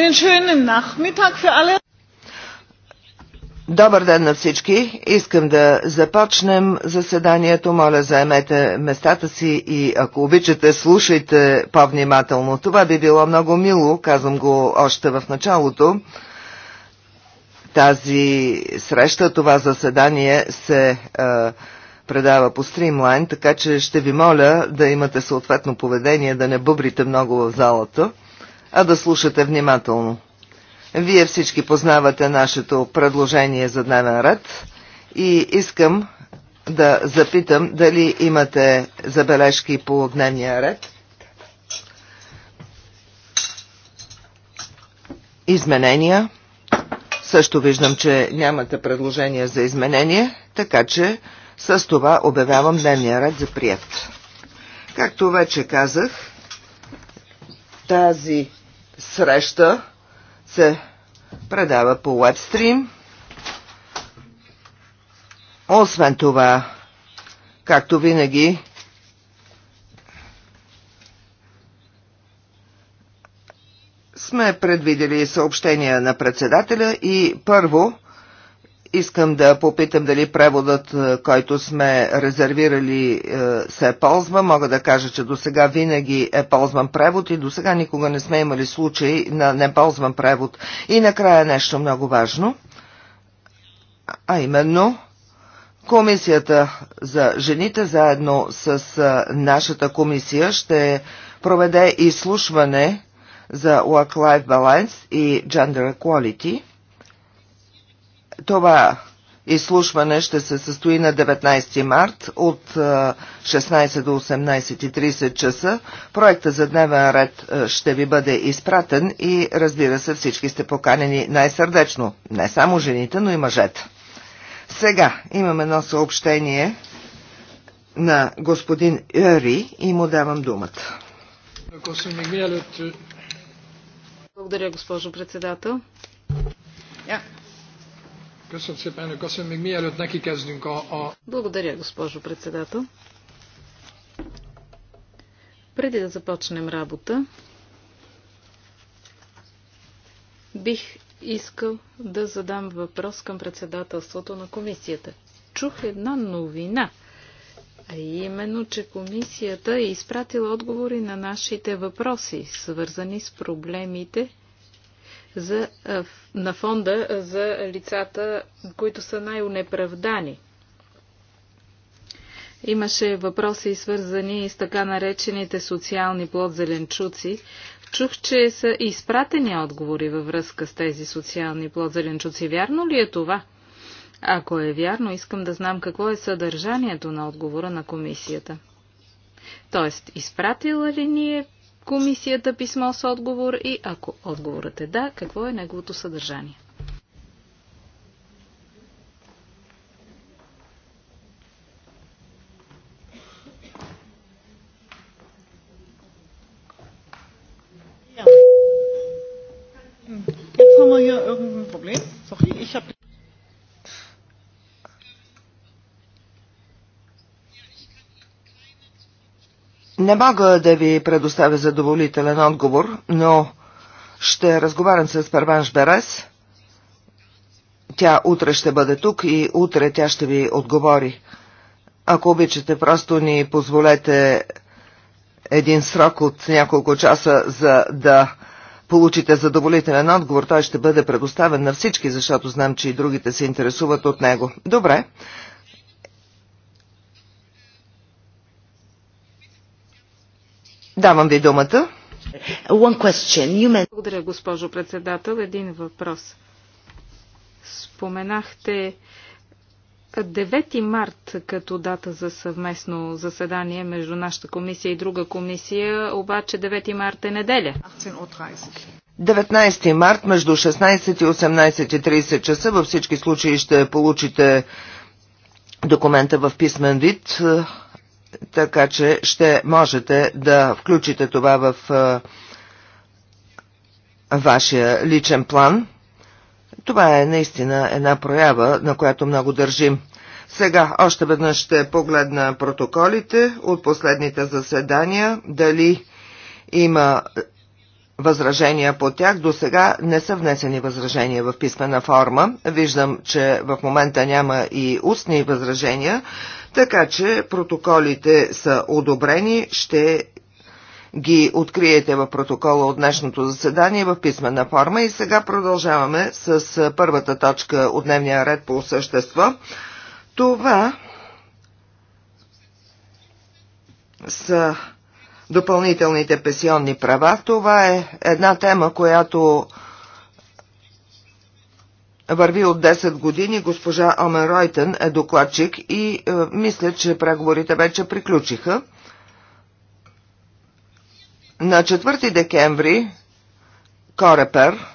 Einen schönen Nachmittag für alle. Добър ден на всички! Искам да започнем заседанието. Моля, заемете местата си и ако обичате, слушайте по-внимателно. Това би било много мило, казвам го още в началото. Тази среща, това заседание се е, предава по стримлайн, така че ще ви моля да имате съответно поведение, да не бъбрите много в залата а да слушате внимателно. Вие всички познавате нашето предложение за дневен ред и искам да запитам дали имате забележки по дневния ред. Изменения. Също виждам, че нямате предложения за изменение, така че с това обявявам дневния ред за прият. Както вече казах, тази среща се предава по вебстрим. Освен това, както винаги, сме предвидели съобщения на председателя и първо Искам да попитам дали преводът, е, който сме резервирали, е, се ползва. Мога да кажа, че до сега винаги е ползван превод и до сега никога не сме имали случай на неползван превод. И накрая нещо много важно, а именно Комисията за жените заедно с е, нашата комисия ще проведе изслушване за Work-Life Balance и Gender Equality – това изслушване ще се състои на 19 март от 16 до 18.30 часа. Проекта за дневен ред ще ви бъде изпратен и разбира се всички сте поканени най-сърдечно. Не само жените, но и мъжете. Сега имаме едно съобщение на господин Йори и му давам думата. Благодаря, госпожо председател. Yeah. Благодаря, госпожо председател. Преди да започнем работа, бих искал да задам въпрос към председателството на комисията. Чух една новина, а именно, че комисията е изпратила отговори на нашите въпроси, свързани с проблемите за, на фонда за лицата, които са най-унеправдани. Имаше въпроси свързани с така наречените социални плод зеленчуци. Чух, че са изпратени отговори във връзка с тези социални плод зеленчуци. Вярно ли е това? Ако е вярно, искам да знам какво е съдържанието на отговора на комисията. Тоест, изпратила ли ни е комисията писмо с отговор и ако отговорът е да, какво е неговото съдържание? Jetzt haben wir hier irgendein Problem. Sorry, ich habe Не мога да ви предоставя задоволителен отговор, но ще разговарям с Първанш Берес. Тя утре ще бъде тук и утре тя ще ви отговори. Ако обичате, просто ни позволете един срок от няколко часа, за да получите задоволителен отговор. Той ще бъде предоставен на всички, защото знам, че и другите се интересуват от него. Добре, Давам ви думата. Благодаря, госпожо председател. Един въпрос. Споменахте 9 март като дата за съвместно заседание между нашата комисия и друга комисия, обаче 9 март е неделя. 19 март между 16 и 18.30 часа във всички случаи ще получите документа в писмен вид така че ще можете да включите това в вашия личен план. Това е наистина една проява, на която много държим. Сега още веднъж ще погледна протоколите от последните заседания, дали има възражения по тях. До сега не са внесени възражения в писмена форма. Виждам, че в момента няма и устни възражения, така че протоколите са одобрени. Ще ги откриете в протокола от днешното заседание в писмена форма. И сега продължаваме с първата точка от дневния ред по същество. Това са допълнителните пенсионни права. Това е една тема, която върви от 10 години. Госпожа Омен Ройтен е докладчик и е, мисля, че преговорите вече приключиха. На 4 декември Корепер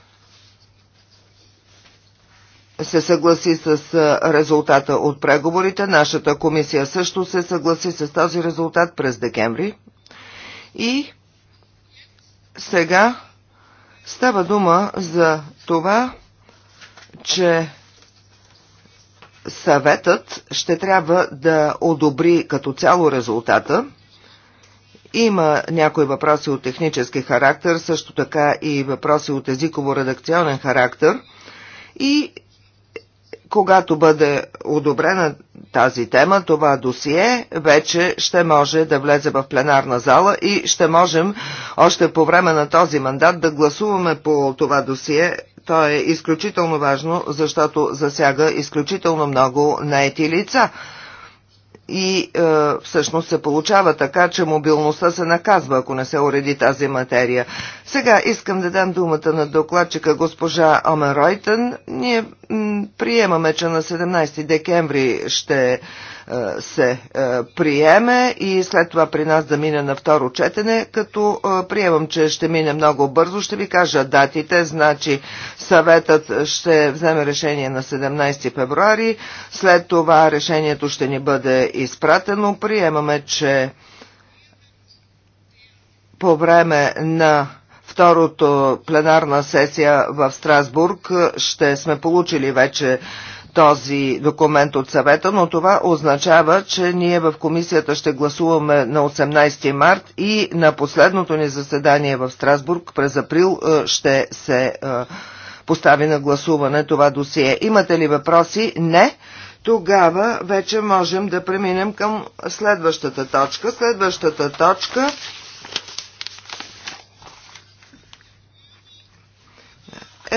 се съгласи с е, резултата от преговорите. Нашата комисия също се съгласи с този резултат през декември и сега става дума за това, че съветът ще трябва да одобри като цяло резултата. Има някои въпроси от технически характер, също така и въпроси от езиково-редакционен характер. И когато бъде одобрена тази тема, това досие вече ще може да влезе в пленарна зала и ще можем още по време на този мандат да гласуваме по това досие. То е изключително важно, защото засяга изключително много наети лица и е, всъщност се получава така, че мобилността се наказва, ако не се уреди тази материя. Сега искам да дам думата на докладчика госпожа Омен Ройтен. Ние приемаме, че на 17 декември ще е, се е, приеме и след това при нас да мине на второ четене, като е, приемам, че ще мине много бързо. Ще ви кажа датите, значи съветът ще вземе решение на 17 февруари, след това решението ще ни бъде изпратено. Приемаме, че по време на второто пленарна сесия в Страсбург ще сме получили вече този документ от съвета, но това означава, че ние в комисията ще гласуваме на 18 март и на последното ни заседание в Страсбург през април е, ще се е, постави на гласуване това досие. Имате ли въпроси? Не. Тогава вече можем да преминем към следващата точка. Следващата точка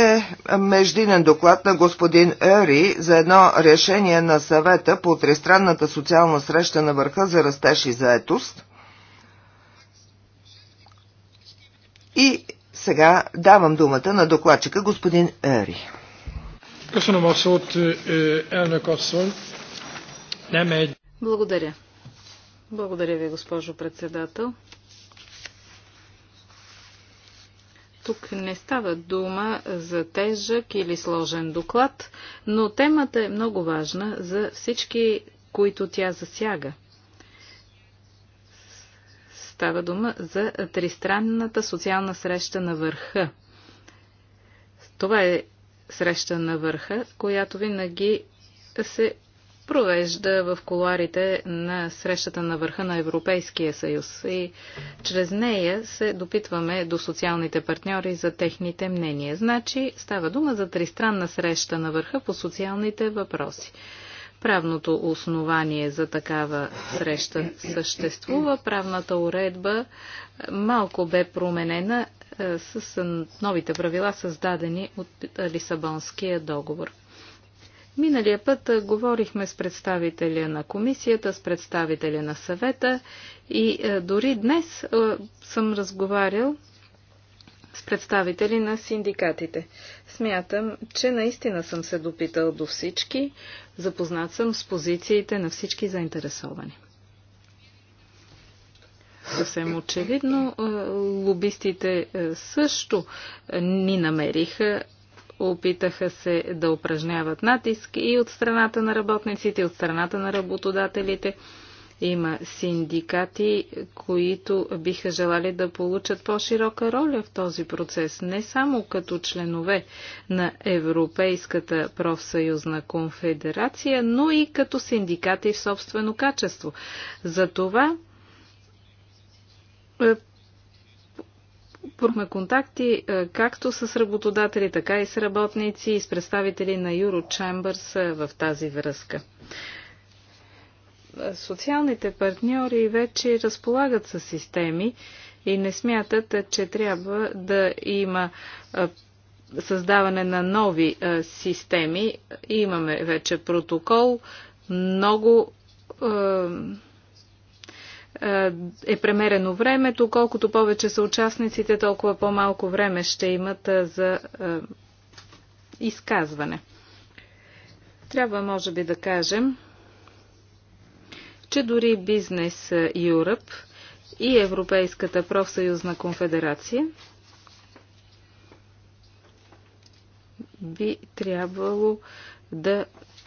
е междинен доклад на господин Ери за едно решение на съвета по тристранната социална среща на върха за растеж и заетост. И сега давам думата на докладчика господин Ери. Е, Благодаря. Благодаря ви, госпожо председател. Тук не става дума за тежък или сложен доклад, но темата е много важна за всички, които тя засяга. Става дума за тристранната социална среща на върха. Това е среща на върха, която винаги се провежда в коларите на срещата на върха на Европейския съюз и чрез нея се допитваме до социалните партньори за техните мнения. Значи става дума за тристранна среща на върха по социалните въпроси. Правното основание за такава среща съществува. Правната уредба малко бе променена е, с новите правила, създадени от Лисабонския договор. Миналия път говорихме с представителя на комисията, с представителя на съвета и дори днес съм разговарял с представители на синдикатите. Смятам, че наистина съм се допитал до всички, запознат съм с позициите на всички заинтересовани. Съвсем очевидно, лобистите също ни намериха опитаха се да упражняват натиск и от страната на работниците, и от страната на работодателите. Има синдикати, които биха желали да получат по-широка роля в този процес, не само като членове на Европейската профсъюзна конфедерация, но и като синдикати в собствено качество. За това е, Пърхме контакти е, както с работодатели, така и с работници и с представители на Юро Чембърс в тази връзка. Е, социалните партньори вече разполагат с системи и не смятат, е, че трябва да има създаване на нови системи. Имаме вече протокол, много е премерено времето. Колкото повече са участниците, толкова по-малко време ще имат за изказване. Трябва, може би, да кажем, че дори Бизнес Юръп и Европейската профсъюзна конфедерация би трябвало да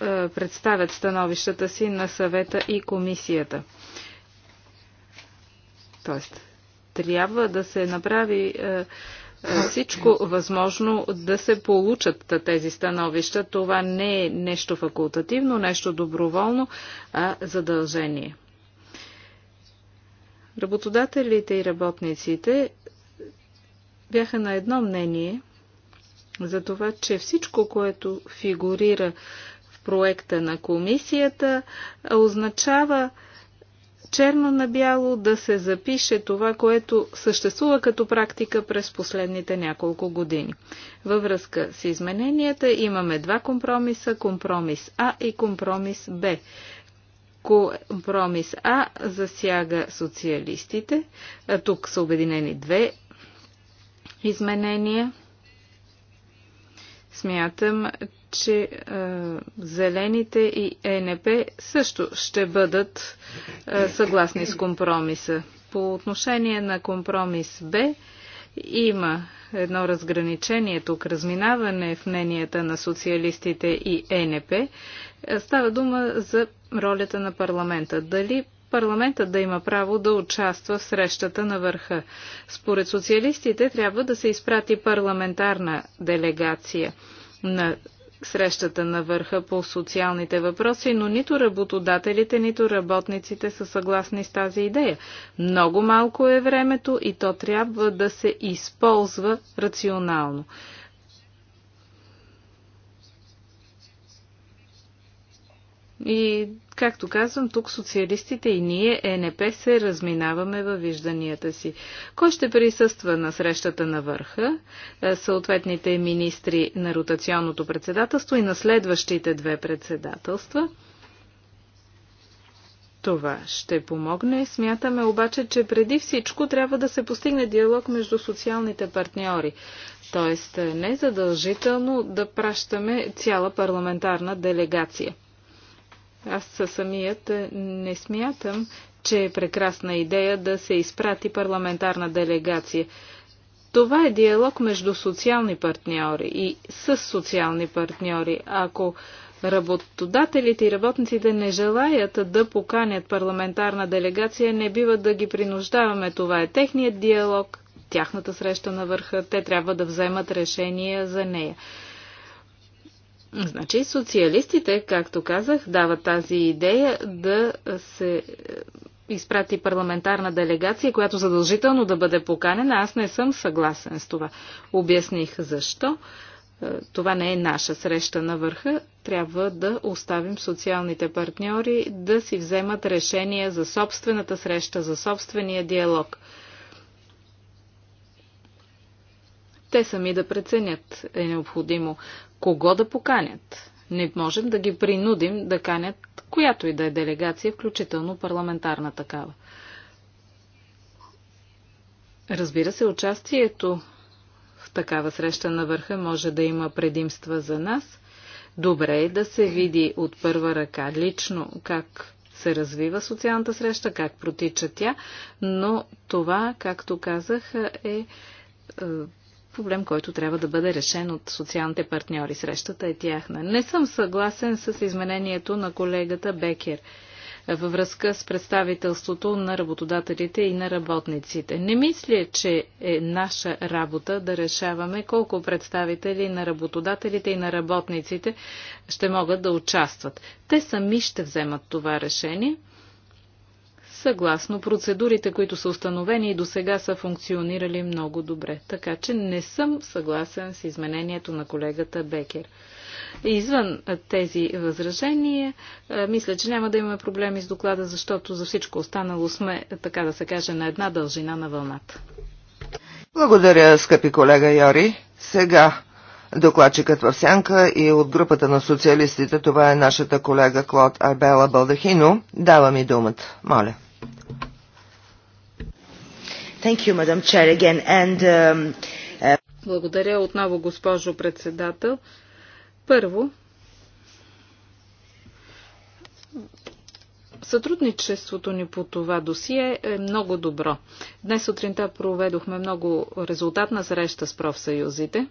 представят становищата си на съвета и комисията. Тоест, трябва да се направи е, е, всичко възможно да се получат тези становища. Това не е нещо факултативно, нещо доброволно, а задължение. Работодателите и работниците бяха на едно мнение за това, че всичко, което фигурира в проекта на комисията, означава черно на бяло да се запише това, което съществува като практика през последните няколко години. Във връзка с измененията имаме два компромиса компромис А и компромис Б. Компромис А засяга социалистите. Тук са обединени две изменения. Смятам, че е, зелените и ЕНП също ще бъдат е, съгласни с компромиса. По отношение на компромис Б има едно разграничение тук, разминаване в мненията на социалистите и ЕНП. Е, става дума за ролята на парламента. Дали парламентът да има право да участва в срещата на върха. Според социалистите трябва да се изпрати парламентарна делегация на срещата на върха по социалните въпроси, но нито работодателите, нито работниците са съгласни с тази идея. Много малко е времето и то трябва да се използва рационално. И Както казвам, тук социалистите и ние, ЕНП, се разминаваме във вижданията си. Кой ще присъства на срещата на върха? Е, съответните министри на ротационното председателство и на следващите две председателства. Това ще помогне. Смятаме обаче, че преди всичко трябва да се постигне диалог между социалните партньори. Тоест, не задължително да пращаме цяла парламентарна делегация. Аз самият не смятам, че е прекрасна идея да се изпрати парламентарна делегация. Това е диалог между социални партньори и с социални партньори. Ако работодателите и работниците не желаят да поканят парламентарна делегация, не бива да ги принуждаваме. Това е техният диалог, тяхната среща на върха. Те трябва да вземат решение за нея. Значи социалистите, както казах, дават тази идея да се е, изпрати парламентарна делегация, която задължително да бъде поканена. Аз не съм съгласен с това. Обясних защо. Е, това не е наша среща на върха. Трябва да оставим социалните партньори да си вземат решения за собствената среща, за собствения диалог. те сами да преценят е необходимо кого да поканят. Не можем да ги принудим да канят която и да е делегация, включително парламентарна такава. Разбира се, участието в такава среща на върха може да има предимства за нас. Добре е да се види от първа ръка лично как се развива социалната среща, как протича тя, но това, както казах, е, е проблем, който трябва да бъде решен от социалните партньори. Срещата е тяхна. Не съм съгласен с изменението на колегата Бекер във връзка с представителството на работодателите и на работниците. Не мисля, че е наша работа да решаваме колко представители на работодателите и на работниците ще могат да участват. Те сами ще вземат това решение – съгласно процедурите, които са установени и до сега са функционирали много добре. Така че не съм съгласен с изменението на колегата Бекер. Извън тези възражения, мисля, че няма да имаме проблеми с доклада, защото за всичко останало сме, така да се каже, на една дължина на вълната. Благодаря, скъпи колега Йори. Сега докладчикът в сянка и от групата на социалистите, това е нашата колега Клод Арбела Балдахино. Дава ми думата. Моля. Um, uh, Благодаря отново, госпожо председател. Първо, Сътрудничеството ни по това досие е много добро. Днес сутринта проведохме много резултатна среща с профсъюзите.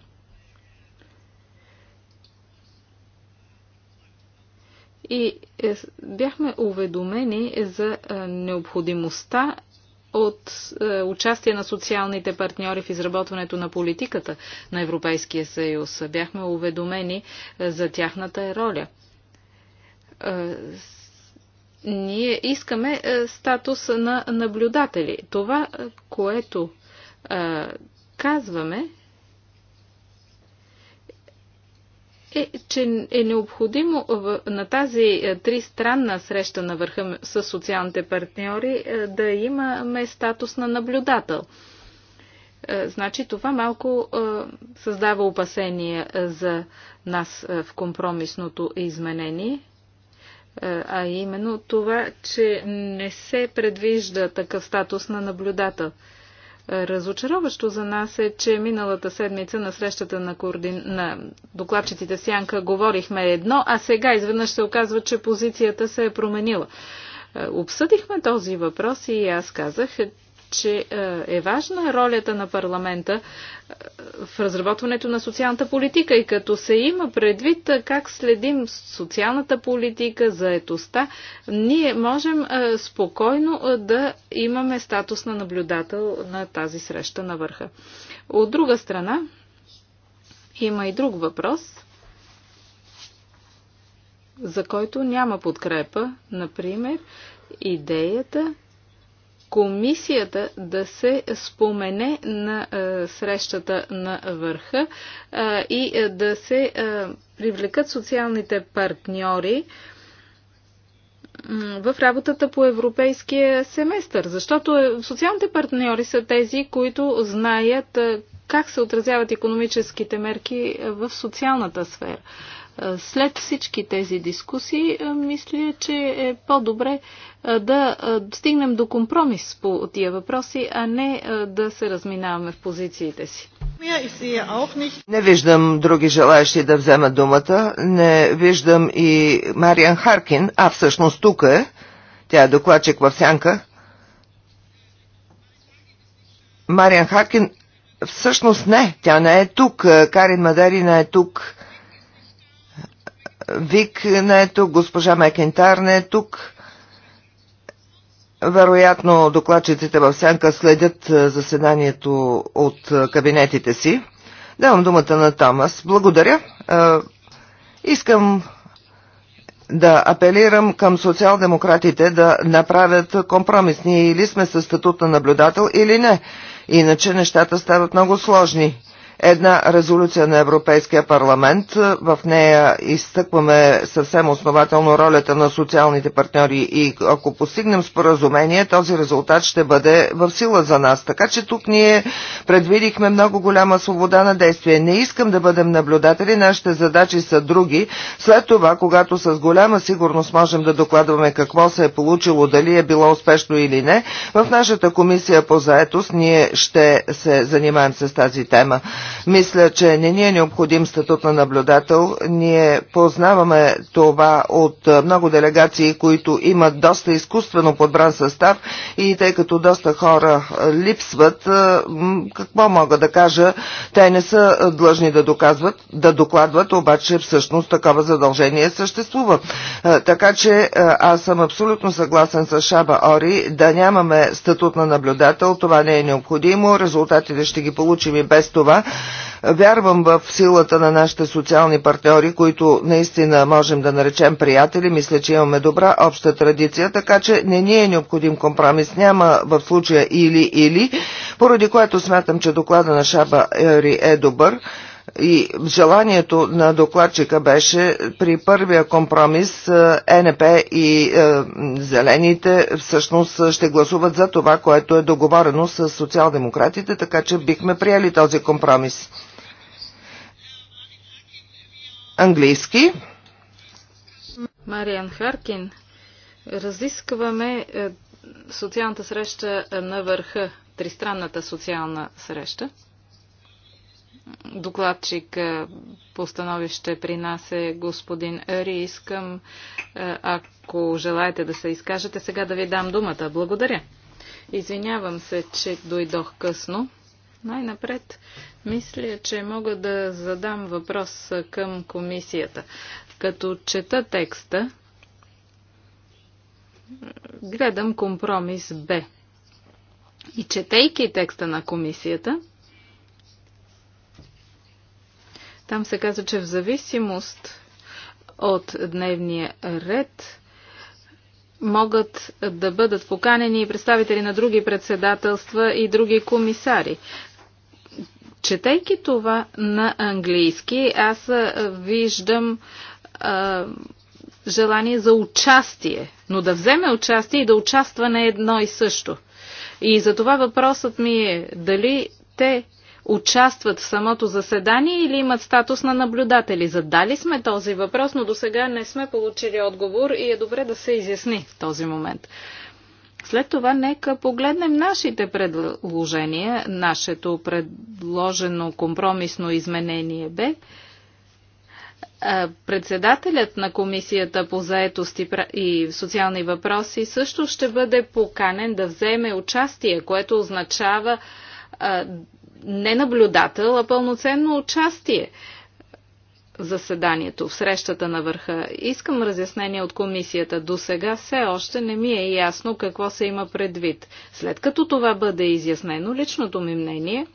И е, бяхме уведомени за е, необходимостта от е, участие на социалните партньори в изработването на политиката на Европейския съюз. Бяхме уведомени е, за тяхната роля. Е, ние искаме е, статус на наблюдатели. Това, е, което е, казваме, е, че е необходимо на тази е, тристранна среща на върха с социалните партньори е, да имаме статус на наблюдател. Е, значи това малко създава опасения за нас в компромисното изменение, а именно това, че не се предвижда такъв статус на наблюдател. Разочароващо за нас е, че миналата седмица на срещата на, координ... на докладчиците Сянка говорихме едно, а сега изведнъж се оказва, че позицията се е променила. Е, обсъдихме този въпрос и аз казах, че е, е важна ролята на парламента е, в разработването на социалната политика и като се има предвид е, как следим социалната политика, заетостта, ние можем спокойно да имаме статус на наблюдател на тази среща на върха. От друга страна, има и друг въпрос – за който няма подкрепа, например, идеята комисията да се спомене на а, е, срещата на върха а, е, и е, да се а, привлекат социалните партньори в работата по европейския семестър, защото социалните партньори са тези, които знаят как се отразяват економическите мерки в социалната сфера. Е, след всички тези дискусии, е, мисля, че е по-добре е, да стигнем до компромис по тия въпроси, а не да се разминаваме в позициите си. Не виждам други желаящи да вземат думата. Не виждам и Мариан Харкин, а всъщност тук е. Тя е докладчик в сянка. Мариан Харкин, всъщност не, тя не е тук. Карин Мадарина е тук. Вик не е тук, госпожа Мекентар не е тук. Вероятно докладчиците в Сянка следят е, заседанието от е, кабинетите си. Давам думата на Томас. Благодаря. Е, искам да апелирам към социал-демократите да направят компромисни или сме със статут на наблюдател или не. Иначе нещата стават много сложни една резолюция на Европейския парламент. В нея изтъкваме съвсем основателно ролята на социалните партньори и ако постигнем споразумение, този резултат ще бъде в сила за нас. Така че тук ние предвидихме много голяма свобода на действие. Не искам да бъдем наблюдатели, нашите задачи са други. След това, когато с голяма сигурност можем да докладваме какво се е получило, дали е било успешно или не, в нашата комисия по заетост ние ще се занимаем с тази тема. Мисля, че не ни е необходим статут на наблюдател. Ние познаваме това от много делегации, които имат доста изкуствено подбран състав и тъй като доста хора липсват, какво мога да кажа, те не са длъжни да доказват, да докладват, обаче всъщност такова задължение съществува. Така че аз съм абсолютно съгласен с Шаба Ори да нямаме статут на наблюдател, това не е необходимо, резултатите ще ги получим и без това, Вярвам в силата на нашите социални партньори, които наистина можем да наречем приятели. Мисля, че имаме добра обща традиция, така че не ни е необходим компромис. Няма в случая или-или, поради което смятам, че доклада на Шаба Ери е добър. И желанието на докладчика беше при първия компромис е, е НП и е, Зелените всъщност ще гласуват за това, което е договорено с социал-демократите, така че бихме приели този компромис. Английски. Мариан Харкин. Разискваме е, социалната среща на върха, тристранната социална среща докладчик е, по становище при нас е господин Ери. Искам, е, ако желаете да се изкажете, сега да ви дам думата. Благодаря. Извинявам се, че дойдох късно. Най-напред, мисля, че мога да задам въпрос към комисията. Като чета текста, гледам компромис Б. И четейки текста на комисията, Там се каза, че в зависимост от дневния ред могат да бъдат поканени и представители на други председателства и други комисари. Четейки това на английски, аз виждам а, желание за участие, но да вземе участие и да участва на едно и също. И за това въпросът ми е дали те участват в самото заседание или имат статус на наблюдатели? Задали сме този въпрос, но до сега не сме получили отговор и е добре да се изясни в този момент. След това нека погледнем нашите предложения. Нашето предложено компромисно изменение бе председателят на комисията по заетост и социални въпроси също ще бъде поканен да вземе участие, което означава не наблюдател, а пълноценно участие в заседанието, в срещата на върха. Искам разяснение от комисията. До сега все още не ми е ясно какво се има предвид. След като това бъде изяснено, личното ми мнение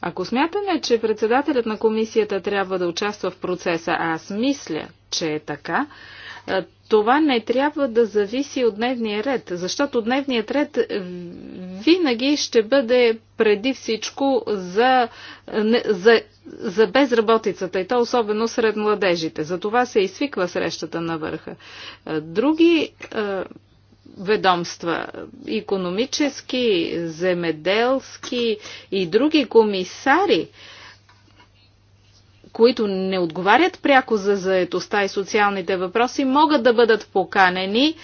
Ако смятаме, че председателят на комисията трябва да участва в процеса, а аз мисля, че е така, това не трябва да зависи от дневния ред, защото дневният ред винаги ще бъде преди всичко за, за, за безработицата и то особено сред младежите. За това се извиква срещата на върха. Други ведомства, економически, земеделски и други комисари, които не отговарят пряко за заетостта и социалните въпроси, могат да бъдат поканени е,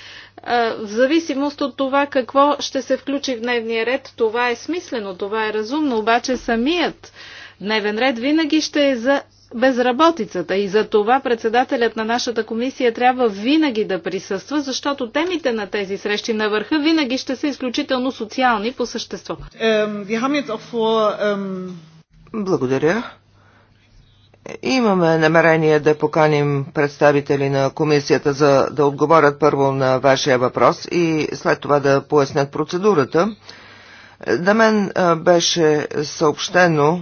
в зависимост от това какво ще се включи в дневния ред. Това е смислено, това е разумно, обаче самият дневен ред винаги ще е за безработицата и за това председателят на нашата комисия трябва винаги да присъства, защото темите на тези срещи на върха винаги ще са изключително социални по същество. Благодаря. Имаме намерение да поканим представители на комисията за да отговорят първо на вашия въпрос и след това да пояснят процедурата. На мен беше съобщено,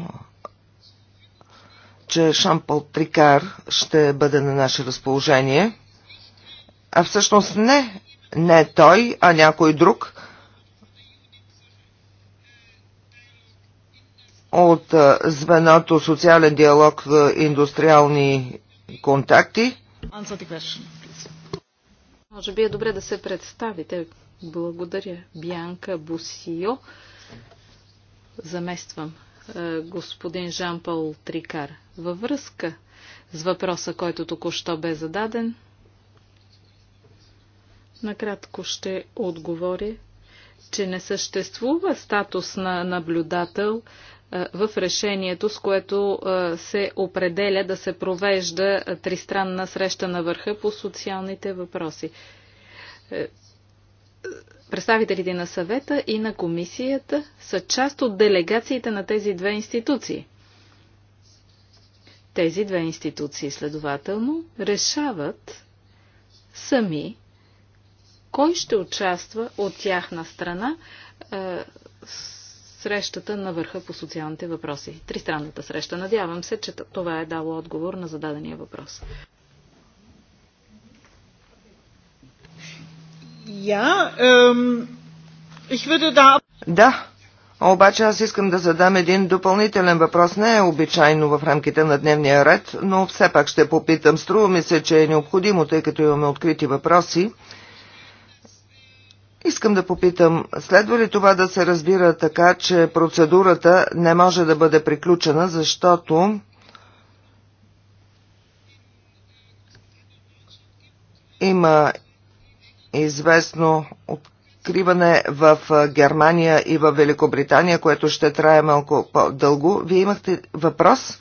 че Шампал Трикар ще бъде на наше разположение. А всъщност не, не той, а някой друг – от звеното социален диалог в индустриални контакти. Може би е добре да се представите. Благодаря. Бянка Бусио. Замествам господин Жан-Пол Трикар. Във връзка с въпроса, който току-що бе зададен, накратко ще отговоря, че не съществува статус на наблюдател е, в решението, с което е, се определя да се провежда е, тристранна среща на върха по социалните въпроси. Представителите на съвета и на комисията са част от делегациите на тези две институции. Тези две институции, следователно, решават сами кой ще участва от тяхна страна срещата на върха по социалните въпроси. Тристранната среща. Надявам се, че това е дало отговор на зададения въпрос. Я, yeah, um, da... Да, обаче аз искам да задам един допълнителен въпрос. Не е обичайно в рамките на дневния ред, но все пак ще попитам. Струва ми се, че е необходимо, тъй като имаме открити въпроси. Искам да попитам, следва ли това да се разбира така, че процедурата не може да бъде приключена, защото има известно откриване в Германия и в Великобритания, което ще трае малко по-дълго. Вие имахте въпрос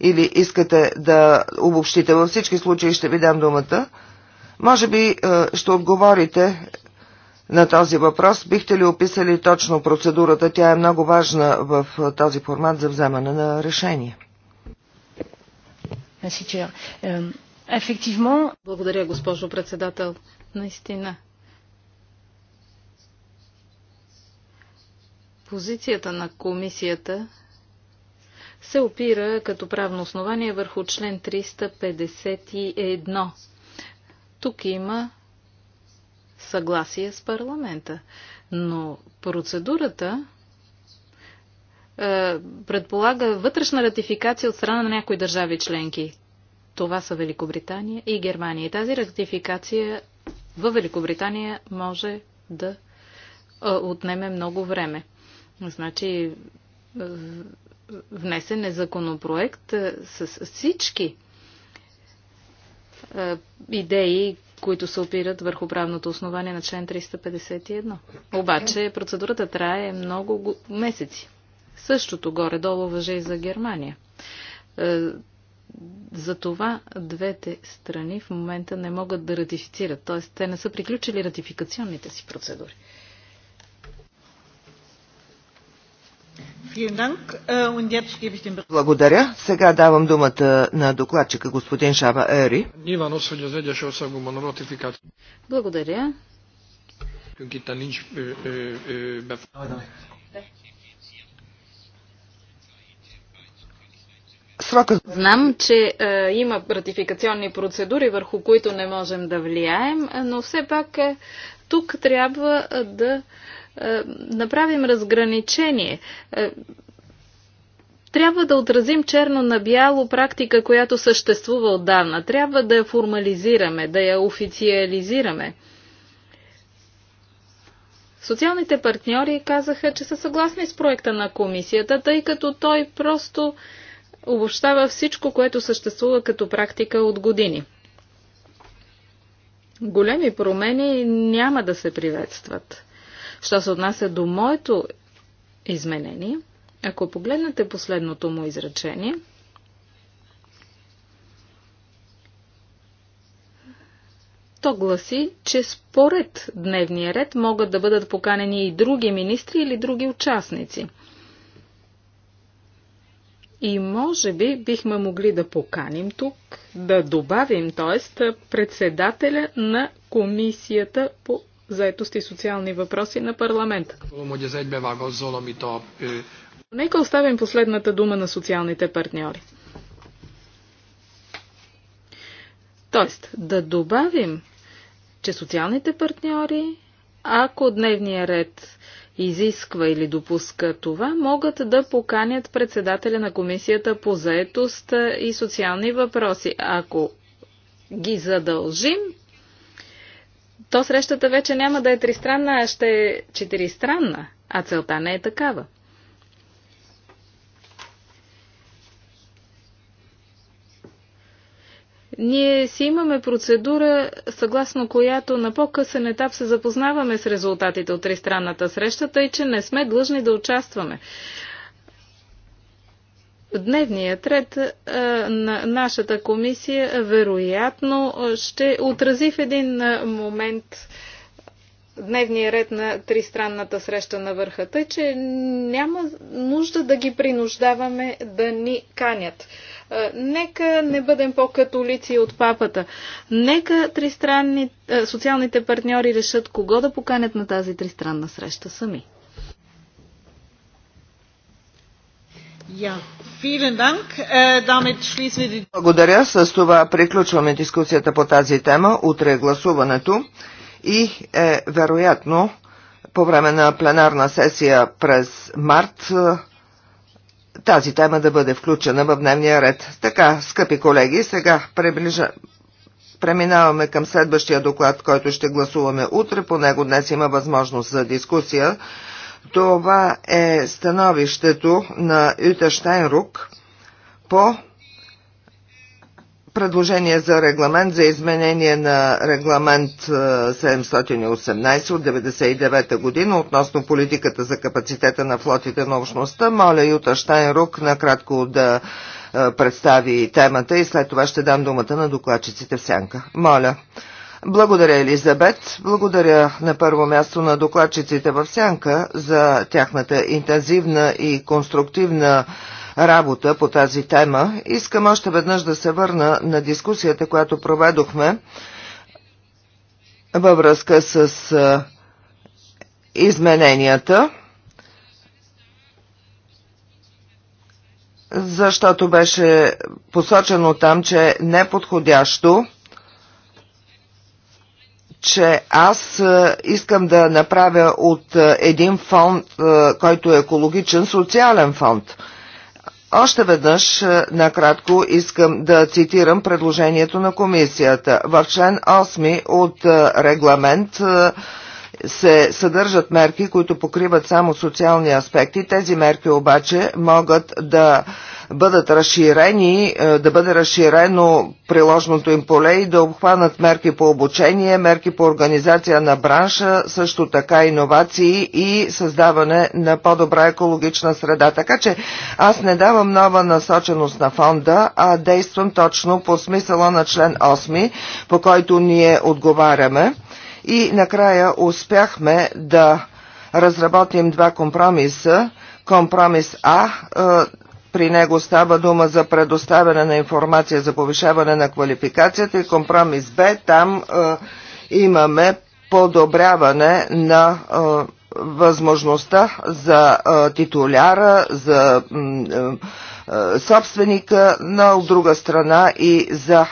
или искате да обобщите? Във всички случаи ще ви дам думата. Може би е, ще отговорите на този въпрос. Бихте ли описали точно процедурата? Тя е много важна в този формат за вземане на решение. Е, ефективно. Благодаря, госпожо председател. Наистина. Позицията на комисията се опира като правно основание върху член 351. Тук има съгласие с парламента. Но процедурата е, предполага вътрешна ратификация от страна на някои държави членки. Това са Великобритания и Германия. И тази ратификация във Великобритания може да е, отнеме много време. Значи, е, внесен е законопроект е, с всички е, идеи, които се опират върху правното основание на член 351. Обаче процедурата трае много месеци. Същото горе-долу въже и за Германия. Е, Затова двете страни в момента не могат да ратифицират, т.е. те не са приключили ратификационните си процедури. Äh, Благодаря. Сега давам думата на докладчика господин Шаба Ери. Благодаря. Е, е, е, Знам, че е, има ратификационни процедури, върху които не можем да влияем, но все пак е, тук трябва да е, е, направим разграничение. Е, трябва да отразим черно на бяло практика, която съществува отдавна. Трябва да я формализираме, да я официализираме. Социалните партньори казаха, че са съгласни с проекта на комисията, тъй като той просто обобщава всичко, което съществува като практика от години. Големи промени няма да се приветстват. Що се отнася до моето изменение, ако погледнете последното му изречение, то гласи, че според дневния ред могат да бъдат поканени и други министри или други участници. И може би бихме могли да поканим тук, да добавим, т.е. председателя на комисията по заетост и социални въпроси на парламента. Нека оставим последната дума на социалните партньори. Тоест, да добавим, че социалните партньори, ако дневния ред изисква или допуска това, могат да поканят председателя на комисията по заетост и социални въпроси. Ако ги задължим, то срещата вече няма да е тристранна, а ще е четиристранна, а целта не е такава. Ние си имаме процедура, съгласно която на по-късен етап се запознаваме с резултатите от тристранната среща, тъй че не сме длъжни да участваме. Дневният ред на нашата комисия вероятно ще отрази в един момент дневния ред на тристранната среща на върха, тъй че няма нужда да ги принуждаваме да ни канят. Нека не бъдем по-католици от папата. Нека тристранни, социалните партньори решат кого да поканят на тази тристранна среща сами. Äh, Благодаря. С това приключваме дискусията по тази тема. Утре е гласуването и е вероятно по време на пленарна сесия през март е, тази тема да бъде включена в дневния ред. Така, скъпи колеги, сега приближа... преминаваме към следващия доклад, който ще гласуваме утре. По него днес има възможност за дискусия. Това е становището на Юта Штайнрук по предложение за регламент за изменение на регламент 718 е, от 1999 година относно политиката за капацитета на флотите на общността. Моля Юта Штайнрук накратко да е, представи темата и след това ще дам думата на докладчиците в сянка. Моля. Благодаря, Елизабет. Благодаря на първо място на докладчиците в Сянка за тяхната интензивна и конструктивна работа по тази тема. Искам още веднъж да се върна на дискусията, която проведохме във връзка с измененията. защото беше посочено там, че е неподходящо че аз е, искам да направя от е, един фонд, е, който е екологичен, социален фонд. Още веднъж накратко искам да цитирам предложението на комисията. В член 8 от регламент се съдържат мерки, които покриват само социални аспекти. Тези мерки обаче могат да бъдат разширени, е, да бъде разширено приложното им поле и да обхванат мерки по обучение, мерки по организация на бранша, също така иновации и създаване на по-добра екологична среда. Така че аз не давам нова насоченост на фонда, а действам точно по смисъла на член 8, по който ние отговаряме. И накрая успяхме да разработим два компромиса. Компромис А е, при него става дума за предоставяне на информация за повишаване на квалификацията и компромис Б. Там е, имаме подобряване на е, възможността за е, титуляра, за е, е, собственика, но от друга страна и за е,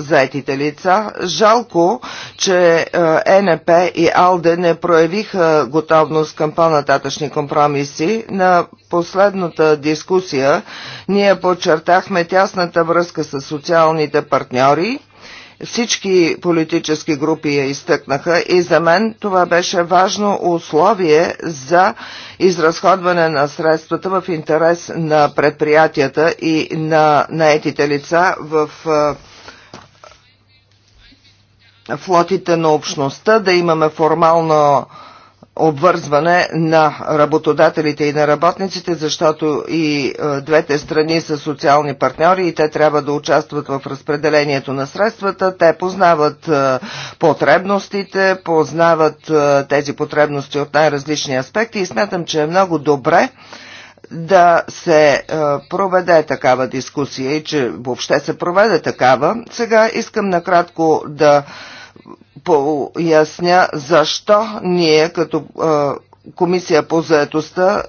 заетите лица. Жалко, че е, НП и АЛДЕ не проявиха готовност към по-нататъчни компромиси. На последната дискусия ние подчертахме тясната връзка с социалните партньори всички политически групи я изтъкнаха и за мен това беше важно условие за изразходване на средствата в интерес на предприятията и на наетите лица в флотите на общността, да имаме формално обвързване на работодателите и на работниците, защото и е, двете страни са социални партньори и те трябва да участват в разпределението на средствата. Те познават е, потребностите, познават е, тези потребности от най-различни аспекти и смятам, че е много добре да се проведе такава дискусия и че въобще се проведе такава. Сега искам накратко да поясня защо ние като Комисия по заетостта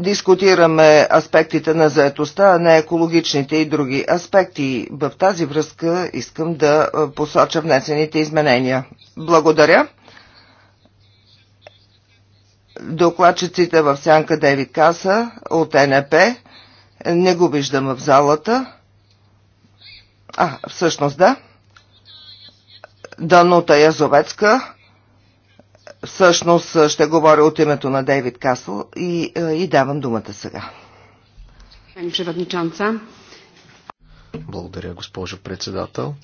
дискутираме аспектите на заетостта, а не екологичните и други аспекти. В тази връзка искам да посоча внесените изменения. Благодаря. Докладчиците в сянка Деви Каса от НП. Не го виждам в залата. А, всъщност да. Данута Язовецка. Всъщност ще говоря от името на Дейвид Касъл и, и давам думата сега. Благодаря, госпожо председател.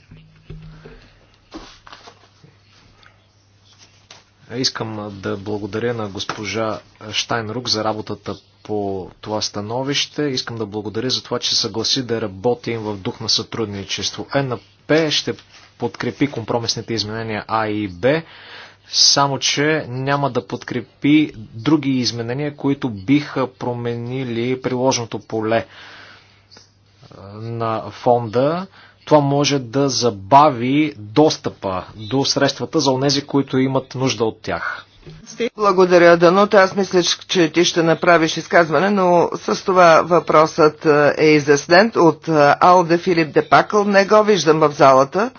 Искам да благодаря на госпожа Штайнрук за работата по това становище. Искам да благодаря за това, че съгласи да работим в дух на сътрудничество. Е НП ще подкрепи компромисните изменения А и Б, само че няма да подкрепи други изменения, които биха променили приложното поле на фонда. Това може да забави достъпа до средствата за онези, които имат нужда от тях. Благодаря, Данута. Аз мисля, че ти ще направиш изказване, но с това въпросът е, е изяснен от Алде Филип Депакъл. Не го виждам в залата.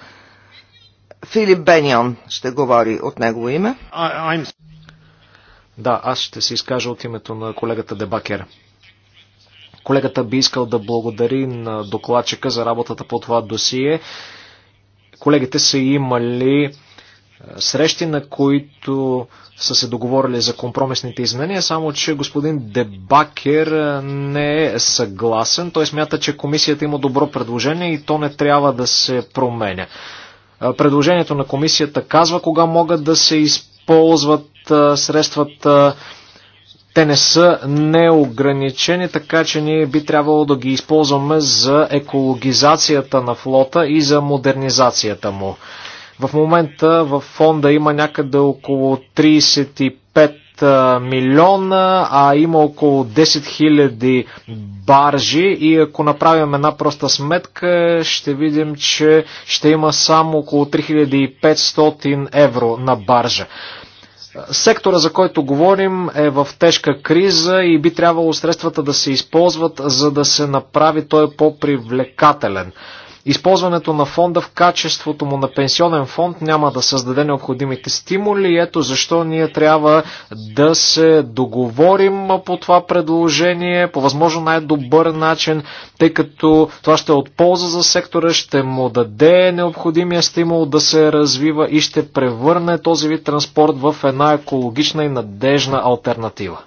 Филип Бенион ще говори от негово име. I, да, аз ще се изкажа от името на колегата Дебакер. Колегата би искал да благодари на докладчика за работата по това досие. Колегите са имали е, срещи, на които са се договорили за компромисните изменения, само че господин Дебакер не е съгласен. Той смята, че комисията има добро предложение и то не трябва да се променя. Предложението на комисията казва кога могат да се използват средствата. Те не са неограничени, така че ние би трябвало да ги използваме за екологизацията на флота и за модернизацията му. В момента в фонда има някъде около 35 милиона, а има около 10 хиляди баржи и ако направим една проста сметка, ще видим, че ще има само около 3500 евро на баржа. Сектора, за който говорим, е в тежка криза и би трябвало средствата да се използват, за да се направи той по-привлекателен. Използването на фонда в качеството му на пенсионен фонд няма да създаде необходимите стимули. Ето защо ние трябва да се договорим по това предложение по възможно най-добър начин, тъй като това ще е от полза за сектора, ще му даде необходимия стимул да се развива и ще превърне този вид транспорт в една екологична и надежна альтернатива.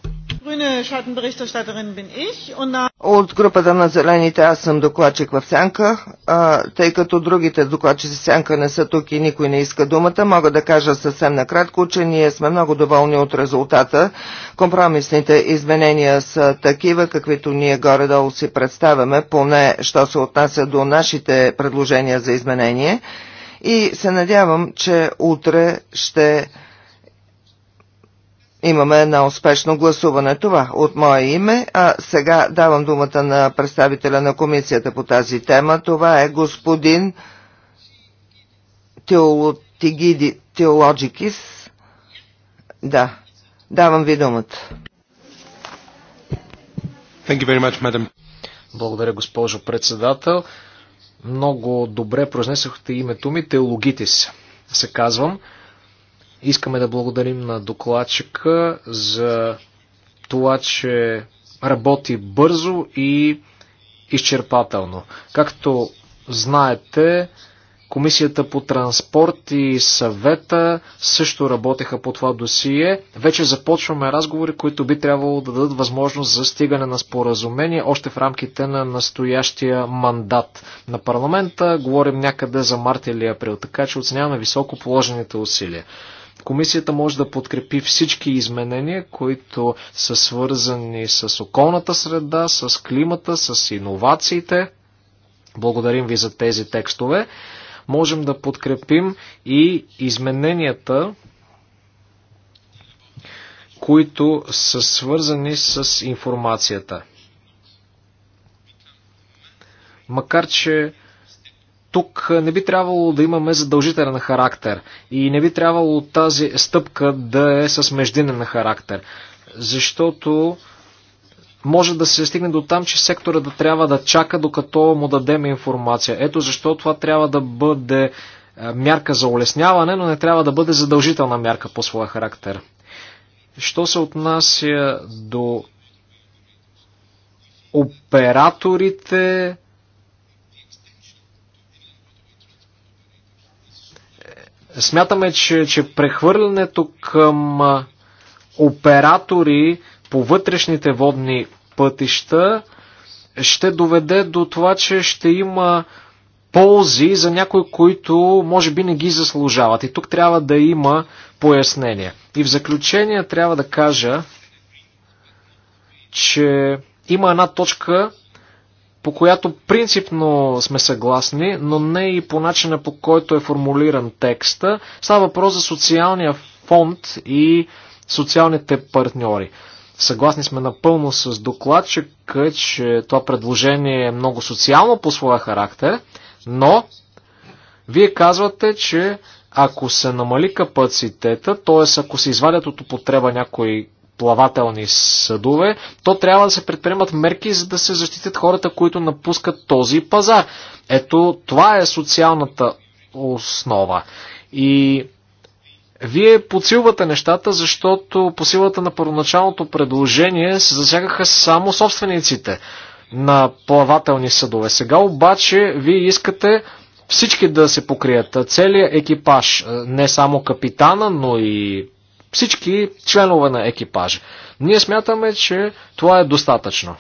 От групата на зелените аз съм докладчик в сянка, а, тъй като другите докладчици сянка не са тук и никой не иска думата, мога да кажа съвсем накратко, че ние сме много доволни от резултата. Компромисните изменения са такива, каквито ние горе-долу си представяме, поне що се отнася до нашите предложения за изменение. И се надявам, че утре ще имаме едно успешно гласуване. Това от мое име, а сега давам думата на представителя на комисията по тази тема. Това е господин Теологикис. Да, давам ви думата. Thank you very much, madam. Благодаря, госпожо председател. Много добре произнесохте името ми. Теологитис се казвам. Искаме да благодарим на докладчика за това, че работи бързо и изчерпателно. Както знаете, Комисията по транспорт и съвета също работеха по това досие. Вече започваме разговори, които би трябвало да дадат възможност за стигане на споразумение още в рамките на настоящия мандат на парламента. Говорим някъде за март или април, така че оценяваме високо положените усилия. Комисията може да подкрепи всички изменения, които са свързани с околната среда, с климата, с иновациите. Благодарим ви за тези текстове. Можем да подкрепим и измененията, които са свързани с информацията. Макар, че тук не би трябвало да имаме задължителен характер и не би трябвало тази стъпка да е с междинен характер, защото може да се стигне до там, че сектора да трябва да чака докато му дадем информация. Ето защо това трябва да бъде е, мярка за улесняване, но не трябва да бъде задължителна мярка по своя характер. Що се отнася до операторите, Смятаме, че, че прехвърлянето към оператори по вътрешните водни пътища ще доведе до това, че ще има ползи за някои, които може би не ги заслужават. И тук трябва да има пояснение. И в заключение трябва да кажа, че има една точка, по която принципно сме съгласни, но не и по начина по който е формулиран текста. Става въпрос за социалния фонд и социалните партньори. Съгласни сме напълно с докладчика, че това предложение е много социално по своя характер, но вие казвате, че ако се намали капацитета, т.е. ако се извадят от употреба някои плавателни съдове, то трябва да се предприемат мерки, за да се защитят хората, които напускат този пазар. Ето, това е социалната основа. И вие подсилвате нещата, защото по силата на първоначалното предложение се засягаха само собствениците на плавателни съдове. Сега обаче вие искате всички да се покрият, целият екипаж, е, не само капитана, но и всички членове на екипажа. Ние смятаме, че това е достатъчно.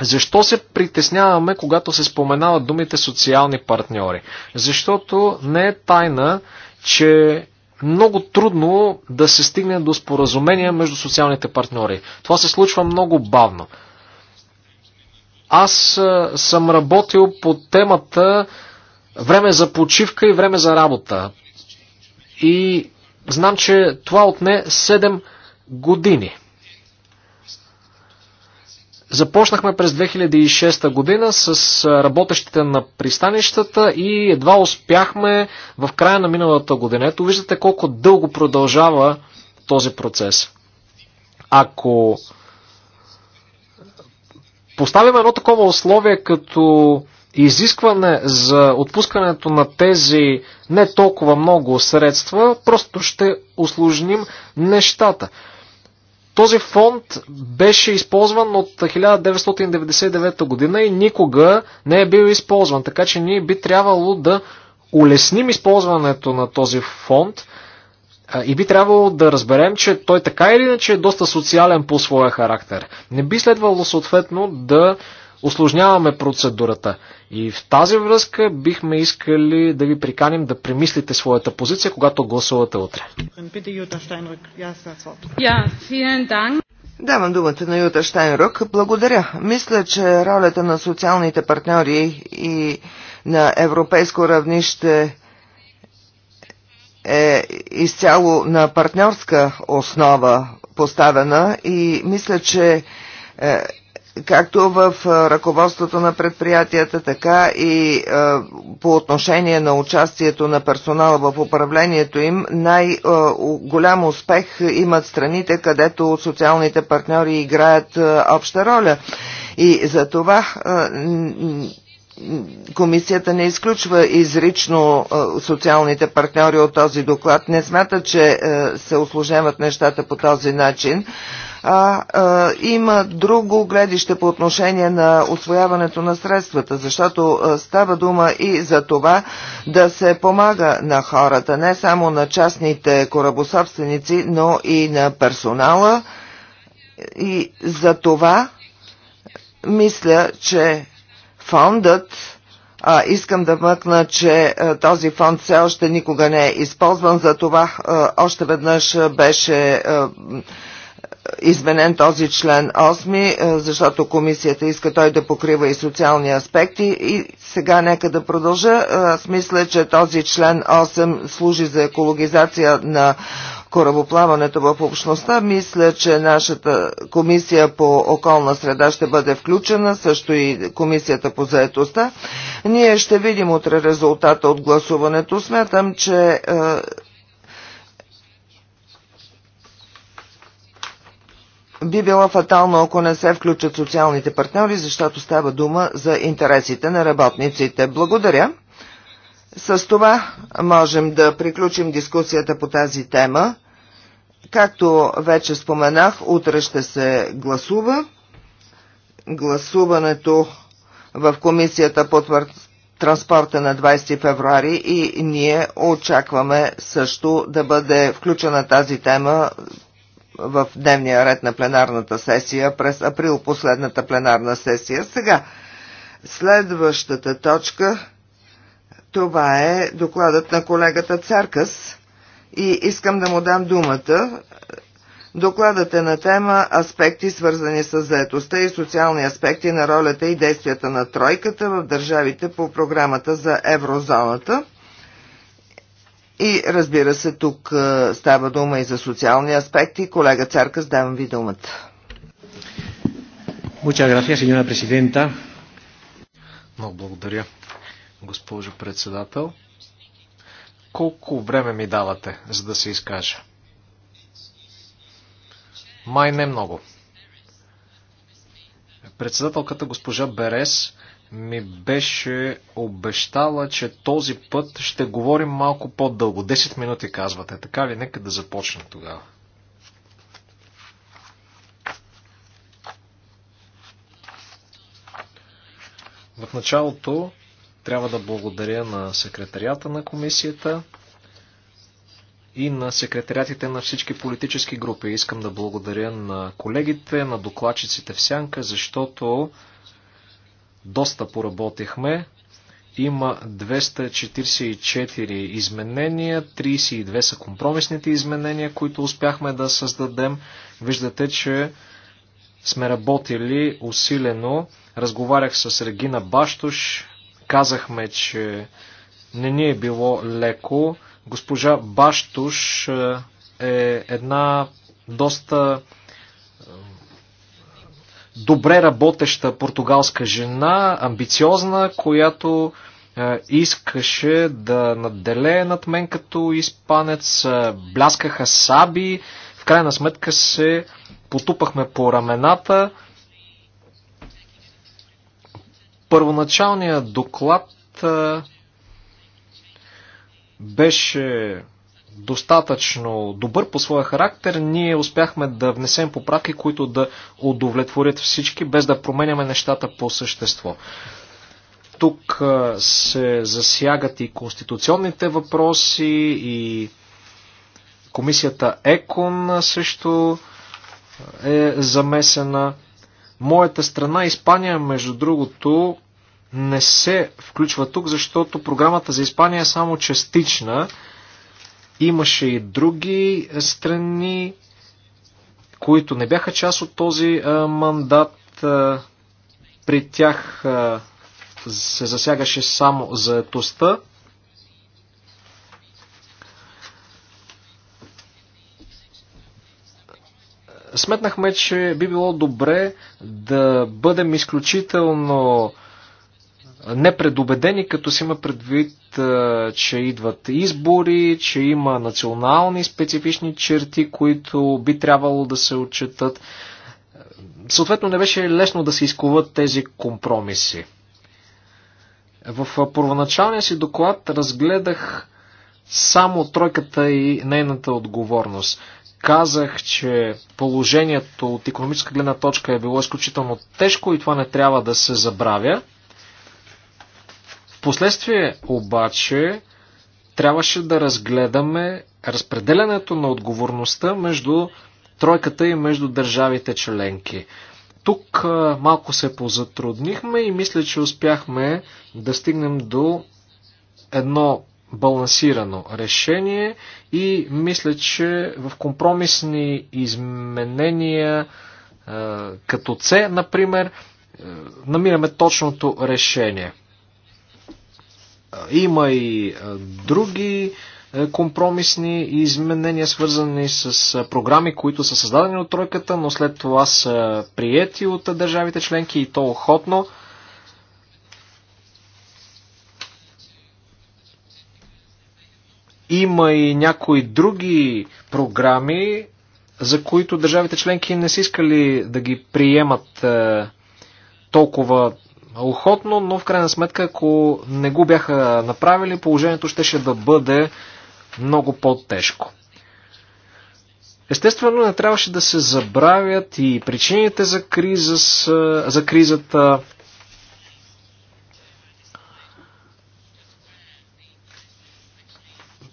Защо се притесняваме, когато се споменават думите социални партньори? Защото не е тайна, че много трудно да се стигне до споразумения между социалните партньори. Това се случва много бавно. Аз съм работил по темата време за почивка и време за работа. И Знам, че това отне 7 години. Започнахме през 2006 година с работещите на пристанищата и едва успяхме в края на миналата година. Ето виждате колко дълго продължава този процес. Ако поставим едно такова условие като изискване за отпускането на тези не толкова много средства, просто ще усложним нещата. Този фонд беше използван от 1999 година и никога не е бил използван, така че ние би трябвало да улесним използването на този фонд и би трябвало да разберем, че той така или иначе е доста социален по своя характер. Не би следвало съответно да осложняваме процедурата. И в тази връзка бихме искали да ви приканим да премислите своята позиция, когато гласувате утре. Давам думата на Юта Штайнрук. Благодаря. Мисля, че ролята на социалните партньори и на европейско равнище е изцяло на партньорска основа поставена и мисля, че е, както в ръководството на предприятията, така и по отношение на участието на персонала в управлението им, най-голям успех имат страните, където социалните партньори играят обща роля. И за това комисията не изключва изрично социалните партньори от този доклад. Не смята, че се осложняват нещата по този начин а, а има друго гледище по отношение на освояването на средствата, защото а, става дума и за това да се помага на хората, не само на частните корабособственици, но и на персонала. И за това мисля, че фондът а, искам да мъкна, че а, този фонд все още никога не е използван, за това а, още веднъж беше а, изменен този член 8, е, защото комисията иска той да покрива и социални аспекти. И сега нека да продължа. Е, аз мисля, че този член 8 служи за екологизация на корабоплаването в общността. Мисля, че нашата комисия по околна среда ще бъде включена, също и комисията по заетостта. Ние ще видим утре резултата от гласуването. Смятам, че е, би било фатално, ако не се включат социалните партньори, защото става дума за интересите на работниците. Благодаря. С това можем да приключим дискусията по тази тема. Както вече споменах, утре ще се гласува. Гласуването в комисията по транспорта на 20 февруари и ние очакваме също да бъде включена тази тема в дневния ред на пленарната сесия през април последната пленарна сесия. Сега, следващата точка, това е докладът на колегата Царкас и искам да му дам думата. Докладът е на тема аспекти, свързани с заетостта и социални аспекти на ролята и действията на тройката в държавите по програмата за еврозоната – и разбира се, тук става дума и за социални аспекти. Колега Царкас, давам ви думата. Muchas Много благодаря, госпожо председател. Колко време ми давате, за да се изкажа? Май не много. Председателката госпожа Берес ми беше обещала, че този път ще говорим малко по-дълго. 10 минути казвате. Така ли? Нека да започнем тогава. В началото трябва да благодаря на секретарията на комисията и на секретариатите на всички политически групи. Искам да благодаря на колегите, на докладчиците в Сянка, защото доста поработихме. Има 244 изменения, 32 са компромисните изменения, които успяхме да създадем. Виждате, че сме работили усилено. Разговарях с Регина Баштош, казахме, че не ни е било леко. Госпожа Баштош е една доста добре работеща португалска жена, амбициозна, която е, искаше да надделее над мен като изпанец, е, бляскаха саби, в крайна сметка се потупахме по рамената. Първоначалният доклад е, беше достатъчно добър по своя характер, ние успяхме да внесем поправки, които да удовлетворят всички, без да променяме нещата по същество. Тук се засягат и конституционните въпроси, и комисията ЕКОН също е замесена. Моята страна, Испания, между другото, не се включва тук, защото програмата за Испания е само частична Имаше и други е, страни, които не бяха част от този е, мандат. Е, при тях се засягаше само заетостта. Сметнахме, че би било добре да бъдем изключително непредубедени, като си има предвид, че идват избори, че има национални специфични черти, които би трябвало да се отчетат. Съответно не беше лесно да се изкуват тези компромиси. В първоначалния си доклад разгледах само тройката и нейната отговорност. Казах, че положението от економическа гледна точка е било изключително тежко и това не трябва да се забравя. Впоследствие обаче трябваше да разгледаме разпределянето на отговорността между тройката и между държавите членки. Тук малко се позатруднихме и мисля, че успяхме да стигнем до едно балансирано решение и мисля, че в компромисни изменения като С, например, намираме точното решение. Има и други компромисни изменения, свързани с програми, които са създадени от тройката, но след това са приети от държавите членки и то охотно. Има и някои други програми, за които държавите членки не са искали да ги приемат толкова охотно, но в крайна сметка, ако не го бяха направили, положението щеше да бъде много по-тежко. Естествено, не трябваше да се забравят и причините за, криза, за кризата.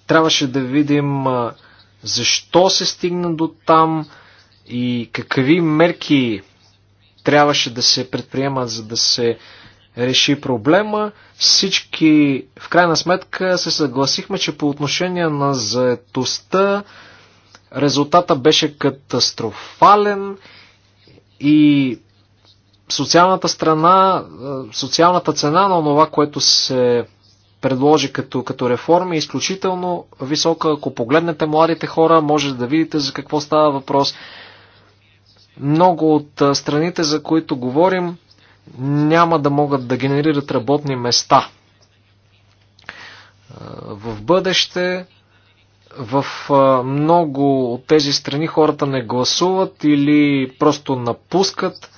Трябваше да видим защо се стигна до там и какви мерки трябваше да се предприемат, за да се реши проблема. Всички, в крайна сметка, се съгласихме, че по отношение на заетостта резултата беше катастрофален и социалната страна, социалната цена на това, което се предложи като, като реформи е изключително висока. Ако погледнете младите хора, може да видите за какво става въпрос. Много от страните, за които говорим, няма да могат да генерират работни места. В бъдеще в много от тези страни хората не гласуват или просто напускат.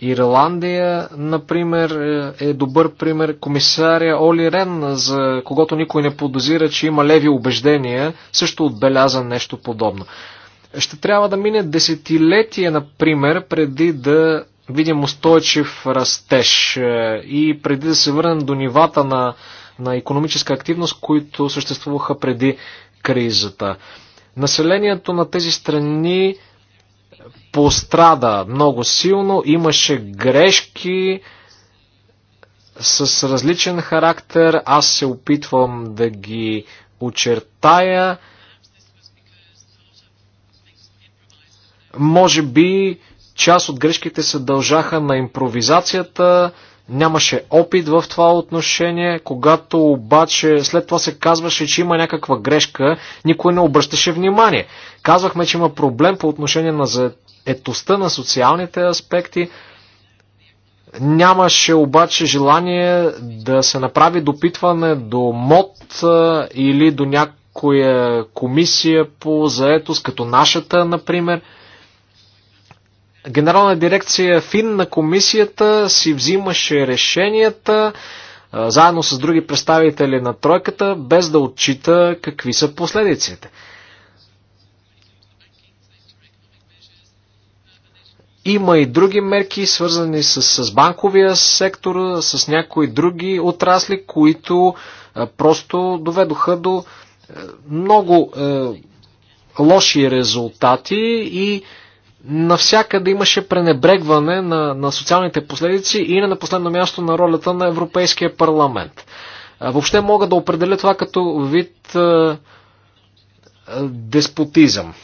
Ирландия, например, е, е добър пример. Комисаря Оли Рен, за когото никой не подозира, че има леви убеждения, също отбеляза нещо подобно. Ще трябва да мине десетилетие, например, преди да видим устойчив растеж е, и преди да се върнем до нивата на, на економическа активност, които съществуваха преди кризата. Населението на тези страни пострада много силно, имаше грешки с различен характер. Аз се опитвам да ги очертая Може би част от грешките се дължаха на импровизацията, нямаше опит в това отношение, когато обаче след това се казваше, че има някаква грешка, никой не обръщаше внимание. Казвахме, че има проблем по отношение на заетостта, на социалните аспекти. Нямаше обаче желание да се направи допитване до МОД или до някоя комисия по заетост, като нашата, например – Генерална дирекция ФИН на комисията си взимаше решенията заедно с други представители на тройката, без да отчита какви са последиците. Има и други мерки, свързани с, с банковия сектор, с някои други отрасли, които просто доведоха до много е, лоши резултати и е, навсякъде имаше пренебрегване на, на социалните последици и на последно място на ролята на Европейския парламент. Въобще мога да определя това като вид е, деспотизъм.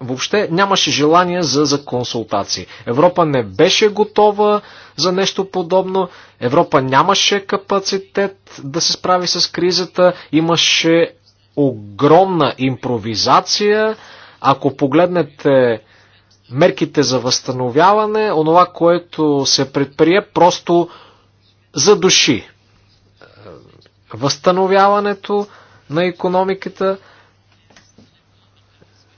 Въобще нямаше желание за, за консултации. Европа не беше готова за нещо подобно. Европа нямаше капацитет да се справи с кризата. Имаше огромна импровизация. Ако погледнете мерките за възстановяване, онова, което се предприе, просто задуши е, възстановяването на економиката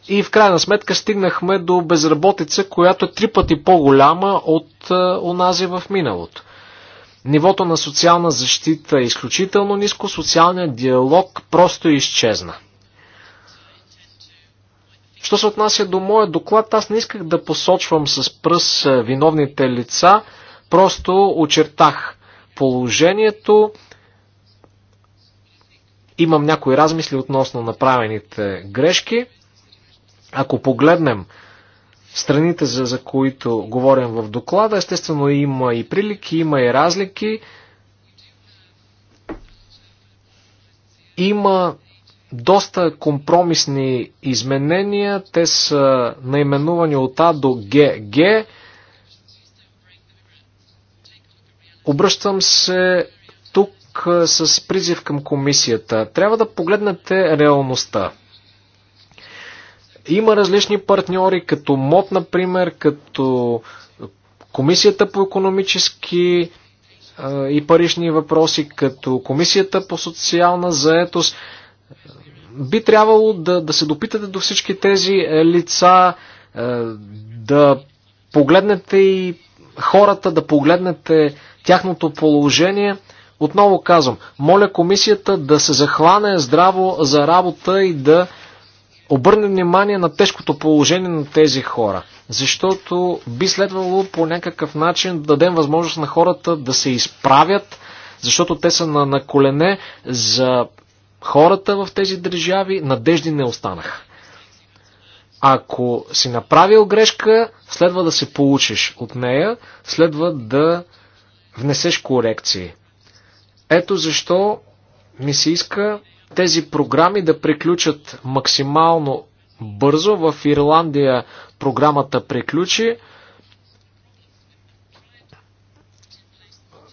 и в крайна сметка стигнахме до безработица, която е три пъти по-голяма от е, онази в миналото. Нивото на социална защита е изключително ниско, социалният диалог просто изчезна. Що се отнася до моя доклад, аз не исках да посочвам с пръс е, виновните лица, просто очертах положението. Имам някои размисли относно направените грешки. Ако погледнем страните, за, за които говорим в доклада, естествено има и прилики, има и разлики. Има доста компромисни изменения. Те са наименувани от А до ГГ. Обръщам се тук с призив към комисията. Трябва да погледнете реалността. Има различни партньори, като МОД, например, като Комисията по економически и парични въпроси, като Комисията по социална заетост би трябвало да, да се допитате до всички тези е, лица, е, да погледнете и хората, да погледнете тяхното положение. Отново казвам, моля комисията да се захване здраво за работа и да обърне внимание на тежкото положение на тези хора. Защото би следвало по някакъв начин да дадем възможност на хората да се изправят, защото те са на, на колене за хората в тези държави надежди не останаха. Ако си направил грешка, следва да се получиш от нея, следва да внесеш корекции. Ето защо ми се иска тези програми да приключат максимално бързо. В Ирландия програмата приключи.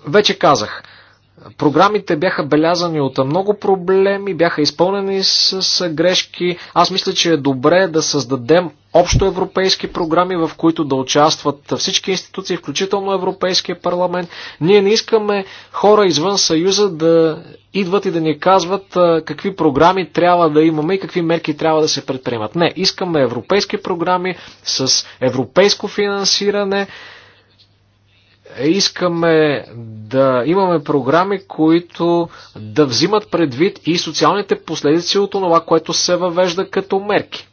Вече казах, Програмите бяха белязани от много проблеми, бяха изпълнени с, с грешки. Аз мисля, че е добре да създадем общо европейски програми, в които да участват всички институции, включително Европейския парламент. Ние не искаме хора извън Съюза да идват и да ни казват какви програми трябва да имаме и какви мерки трябва да се предприемат. Не, искаме европейски програми с европейско финансиране, е, искаме да имаме програми, които да взимат предвид и социалните последици от това, което се въвежда като мерки.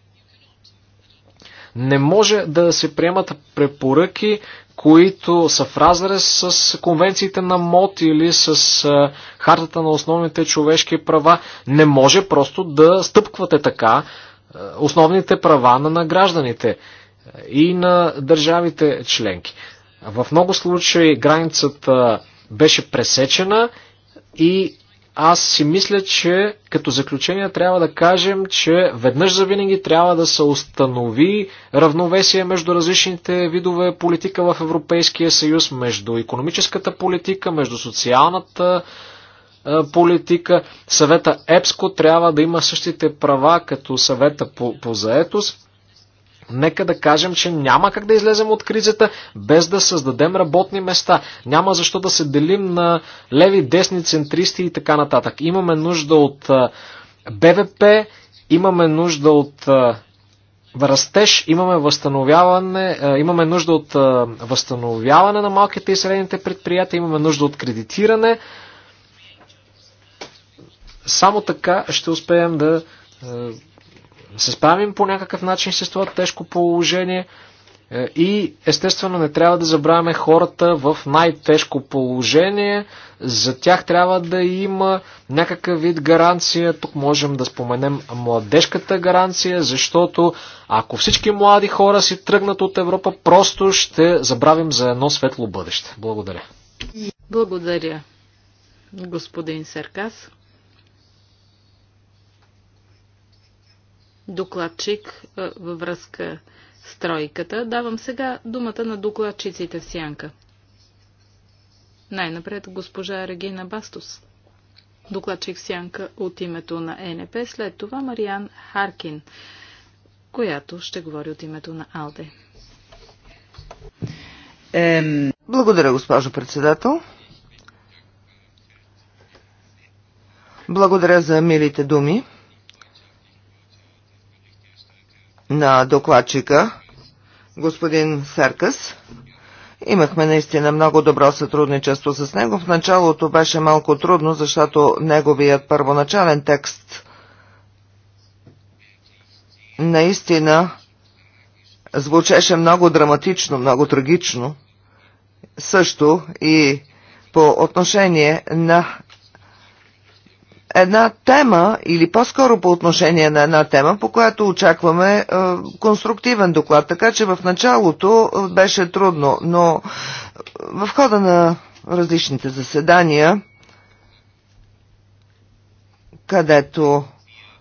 Не може да се приемат препоръки, които са в разрез с конвенциите на МОД или с хартата на основните човешки права. Не може просто да стъпквате така основните права на гражданите и на държавите членки. В много случаи границата беше пресечена и аз си мисля, че като заключение трябва да кажем, че веднъж за винаги трябва да се установи равновесие между различните видове политика в Европейския съюз, между економическата политика, между социалната политика. Съвета ЕПСКО трябва да има същите права като съвета по, по заетост. Нека да кажем, че няма как да излезем от кризата без да създадем работни места. Няма защо да се делим на леви, десни, центристи и така нататък. Имаме нужда от БВП, имаме нужда от растеж, имаме възстановяване, имаме нужда от възстановяване на малките и средните предприятия, имаме нужда от кредитиране. Само така ще успеем да се справим по някакъв начин с това тежко положение е, и естествено не трябва да забравяме хората в най-тежко положение. За тях трябва да има някакъв вид гаранция. Тук можем да споменем младежката гаранция, защото ако всички млади хора си тръгнат от Европа, просто ще забравим за едно светло бъдеще. Благодаря. Благодаря, господин Серкас. докладчик във връзка с тройката. Давам сега думата на докладчиците в сянка. Най-напред госпожа Регина Бастус. Докладчик сянка от името на ЕНП, след това Мариан Харкин, която ще говори от името на АЛДЕ. Ем... Благодаря, госпожо председател. Благодаря за милите думи. на докладчика, господин Серкас. Имахме наистина много добро сътрудничество с него. В началото беше малко трудно, защото неговият първоначален текст наистина звучеше много драматично, много трагично. Също и по отношение на една тема или по-скоро по отношение на една тема, по която очакваме е, конструктивен доклад. Така че в началото е, беше трудно, но е, в хода на различните заседания, където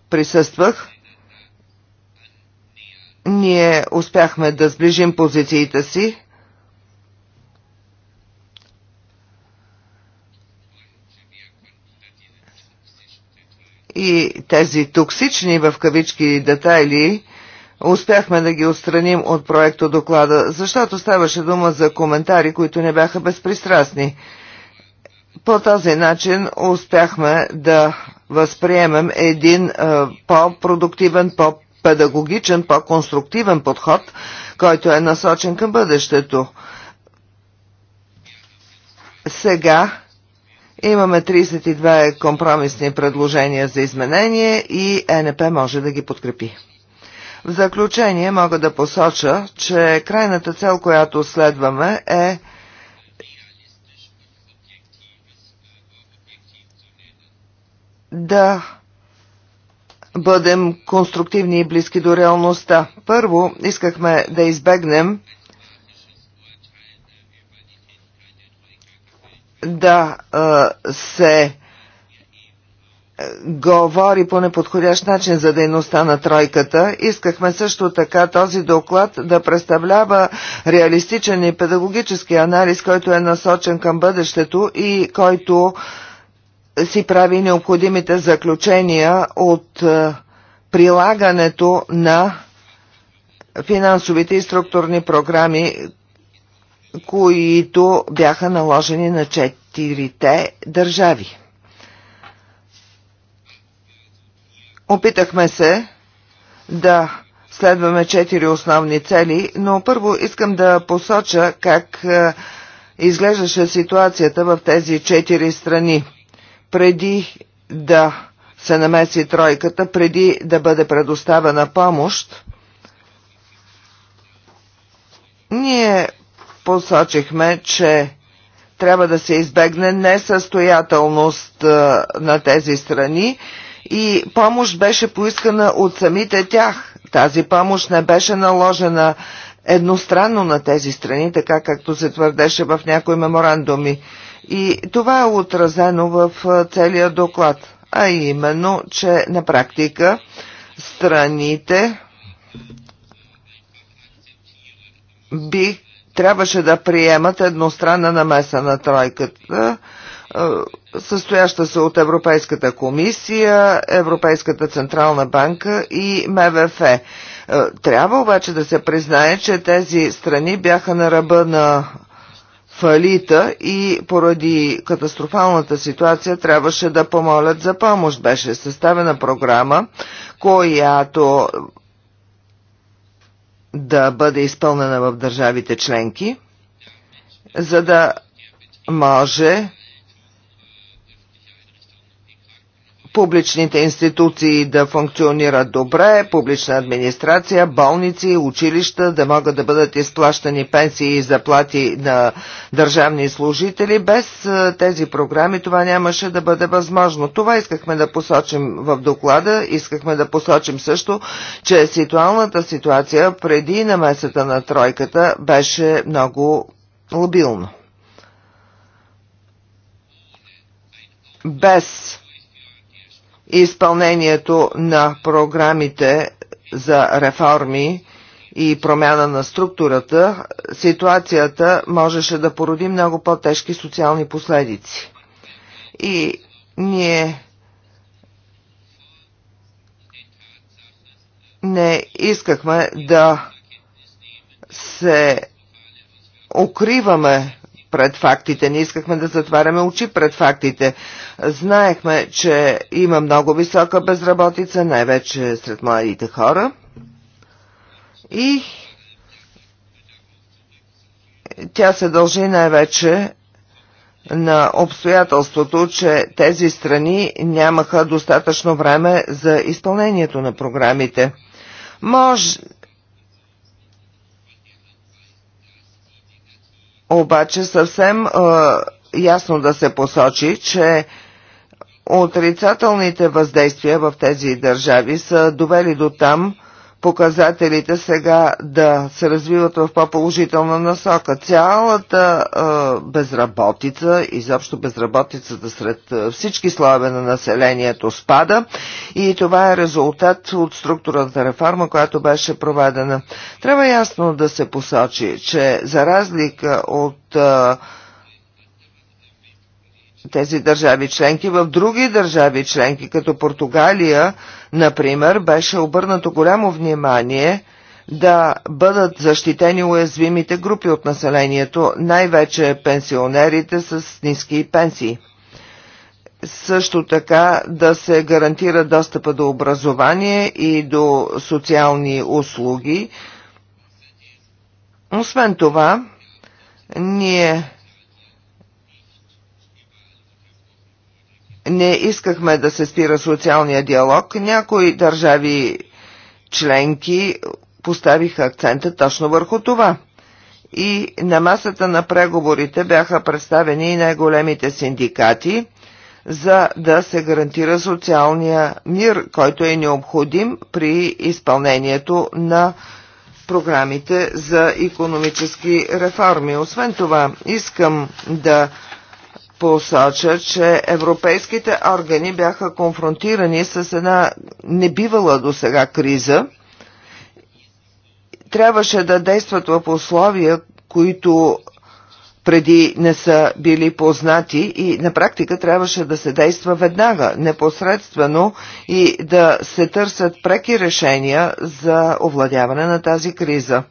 присъствах, ние успяхме да сближим позициите си и тези токсични в кавички детайли успяхме да ги отстраним от проекто доклада, защото ставаше дума за коментари, които не бяха безпристрастни. По този начин успяхме да възприемем един е, по-продуктивен, по-педагогичен, по-конструктивен подход, който е насочен към бъдещето. Сега Имаме 32 компромисни предложения за изменение и НП може да ги подкрепи. В заключение мога да посоча, че крайната цел, която следваме е да бъдем конструктивни и близки до реалността. Първо, искахме да избегнем да се е, говори по неподходящ начин за дейността на тройката. Искахме също така този доклад да представлява реалистичен и педагогически анализ, който е насочен към бъдещето и който си прави необходимите заключения от е, прилагането на финансовите и структурни програми, които бяха наложени на четирите държави. Опитахме се да следваме четири основни цели, но първо искам да посоча как е, изглеждаше ситуацията в тези четири страни. Преди да се намеси тройката, преди да бъде предоставена помощ, ние посочихме, че трябва да се избегне несъстоятелност на тези страни и помощ беше поискана от самите тях. Тази помощ не беше наложена едностранно на тези страни, така както се твърдеше в някои меморандуми. И това е отразено в целия доклад, а именно, че на практика страните бих трябваше да приемат едностранна намеса на тройката, е, състояща се от Европейската комисия, Европейската централна банка и МВФ. Е, трябва обаче да се признае, че тези страни бяха на ръба на фалита и поради катастрофалната ситуация трябваше да помолят за помощ. Беше съставена програма, която да бъде изпълнена в държавите членки, за да може публичните институции да функционират добре, публична администрация, болници, училища, да могат да бъдат изплащани пенсии и заплати на държавни служители. Без тези програми това нямаше да бъде възможно. Това искахме да посочим в доклада. Искахме да посочим също, че ситуалната ситуация преди намесата на тройката беше много лобилна. Без изпълнението на програмите за реформи и промяна на структурата, ситуацията можеше да породи много по-тежки социални последици. И ние не искахме да се укриваме пред фактите. Не искахме да затваряме очи пред фактите. Знаехме, че има много висока безработица, най-вече сред младите хора. И тя се дължи най-вече на обстоятелството, че тези страни нямаха достатъчно време за изпълнението на програмите. Може обаче съвсем е, ясно да се посочи, че отрицателните въздействия в тези държави са довели до там, показателите сега да се развиват в по-положителна насока. Цялата е, безработица, изобщо безработицата сред всички слоеве на населението спада и това е резултат от структурната реформа, която беше проведена. Трябва ясно да се посочи, че за разлика от е, тези държави членки, в други държави членки, като Португалия, Например, беше обърнато голямо внимание да бъдат защитени уязвимите групи от населението, най-вече пенсионерите с ниски пенсии. Също така да се гарантира достъпа до образование и до социални услуги. Освен това, ние не искахме да се спира социалния диалог, някои държави членки поставиха акцента точно върху това. И на масата на преговорите бяха представени и най-големите синдикати, за да се гарантира социалния мир, който е необходим при изпълнението на програмите за економически реформи. Освен това, искам да посоча, че европейските органи бяха конфронтирани с една небивала до сега криза. Трябваше да действат в условия, които преди не са били познати и на практика трябваше да се действа веднага, непосредствено и да се търсят преки решения за овладяване на тази криза.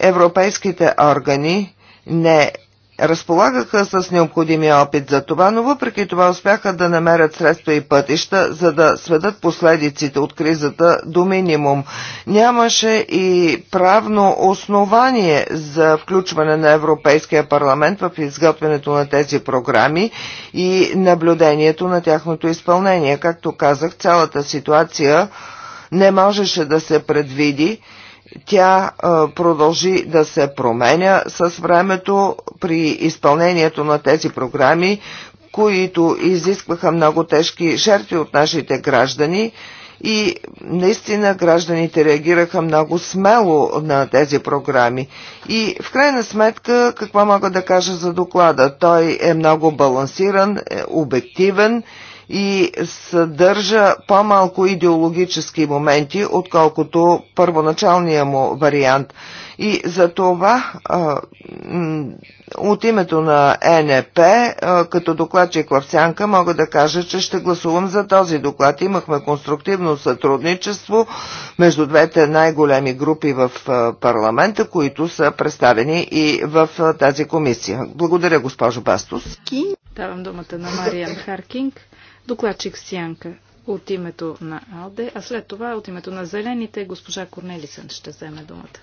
Европейските органи не разполагаха с необходимия опит за това, но въпреки това успяха да намерят средства и пътища, за да сведат последиците от кризата до минимум. Нямаше и правно основание за включване на Европейския парламент в изготвянето на тези програми и наблюдението на тяхното изпълнение. Както казах, цялата ситуация не можеше да се предвиди тя продължи да се променя с времето при изпълнението на тези програми, които изискваха много тежки жертви от нашите граждани и наистина гражданите реагираха много смело на тези програми. И в крайна сметка, какво мога да кажа за доклада? Той е много балансиран, е обективен и съдържа по-малко идеологически моменти, отколкото първоначалния му вариант. И за това от името на НЕП, като докладчик в Сянка, мога да кажа, че ще гласувам за този доклад. Имахме конструктивно сътрудничество между двете най-големи групи в парламента, които са представени и в тази комисия. Благодаря, госпожо Бастус. Давам думата на Мариан Харкинг. Докладчик Сянка от името на АЛДЕ, а след това от името на Зелените госпожа Корнелисън ще вземе думата.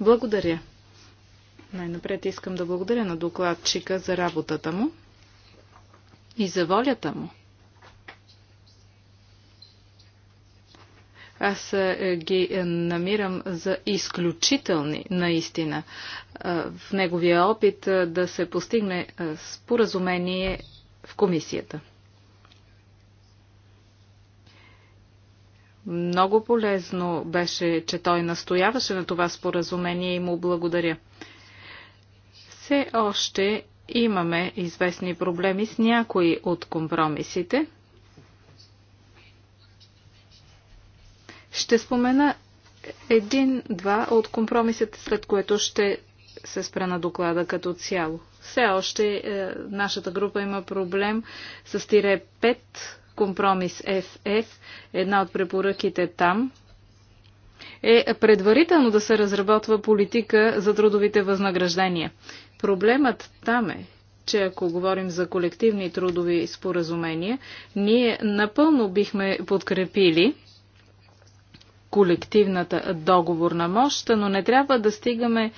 Благодаря. Най-напред искам да благодаря на докладчика за работата му и за волята му. аз е, ги е, намирам за изключителни наистина е, в неговия опит да се постигне споразумение в комисията. Много полезно беше, че той настояваше на това споразумение и му благодаря. Все още имаме известни проблеми с някои от компромисите. Ще спомена един-два от компромисите, след което ще се спра на доклада като цяло. Все още е, нашата група има проблем с тире 5 компромис FF, една от препоръките там, е предварително да се разработва политика за трудовите възнаграждения. Проблемът там е, че ако говорим за колективни трудови споразумения, ние напълно бихме подкрепили колективната договорна мощ, но не трябва да стигаме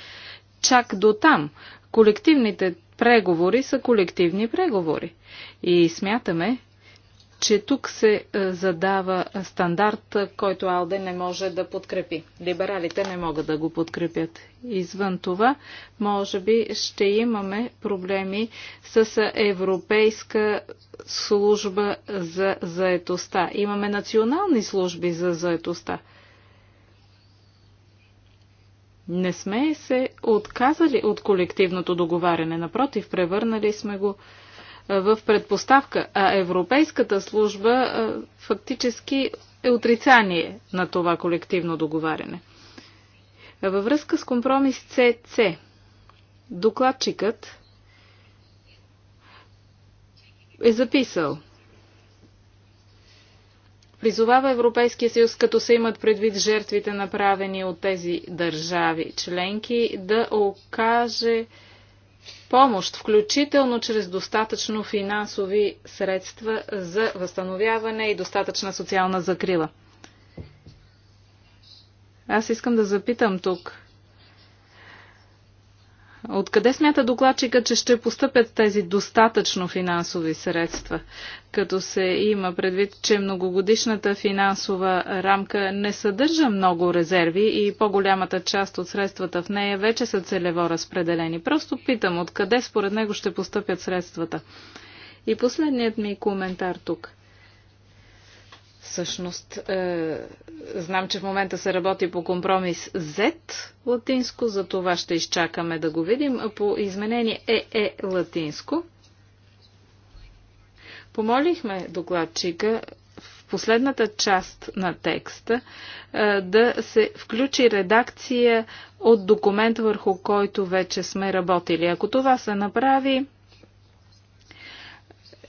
чак до там. Колективните преговори са колективни преговори. И смятаме, че тук се е, задава стандарт, който Алде не може да подкрепи. Либералите не могат да го подкрепят. Извън това, може би ще имаме проблеми с Европейска служба за заетостта. Имаме национални служби за заетостта. Не сме се отказали от колективното договаряне, напротив, превърнали сме го в предпоставка, а Европейската служба фактически е отрицание на това колективно договаряне. Във връзка с компромис СЦ, докладчикът е записал Призовава Европейския съюз, като се имат предвид жертвите направени от тези държави членки, да окаже помощ, включително чрез достатъчно финансови средства за възстановяване и достатъчна социална закрила. Аз искам да запитам тук Откъде смята докладчика, че ще постъпят тези достатъчно финансови средства, като се има предвид, че многогодишната финансова рамка не съдържа много резерви и по-голямата част от средствата в нея вече са целево разпределени? Просто питам, откъде според него ще постъпят средствата? И последният ми коментар тук – Всъщност, е, знам, че в момента се работи по компромис Z латинско, за това ще изчакаме да го видим. По изменение ЕЕ е латинско, помолихме докладчика в последната част на текста е, да се включи редакция от документ, върху който вече сме работили. Ако това се направи,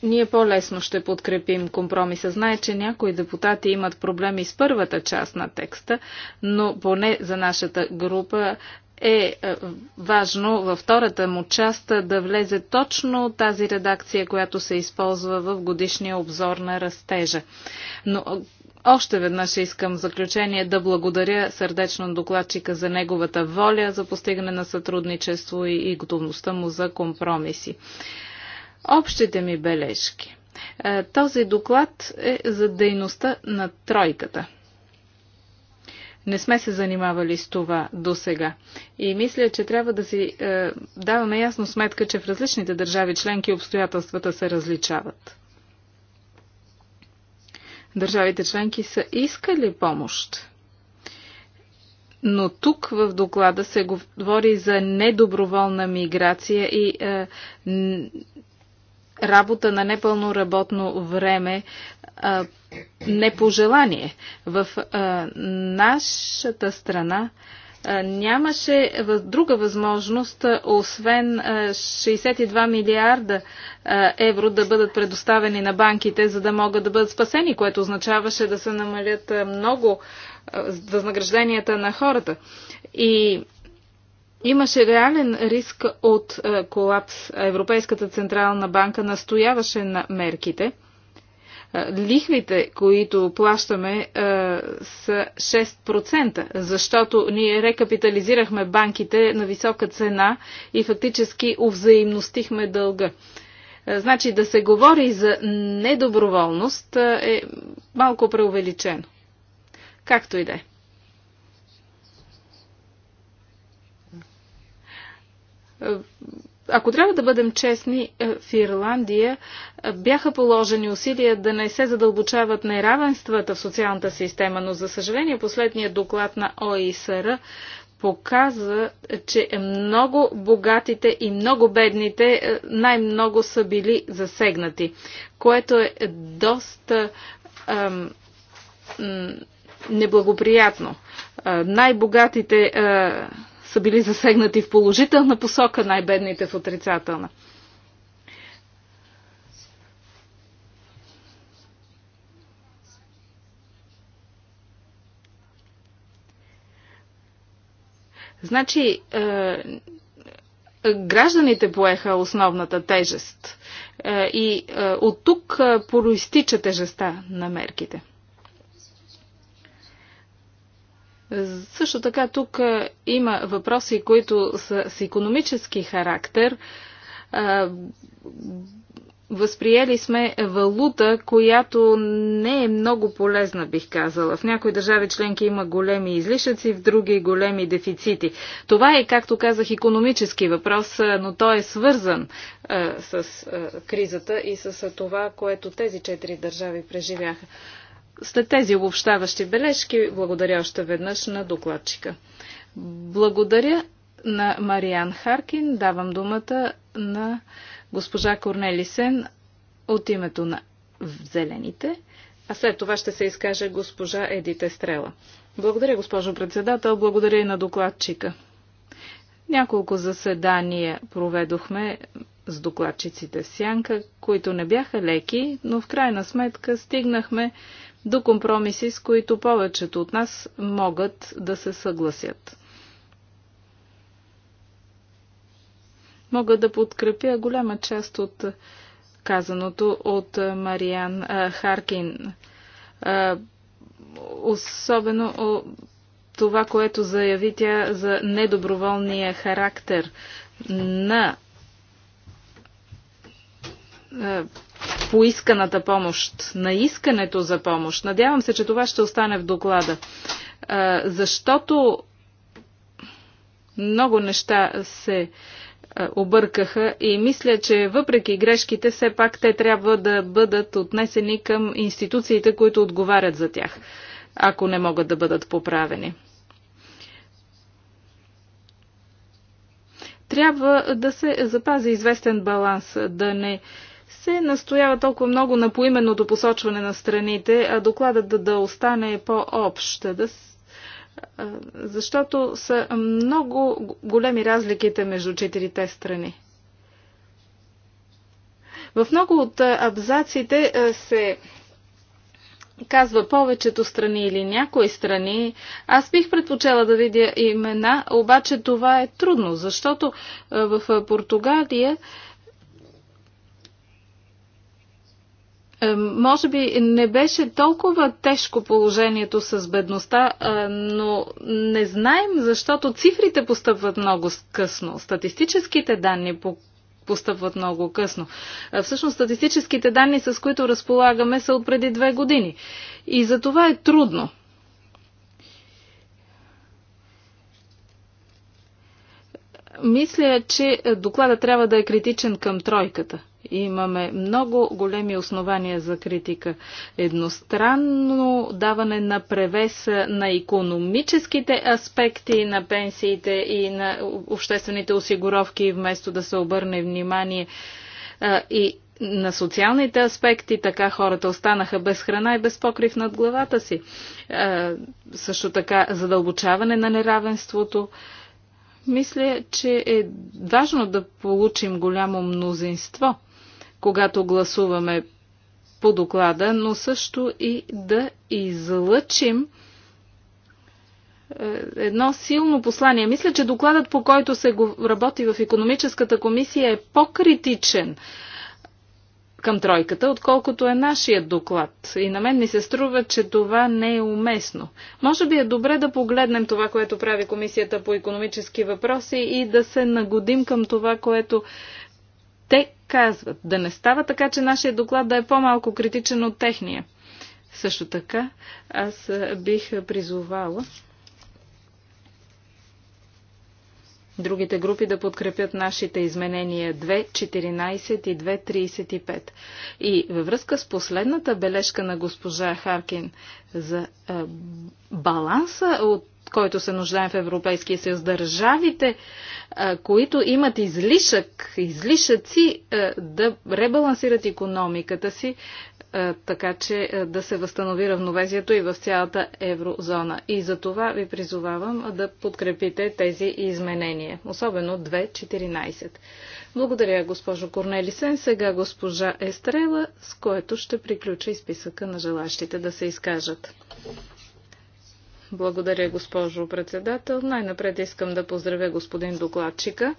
ние по-лесно ще подкрепим компромиса. Знае, че някои депутати имат проблеми с първата част на текста, но поне за нашата група е, е важно във втората му част да влезе точно тази редакция, която се използва в годишния обзор на растежа. Но е, още веднъж искам в заключение да благодаря сърдечно докладчика за неговата воля за постигане на сътрудничество и готовността му за компромиси. Общите ми бележки. Е, този доклад е за дейността на тройката. Не сме се занимавали с това до сега. И мисля, че трябва да си е, даваме ясно сметка, че в различните държави членки обстоятелствата се различават. Държавите членки са искали помощ. Но тук в доклада се говори за недоброволна миграция и е, работа на непълно работно време а, не по желание. В а, нашата страна а, нямаше друга възможност, освен а, 62 милиарда а, евро да бъдат предоставени на банките, за да могат да бъдат спасени, което означаваше да се намалят а, много а, възнагражденията на хората. И Имаше реален риск от е, колапс. Европейската централна банка настояваше на мерките. Е, лихвите, които плащаме, е, са 6%, защото ние рекапитализирахме банките на висока цена и фактически овзаимностихме дълга. Значи да се говори за недоброволност е малко преувеличено. Както и да е. Ако трябва да бъдем честни, е, в Ирландия е, бяха положени усилия да не се задълбочават неравенствата в социалната система, но за съжаление последният доклад на ОИСР показа, че много богатите и много бедните е, най-много са били засегнати, което е доста ам, неблагоприятно. най-богатите са били засегнати в положителна посока, най-бедните в отрицателна. Значи, е, гражданите поеха основната тежест е, и е, от тук е, проистича тежестта на мерките. Също така тук е, има въпроси, които са с економически характер. Е, възприели сме валута, която не е много полезна, бих казала. В някои държави членки има големи излишъци, в други големи дефицити. Това е, както казах, економически въпрос, е, но той е свързан а, с а, кризата и с а, това, което тези четири държави преживяха. След тези обобщаващи бележки, благодаря още веднъж на докладчика. Благодаря на Мариан Харкин. Давам думата на госпожа Корнелисен от името на Зелените, а след това ще се изкаже госпожа Едите Стрела. Благодаря, госпожо председател. Благодаря и на докладчика. Няколко заседания проведохме с докладчиците Сянка, които не бяха леки, но в крайна сметка стигнахме до компромиси, с които повечето от нас могат да се съгласят. Мога да подкрепя голяма част от казаното от Мариан Харкин. Особено това, което заяви тя за недоброволния характер на поисканата помощ, на искането за помощ. Надявам се, че това ще остане в доклада. Защото много неща се объркаха и мисля, че въпреки грешките, все пак те трябва да бъдат отнесени към институциите, които отговарят за тях, ако не могат да бъдат поправени. Трябва да се запази известен баланс, да не се настоява толкова много на поименното посочване на страните, а докладът да, да остане по-общ, да, защото са много големи разликите между четирите страни. В много от абзаците се казва повечето страни или някои страни. Аз бих предпочела да видя имена, обаче това е трудно, защото в Португалия Е, може би не беше толкова тежко положението с бедността, е, но не знаем, защото цифрите постъпват много късно. Статистическите данни по постъпват много късно. Е, всъщност статистическите данни, с които разполагаме, са от преди две години. И за това е трудно. Мисля, че докладът трябва да е критичен към тройката – имаме много големи основания за критика. Едностранно даване на превес на економическите аспекти на пенсиите и на обществените осигуровки, вместо да се обърне внимание и на социалните аспекти, така хората останаха без храна и без покрив над главата си. Също така задълбочаване на неравенството. Мисля, че е важно да получим голямо мнозинство – когато гласуваме по доклада, но също и да излъчим е, едно силно послание. Мисля, че докладът, по който се работи в економическата комисия, е по-критичен към тройката, отколкото е нашият доклад. И на мен ми се струва, че това не е уместно. Може би е добре да погледнем това, което прави Комисията по економически въпроси и да се нагодим към това, което те казват да не става така, че нашия доклад да е по-малко критичен от техния. Също така, аз бих призовала другите групи да подкрепят нашите изменения 2.14 и 2.35. И във връзка с последната бележка на госпожа Харкин за баланса от който се нуждаем в Европейския съюз. Държавите, които имат излишък, излишъци да ребалансират економиката си, така че да се възстанови равновесието и в цялата еврозона. И за това ви призовавам да подкрепите тези изменения, особено 2.14. Благодаря, госпожо Корнелисен. Сега госпожа Естрела, с което ще приключа изписъка на желащите да се изкажат. Благодаря, госпожо председател. Най-напред искам да поздравя господин докладчика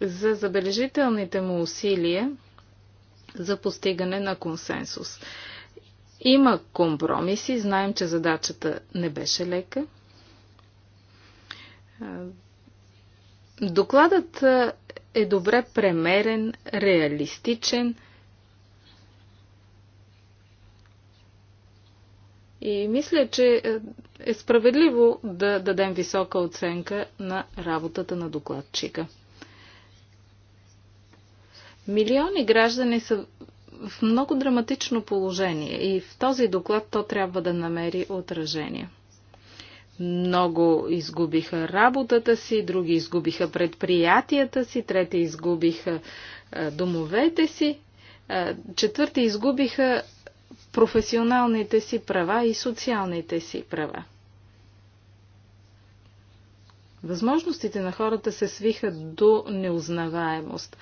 за забележителните му усилия за постигане на консенсус. Има компромиси, знаем, че задачата не беше лека. Докладът е добре премерен, реалистичен – И мисля, че е, е справедливо да дадем висока оценка на работата на докладчика. Милиони граждани са в много драматично положение и в този доклад то трябва да намери отражение. Много изгубиха работата си, други изгубиха предприятията си, трети изгубиха е, домовете си, е, четвърти изгубиха професионалните си права и социалните си права. Възможностите на хората се свиха до неузнаваемост.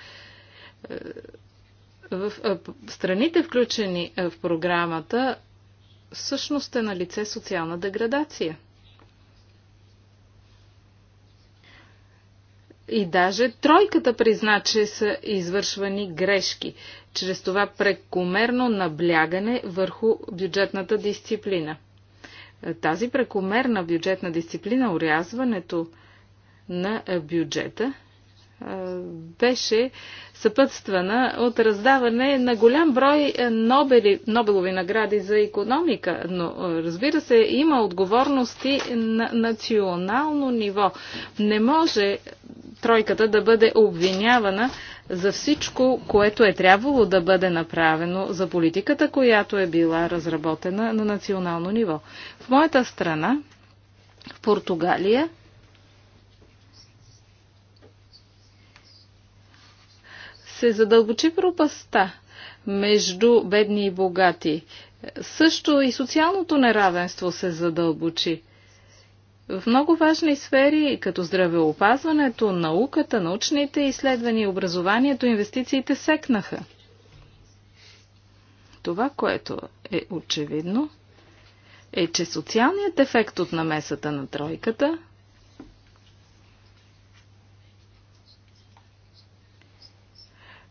Е, в е, страните, включени е, в програмата, всъщност е на лице социална деградация. И даже тройката призна, че са извършвани грешки чрез това прекомерно наблягане върху бюджетната дисциплина. Е, тази прекомерна бюджетна дисциплина, урязването на бюджета, е, беше съпътствана от раздаване на голям брой е, Нобели, Нобелови награди за економика. Но разбира се, има отговорности на национално ниво. Не може тройката да бъде обвинявана за всичко, което е трябвало да бъде направено за политиката, която е била разработена на национално ниво. В моята страна, в Португалия, се задълбочи пропаста между бедни и богати. Също и социалното неравенство се задълбочи в много важни сфери, като здравеопазването, науката, научните изследвания, образованието, инвестициите секнаха. Това, което е очевидно, е, че социалният ефект от намесата на тройката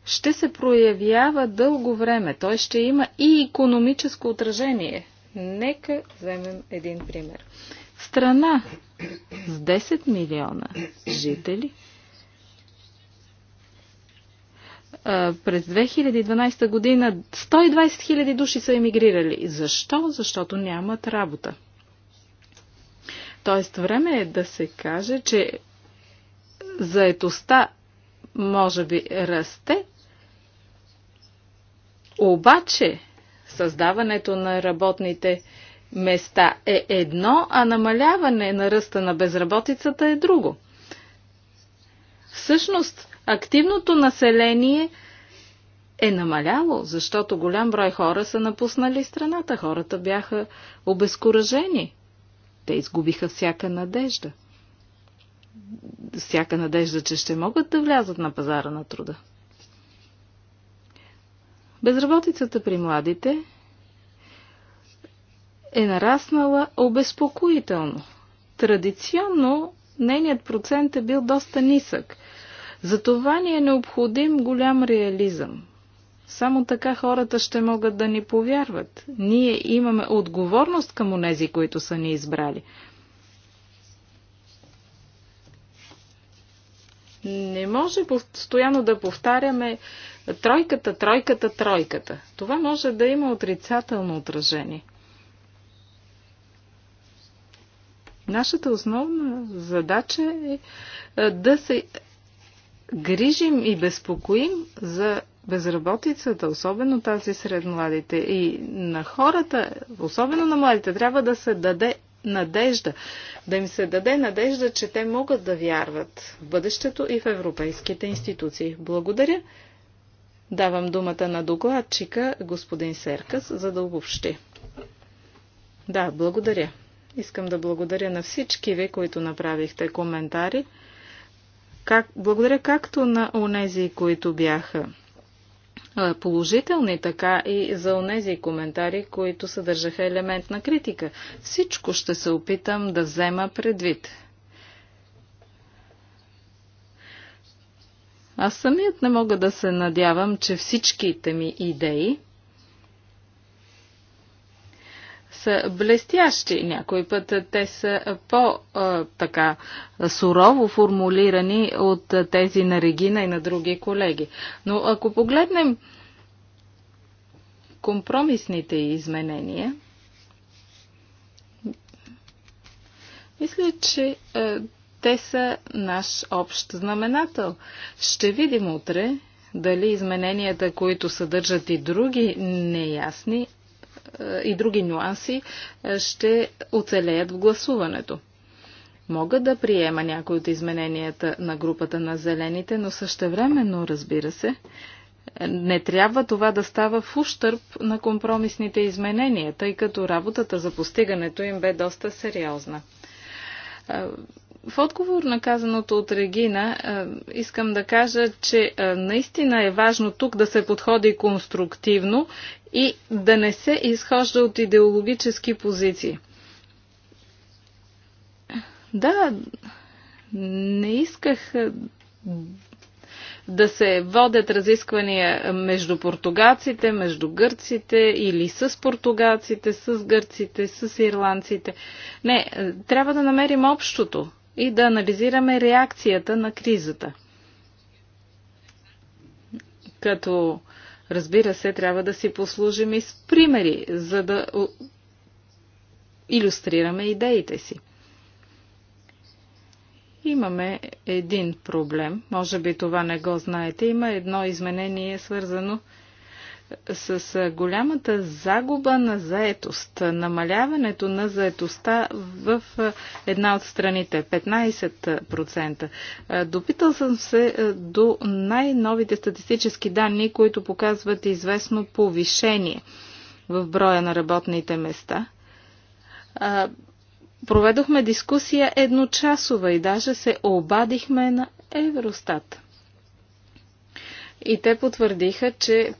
ще се проявява дълго време. Той ще има и економическо отражение. Нека вземем един пример страна с 10 милиона жители, през 2012 година 120 хиляди души са емигрирали. Защо? Защото нямат работа. Тоест, време е да се каже, че заетостта може би расте, обаче създаването на работните места е едно, а намаляване на ръста на безработицата е друго. Всъщност, активното население е намаляло, защото голям брой хора са напуснали страната. Хората бяха обезкуражени. Те изгубиха всяка надежда. Всяка надежда, че ще могат да влязат на пазара на труда. Безработицата при младите е нараснала обезпокоително. Традиционно нейният процент е бил доста нисък. Затова ни е необходим голям реализъм. Само така хората ще могат да ни повярват. Ние имаме отговорност към онези, които са ни избрали. Не може постоянно да повтаряме тройката, тройката, тройката. Това може да има отрицателно отражение – Нашата основна задача е, е да се грижим и безпокоим за безработицата, особено тази сред младите. И на хората, особено на младите, трябва да се даде надежда. Да им се даде надежда, че те могат да вярват в бъдещето и в европейските институции. Благодаря. Давам думата на докладчика, господин Серкас, за да обобщи. Да, благодаря. Искам да благодаря на всички ви, които направихте коментари. Как, благодаря както на онези, които бяха положителни, така и за онези коментари, които съдържаха елемент на критика. Всичко ще се опитам да взема предвид. Аз самият не мога да се надявам, че всичките ми идеи са блестящи. Някой път те са по-така сурово формулирани от тези на Регина и на други колеги. Но ако погледнем компромисните изменения, мисля, че е, те са наш общ знаменател. Ще видим утре дали измененията, които съдържат и други неясни и други нюанси е, ще оцелеят в гласуването. Мога да приема някои от измененията на групата на зелените, но същевременно, разбира се, не трябва това да става в ущърп на компромисните изменения, тъй като работата за постигането им бе доста сериозна. Е, в отговор на казаното от Регина, е, искам да кажа, че е, наистина е важно тук да се подходи конструктивно и да не се изхожда от идеологически позиции. Да, не исках е, да се водят разисквания между португалците, между гърците или с португалците, с гърците, с ирландците. Не, трябва да намерим общото и да анализираме реакцията на кризата. Като, разбира се, трябва да си послужим и с примери, за да иллюстрираме идеите си. Имаме един проблем, може би това не го знаете. Има едно изменение, свързано с с голямата загуба на заетост, намаляването на заетостта в една от страните 15%. Допитал съм се до най-новите статистически данни, които показват известно повишение в броя на работните места. Проведохме дискусия едночасова и даже се обадихме на Евростат. И те потвърдиха, че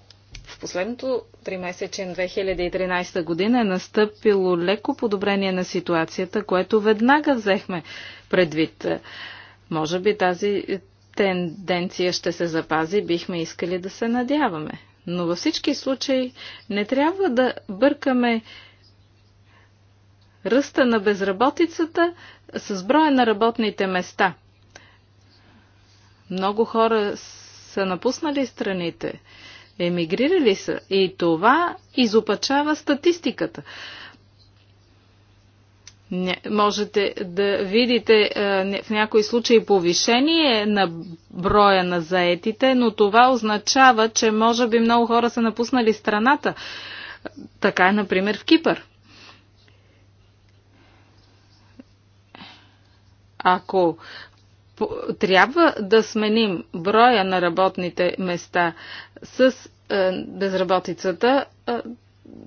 в последното 3 месече на 2013 година е настъпило леко подобрение на ситуацията, което веднага взехме предвид. Може би тази тенденция ще се запази, бихме искали да се надяваме. Но във всички случаи не трябва да бъркаме ръста на безработицата с броя на работните места. Много хора са напуснали страните Емигрирали са. И това изопачава статистиката. Не, можете да видите в някои случаи повишение на броя на заетите, но това означава, че може би много хора са напуснали страната. Така е, например, в Кипър. Ако трябва да сменим броя на работните места с е, безработицата, е,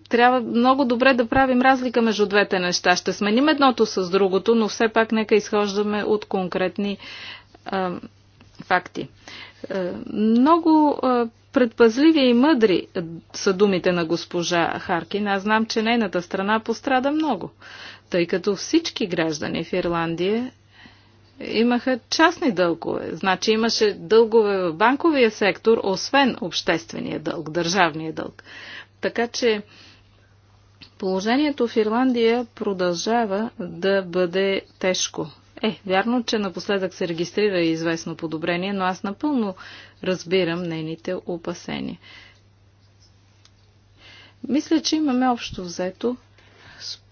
трябва много добре да правим разлика между двете неща. Ще сменим едното с другото, но все пак нека изхождаме от конкретни е, факти. Е, много е, предпазливи и мъдри са думите на госпожа Харкин. Аз знам, че нейната страна пострада много, тъй като всички граждани в Ирландия имаха частни дългове. Значи имаше дългове в банковия сектор, освен обществения дълг, държавния дълг. Така че положението в Ирландия продължава да бъде тежко. Е, вярно, че напоследък се регистрира известно подобрение, но аз напълно разбирам нейните опасения. Мисля, че имаме общо взето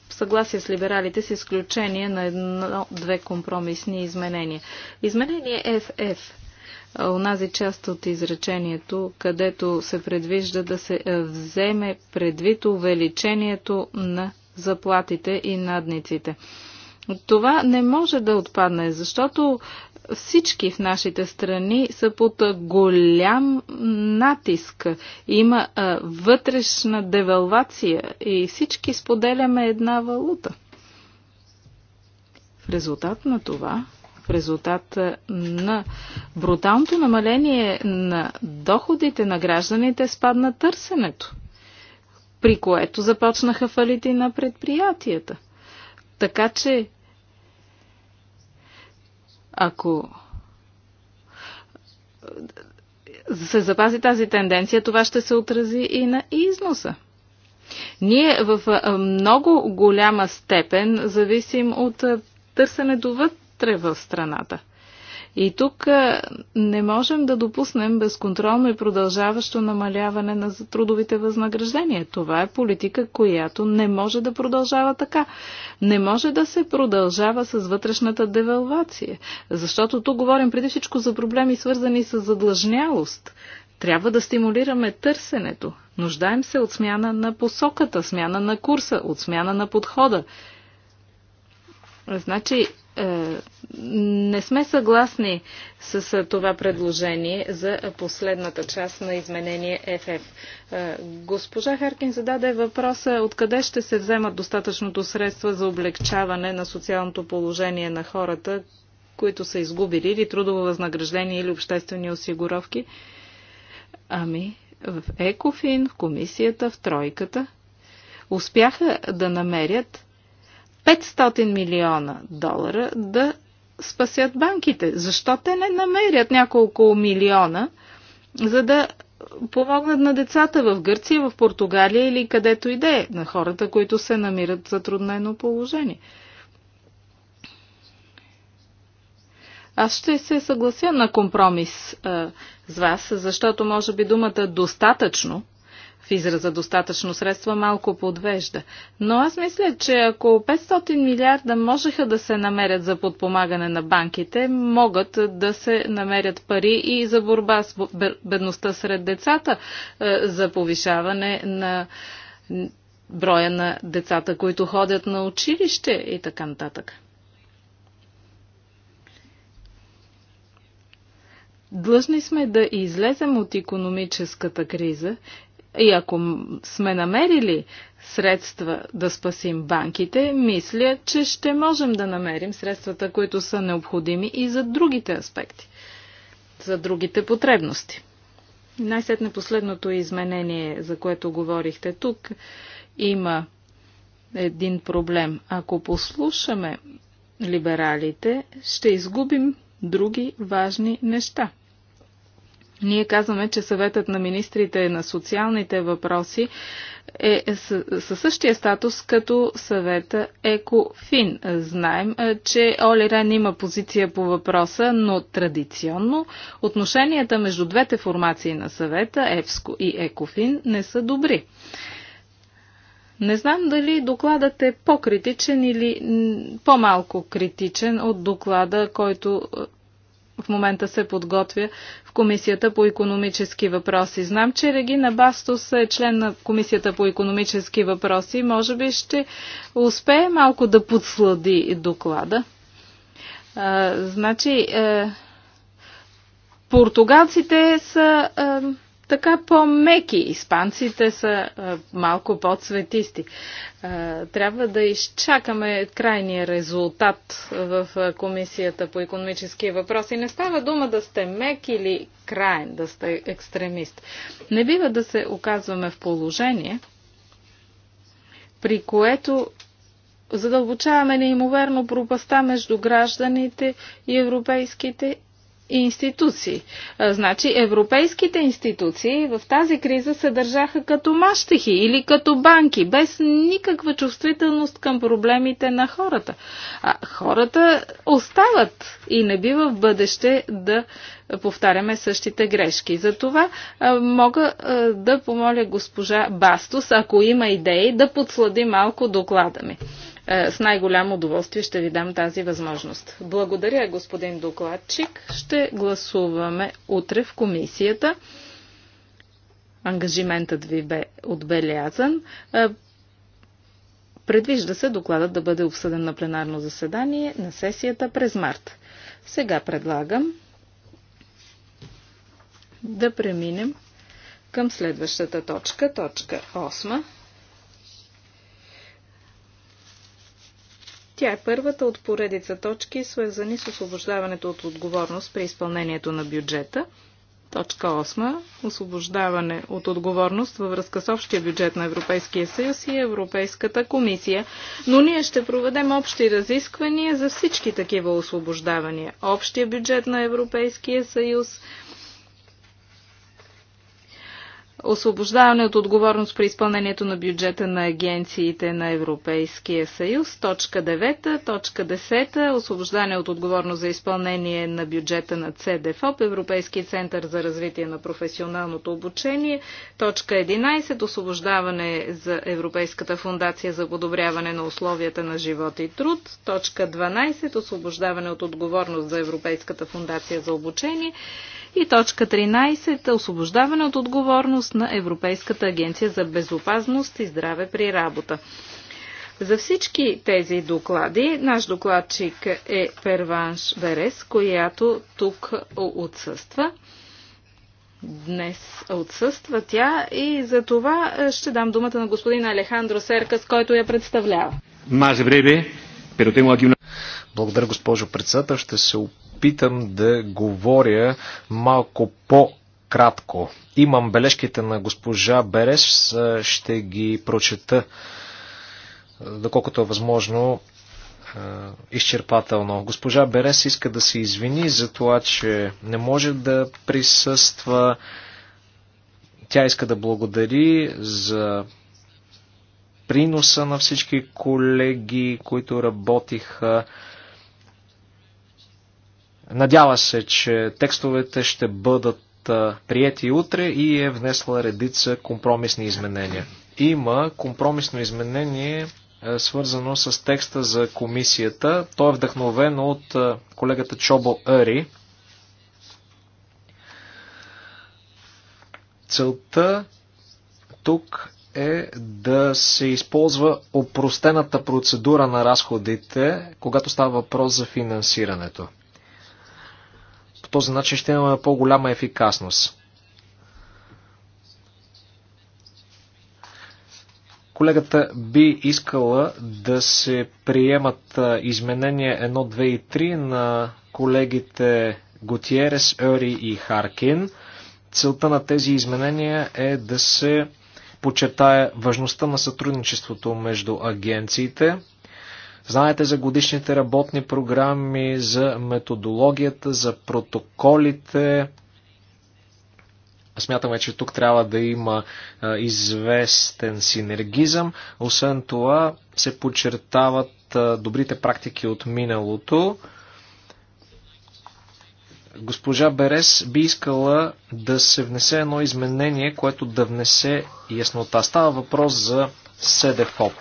съгласие с либералите с изключение на едно-две компромисни изменения. Изменение FF онази част от изречението, където се предвижда да се е, вземе предвид увеличението на заплатите и надниците. Това не може да отпадне, защото всички в нашите страни са под голям натиск. Има а, вътрешна девалвация и всички споделяме една валута. В резултат на това, в резултат на бруталното намаление на доходите на гражданите спадна търсенето, при което започнаха фалити на предприятията. Така че ако се запази тази тенденция, това ще се отрази и на износа. Ние в много голяма степен зависим от търсенето вътре в страната. И тук не можем да допуснем безконтролно и продължаващо намаляване на трудовите възнаграждения. Това е политика, която не може да продължава така. Не може да се продължава с вътрешната девалвация, защото тук говорим преди всичко за проблеми свързани с задлъжнялост. Трябва да стимулираме търсенето. Нуждаем се от смяна на посоката, смяна на курса, от смяна на подхода. Значи, е, не сме съгласни с това предложение за последната част на изменение ФФ. Е, госпожа Харкин зададе въпроса откъде ще се вземат достатъчното средства за облегчаване на социалното положение на хората, които са изгубили или трудово възнаграждение или обществени осигуровки. Ами, в Екофин, в комисията, в тройката успяха да намерят 500 милиона долара да спасят банките. Защо те не намерят няколко милиона, за да помогнат на децата в Гърция, в Португалия или където и да е, на хората, които се намират в затруднено положение? Аз ще се съглася на компромис а, с вас, защото може би думата достатъчно в израза достатъчно средства малко подвежда. Но аз мисля, че ако 500 милиарда можеха да се намерят за подпомагане на банките, могат да се намерят пари и за борба с бедността сред децата, е, за повишаване на броя на децата, които ходят на училище и така нататък. Длъжни сме да излезем от економическата криза и ако сме намерили средства да спасим банките, мисля, че ще можем да намерим средствата, които са необходими и за другите аспекти, за другите потребности. Най-сетне последното изменение, за което говорихте тук, има един проблем. Ако послушаме либералите, ще изгубим други важни неща. Ние казваме, че съветът на министрите на социалните въпроси е със същия статус като съвета ЕКОФИН. Знаем, е, че Оли Рен има позиция по въпроса, но традиционно отношенията между двете формации на съвета, Евско и ЕКОФИН, не са добри. Не знам дали докладът е по-критичен или по-малко критичен от доклада, който в момента се подготвя в Комисията по економически въпроси. Знам, че Регина Бастос е член на Комисията по економически въпроси. Може би ще успее малко да подслади доклада. А, значи, е, португалците са. Е, така по-меки. Испанците са а, малко по-цветисти. трябва да изчакаме крайния резултат в а, Комисията по економически въпроси. Не става дума да сте мек или крайен, да сте екстремист. Не бива да се оказваме в положение, при което задълбочаваме неимоверно пропаста между гражданите и европейските институции. Значи европейските институции в тази криза се държаха като мащехи или като банки, без никаква чувствителност към проблемите на хората. А хората остават и не бива в бъдеще да повтаряме същите грешки. Затова мога да помоля госпожа Бастус, ако има идеи, да подслади малко доклада ми. Е, с най-голямо удоволствие ще ви дам тази възможност. Благодаря, господин докладчик. Ще гласуваме утре в комисията. Ангажиментът ви бе отбелязан. Е, предвижда се докладът да бъде обсъден на пленарно заседание на сесията през март. Сега предлагам да преминем към следващата точка, точка 8. Тя е първата от поредица точки, свързани с освобождаването от отговорност при изпълнението на бюджета. Точка 8. Освобождаване от отговорност във връзка с общия бюджет на Европейския съюз и Европейската комисия. Но ние ще проведем общи разисквания за всички такива освобождавания. Общия бюджет на Европейския съюз, освобождаване от отговорност при изпълнението на бюджета на агенциите на Европейския съюз. Точка 9. Точка 10. Освобождаване от отговорност за изпълнение на бюджета на ЦДФОП, Европейския център за развитие на професионалното обучение. Точка 11. Освобождаване за Европейската фундация за подобряване на условията на живот и труд. Точка 12. Освобождаване от отговорност за Европейската фундация за обучение. И точка 13. Е освобождаване от отговорност на Европейската агенция за безопасност и здраве при работа. За всички тези доклади наш докладчик е Перванш Берес, която тук отсъства. Днес отсъства тя и за това е, ще дам думата на господин Алехандро Серкас, който я представлява. Благодаря, госпожо председател. Ще се опитам да говоря малко по кратко. Имам бележките на госпожа Берес, ще ги прочета, доколкото е възможно, изчерпателно. Госпожа Берес иска да се извини за това, че не може да присъства. Тя иска да благодари за приноса на всички колеги, които работиха Надява се, че текстовете ще бъдат приети утре и е внесла редица компромисни изменения. Има компромисно изменение, свързано с текста за комисията. То е вдъхновено от колегата Чобо Ари. Целта тук е да се използва опростената процедура на разходите, когато става въпрос за финансирането. По този начин ще имаме по-голяма ефикасност. Колегата би искала да се приемат изменения 1, 2 и 3 на колегите Готиерес, Ери и Харкин. Целта на тези изменения е да се подчертая важността на сътрудничеството между агенциите, Знаете за годишните работни програми, за методологията, за протоколите. Смятаме, че тук трябва да има известен синергизъм. Освен това се подчертават добрите практики от миналото. Госпожа Берес би искала да се внесе едно изменение, което да внесе яснота. Става въпрос за СДФОП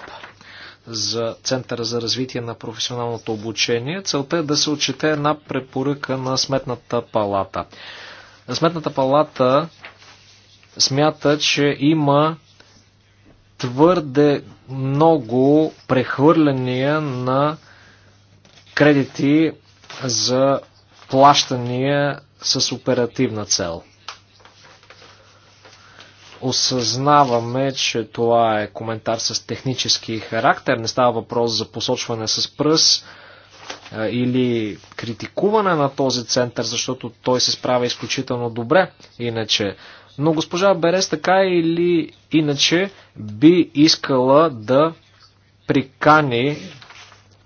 за Центъра за развитие на професионалното обучение. Целта е да се отчете една препоръка на Сметната палата. Сметната палата смята, че има твърде много прехвърляния на кредити за плащания с оперативна цел. Осъзнаваме, че това е коментар с технически характер. Не става въпрос за посочване с пръст или критикуване на този център, защото той се справя изключително добре, иначе. Но госпожа Берес така или иначе би искала да прикани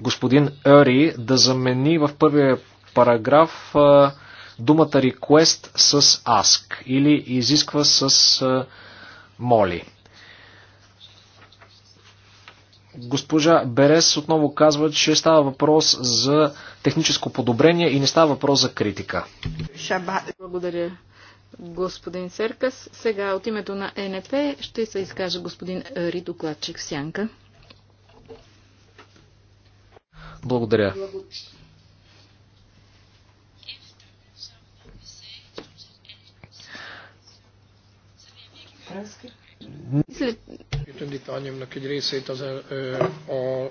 господин Ери да замени в първия параграф а, думата request с ask или изисква с моли. Госпожа Берес отново казва, че става въпрос за техническо подобрение и не става въпрос за критика. Благодаря, господин Серкас. Сега от името на НП ще се изкаже господин Ри, докладчик Сянка. Благодаря. Благодаря. egy részét az,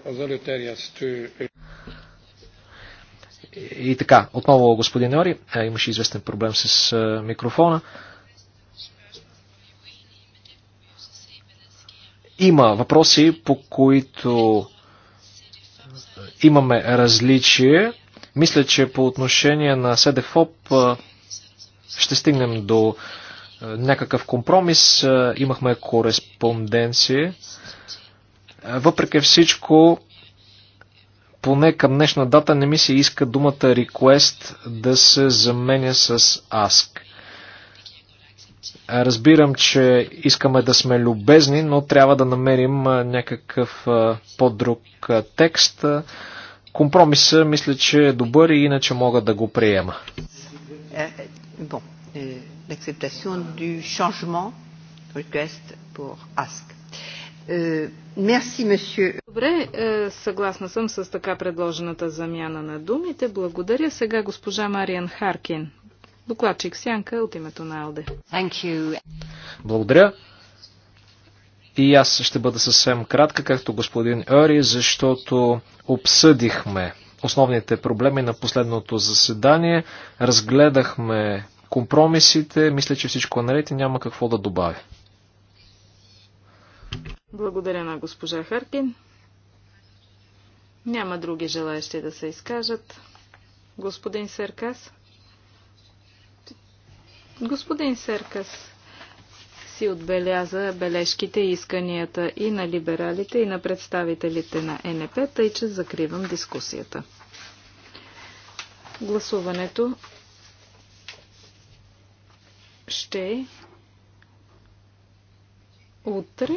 az előterjesztő. И така, отново господин Ори, е, имаше известен проблем с е, микрофона. Има въпроси, по които е, имаме различие. Мисля, че по отношение на СДФОП ще стигнем до е, някакъв компромис, е, имахме кореспонденция. Е, въпреки всичко, поне към днешна дата не ми се иска думата request да се заменя с ask. Разбирам, че искаме да сме любезни, но трябва да намерим някакъв по-друг текст. Компромиса мисля, че е добър и иначе мога да го приема l'acceptation du changement request pour ask. Мерси, euh, Добре, е, съгласна съм с така предложената замяна на думите. Благодаря. Сега госпожа Мариан Харкин, докладчик Сянка от името на Алде. Благодаря. И аз ще бъда съвсем кратка, както господин Ори, защото обсъдихме основните проблеми на последното заседание, разгледахме компромисите. Мисля, че всичко е наред и няма какво да добавя. Благодаря на госпожа Харкин. Няма други желаящи да се изкажат. Господин Серкас. Господин Серкас си отбеляза бележките и исканията и на либералите, и на представителите на НП, тъй че закривам дискусията. Гласуването ще утре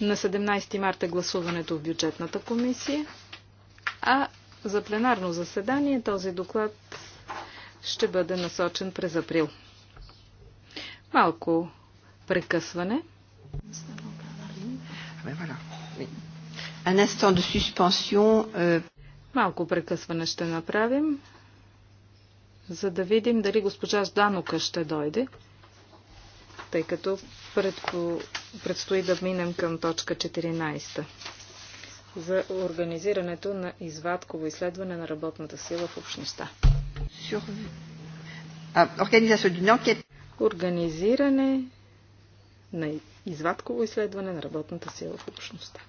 на 17 марта гласуването в бюджетната комисия, а за пленарно заседание този доклад ще бъде насочен през април. Малко прекъсване. Euh, Малко прекъсване ще направим за да видим дали госпожа Жданука ще дойде, тъй като предстои да минем към точка 14 за организирането на извадково изследване на работната сила в общността. Организиране на извадково изследване на работната сила в общността.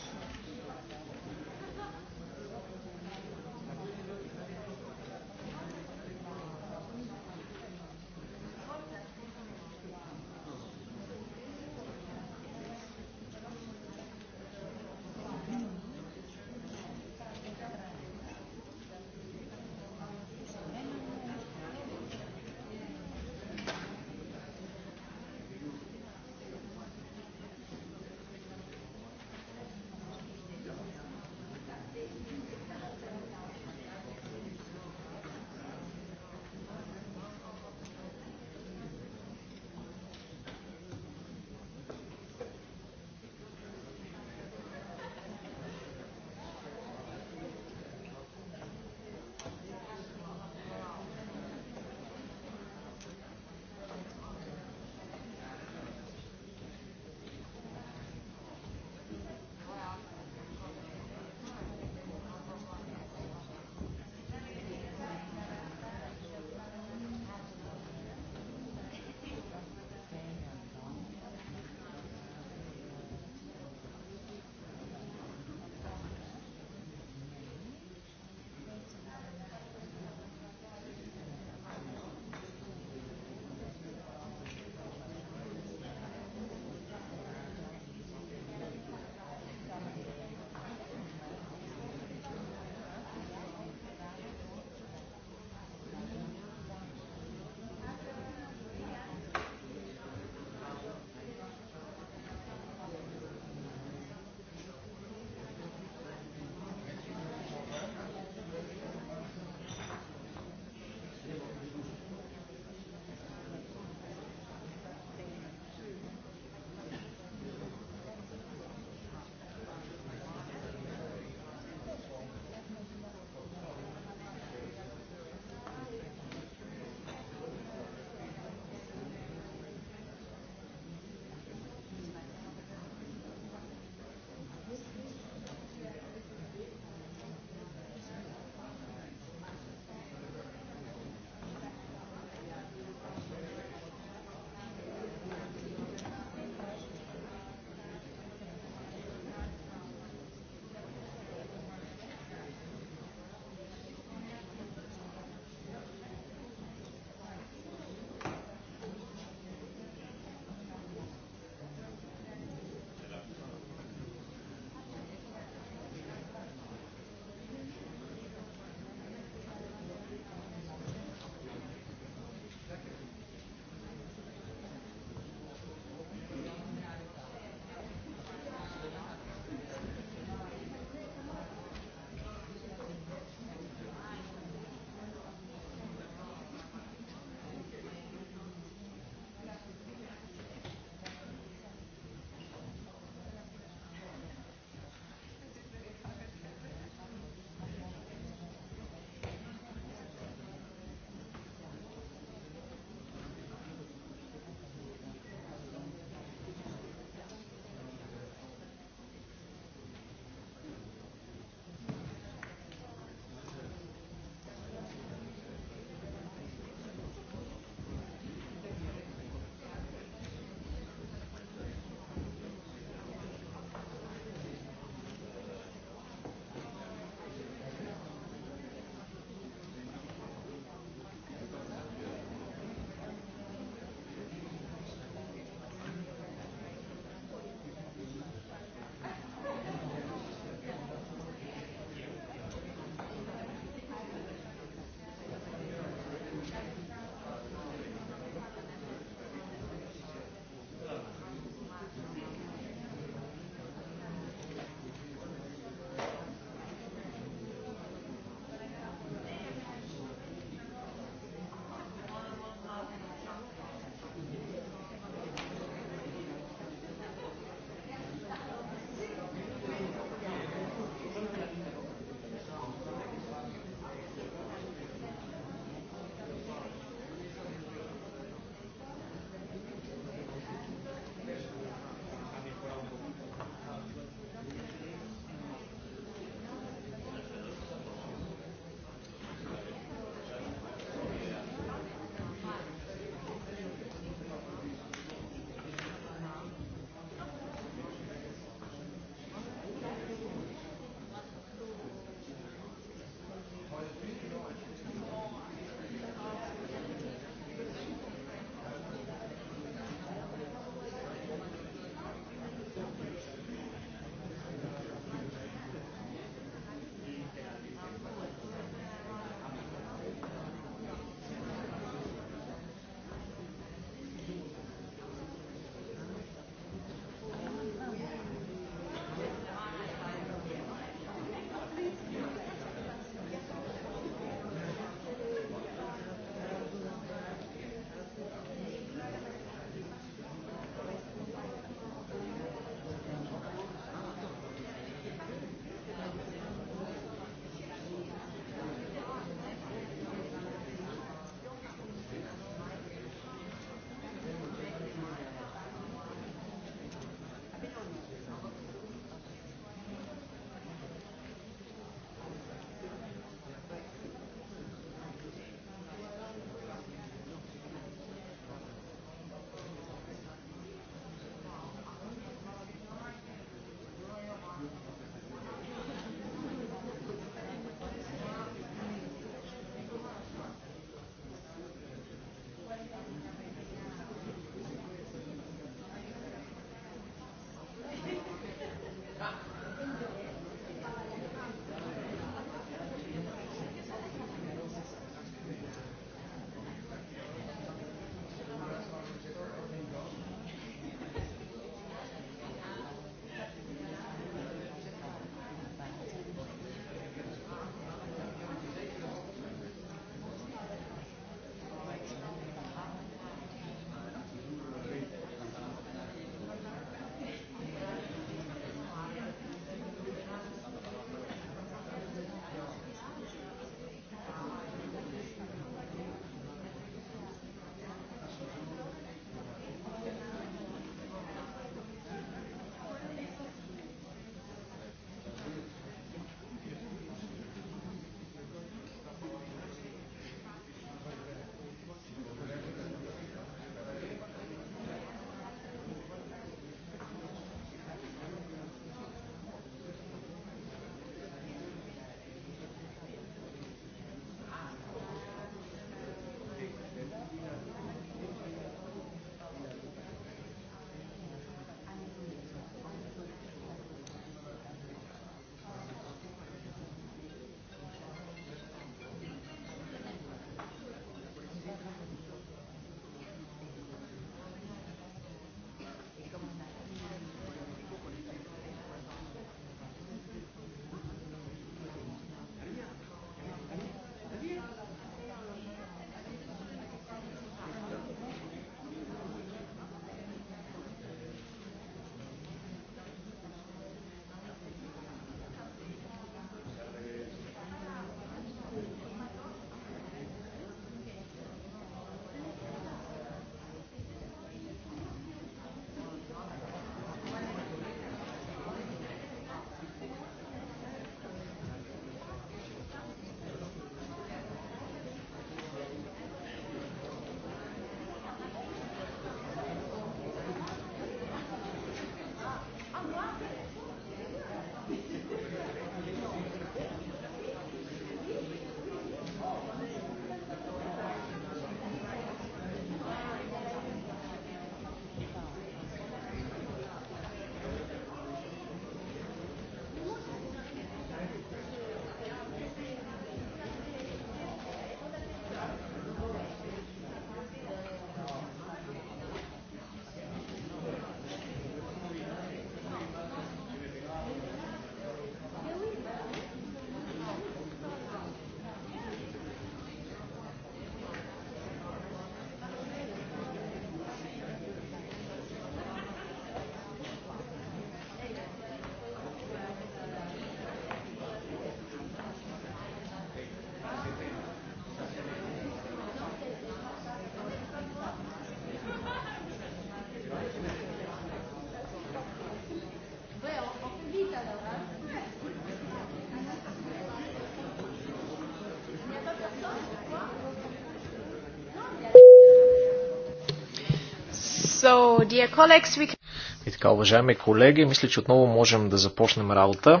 И така, уважаеми колеги, мисля, че отново можем да започнем работа.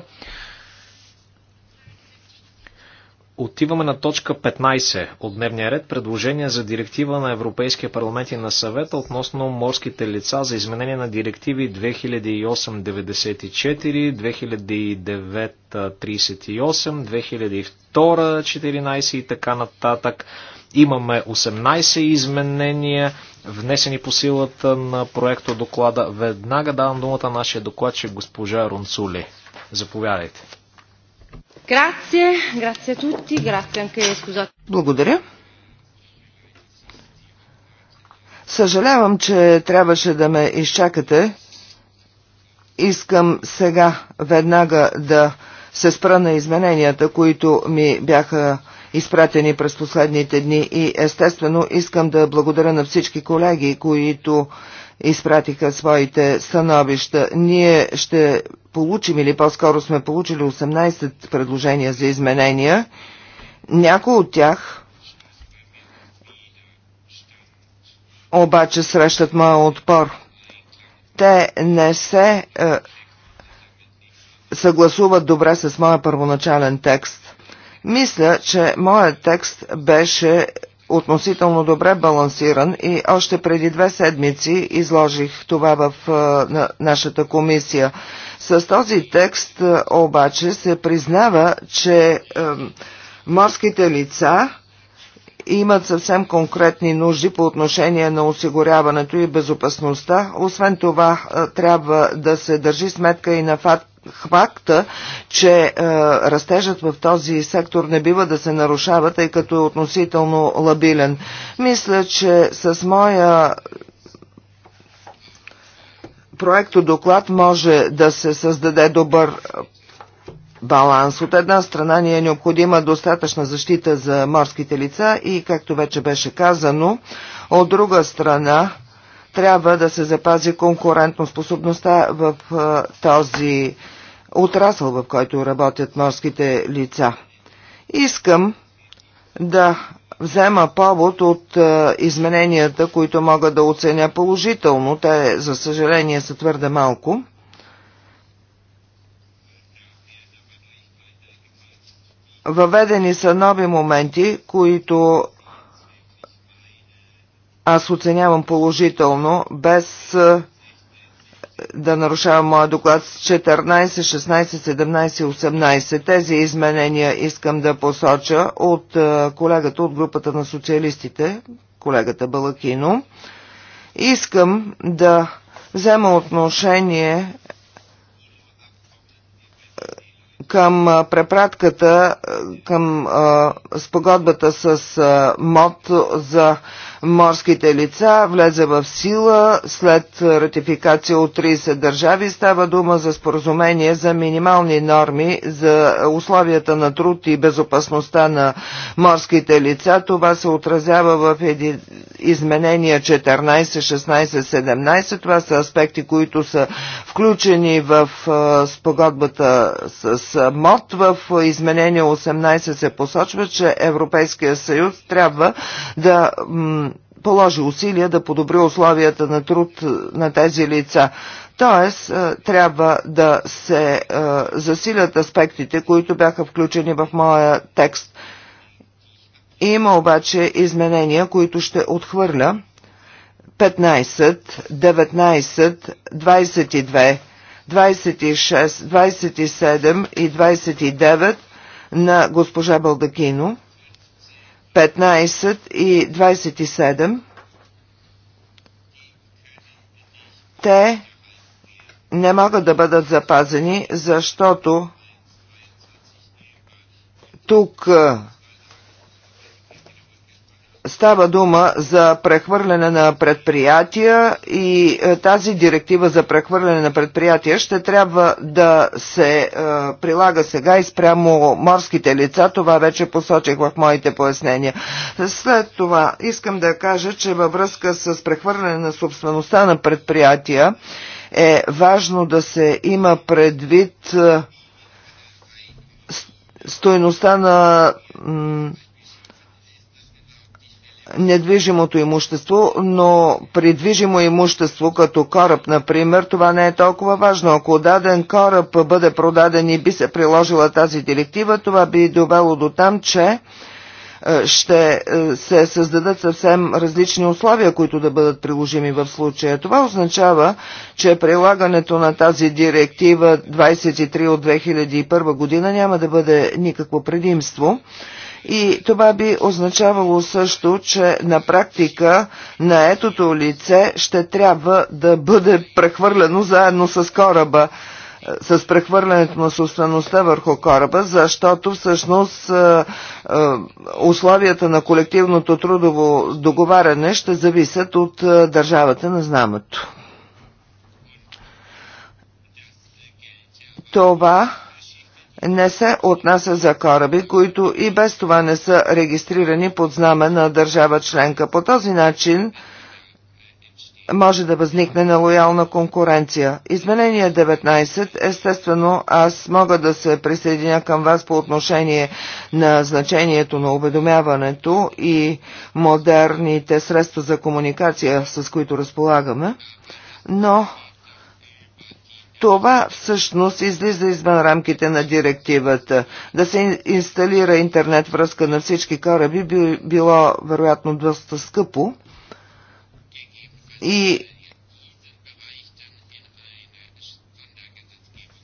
Отиваме на точка 15 от дневния ред. Предложение за директива на Европейския парламент и на съвета относно морските лица за изменение на директиви 2008-94, 2009-38, 2002-14 и така нататък. Имаме 18 изменения внесени по силата на проекта доклада. Веднага давам думата на нашия докладчик госпожа Рунцули. Заповядайте. Грация, грация тути, грация анке, скузат. Благодаря. Съжалявам, че трябваше да ме изчакате. Искам сега веднага да се спра на измененията, които ми бяха изпратени през последните дни и естествено искам да благодаря на всички колеги, които изпратиха своите становища. Ние ще получим или по-скоро сме получили 18 предложения за изменения. Някои от тях обаче срещат моя отпор. Те не се е, съгласуват добре с моя първоначален текст. Мисля, че моят текст беше относително добре балансиран и още преди две седмици изложих това в е, нашата комисия. С този текст е, обаче се признава, че е, морските лица имат съвсем конкретни нужди по отношение на осигуряването и безопасността. Освен това, трябва да се държи сметка и на факт, факта, че е, растежът в този сектор не бива да се нарушава, тъй като е относително лабилен. Мисля, че с моя проекто доклад може да се създаде добър баланс. От една страна ни е необходима достатъчна защита за морските лица и, както вече беше казано, от друга страна трябва да се запази способността в е, този отрасъл, в който работят морските лица. Искам да взема повод от е, измененията, които мога да оценя положително. Те, за съжаление, са твърде малко. Въведени са нови моменти, които аз оценявам положително, без е, да нарушавам моя доклад с 14, 16, 17 18. Тези изменения искам да посоча от е, колегата от групата на социалистите, колегата Балакино. Искам да взема отношение е, към е, препратката към спогодбата с МОД за морските лица влезе в сила след ратификация от 30 държави. Става дума за споразумение за минимални норми за условията на труд и безопасността на морските лица. Това се отразява в изменения 14, 16, 17. Това са аспекти, които са включени в спогодбата с МОД. В изменение 18 се посочва, че Европейския съюз трябва да положи усилия да подобри условията на труд е, на тези лица. Тоест, е, трябва да се е, засилят аспектите, които бяха включени в моя текст. Има обаче изменения, които ще отхвърля. 15, 19, 22, 26, 27 и 29 на госпожа Балдакино. 15 и 27, те не могат да бъдат запазени, защото тук Става дума за прехвърляне на предприятия и е, тази директива за прехвърляне на предприятия ще трябва да се е, прилага сега и спрямо морските лица. Това вече посочих в моите пояснения. След това искам да кажа, че във връзка с прехвърляне на собствеността на предприятия е важно да се има предвид е, стоеността на недвижимото имущество, но придвижимо имущество като кораб, например, това не е толкова важно. Ако даден кораб бъде продаден и би се приложила тази директива, това би довело до там, че е, ще е, се създадат съвсем различни условия, които да бъдат приложими в случая. Това означава, че прилагането на тази директива 23 от 2001 година няма да бъде никакво предимство. И това би означавало също, че на практика на етото лице ще трябва да бъде прехвърлено заедно с кораба с прехвърлянето на собствеността върху кораба, защото всъщност е, е, условията на колективното трудово договаряне ще зависят от е, държавата на знамето. Това не се отнася за кораби, които и без това не са регистрирани под знаме на държава членка. По този начин може да възникне нелоялна конкуренция. Изменение 19, естествено, аз мога да се присъединя към вас по отношение на значението на уведомяването и модерните средства за комуникация, с които разполагаме, но това всъщност излиза извън рамките на директивата. Да се инсталира интернет връзка на всички кораби би било вероятно доста скъпо и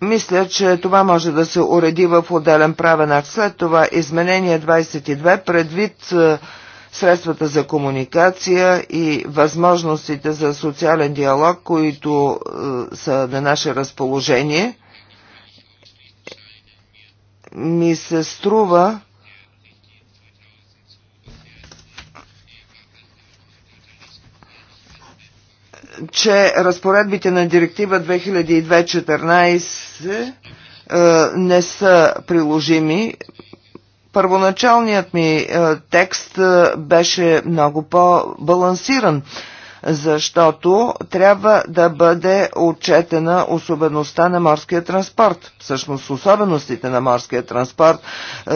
Мисля, че това може да се уреди в отделен правен акт. След това изменение 22 предвид е, средствата за комуникация и възможностите за социален диалог, които е, са на наше разположение, ми се струва, че разпоредбите на директива 2002-14 е, не са приложими. Първоначалният ми е, текст е, беше много по-балансиран защото трябва да бъде отчетена особеността на морския транспорт, всъщност особеностите на морския транспорт, е,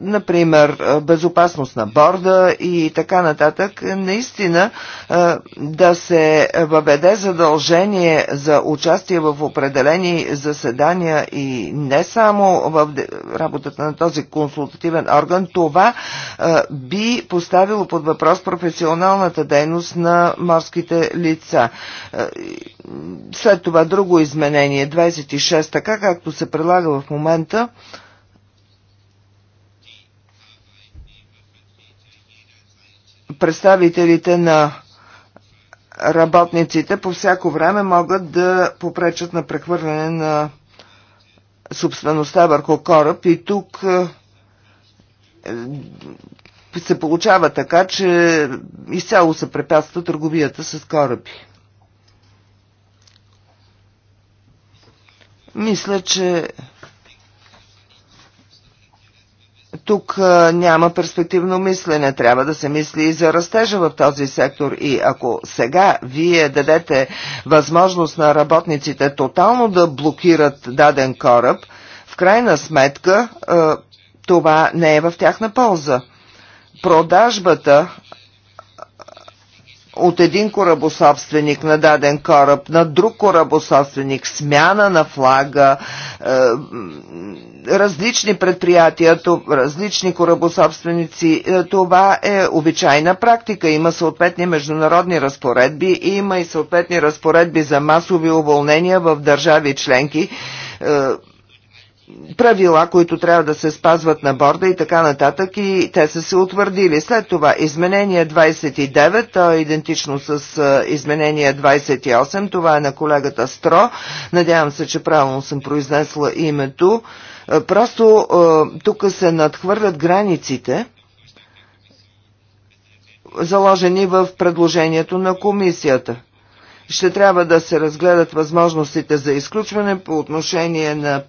например е, безопасност на борда и така нататък, наистина е, да се въведе задължение за участие в определени заседания и не само в работата на този консултативен орган, това би поставило под въпрос професионалната дейност на морския търговските лица. Е, след това друго изменение, 26, така както се предлага в момента, представителите на работниците по всяко време могат да попречат на прехвърляне на собствеността върху кораб и тук е, се получава така, че изцяло се препятства търговията с кораби. Мисля, че тук няма перспективно мислене. Трябва да се мисли и за растежа в този сектор. И ако сега вие дадете възможност на работниците тотално да блокират даден кораб, в крайна сметка това не е в тяхна полза продажбата от един корабособственик на даден кораб на друг корабособственик, смяна на флага, е, различни предприятия, различни корабособственици. Е, това е обичайна практика. Има съответни международни разпоредби и има и съответни разпоредби за масови уволнения в държави членки е, правила, които трябва да се спазват на борда и така нататък и те са се утвърдили. След това изменение 29, то е идентично с изменение 28, това е на колегата Стро, надявам се, че правилно съм произнесла името. Просто тук се надхвърлят границите заложени в предложението на комисията ще трябва да се разгледат възможностите за изключване по отношение на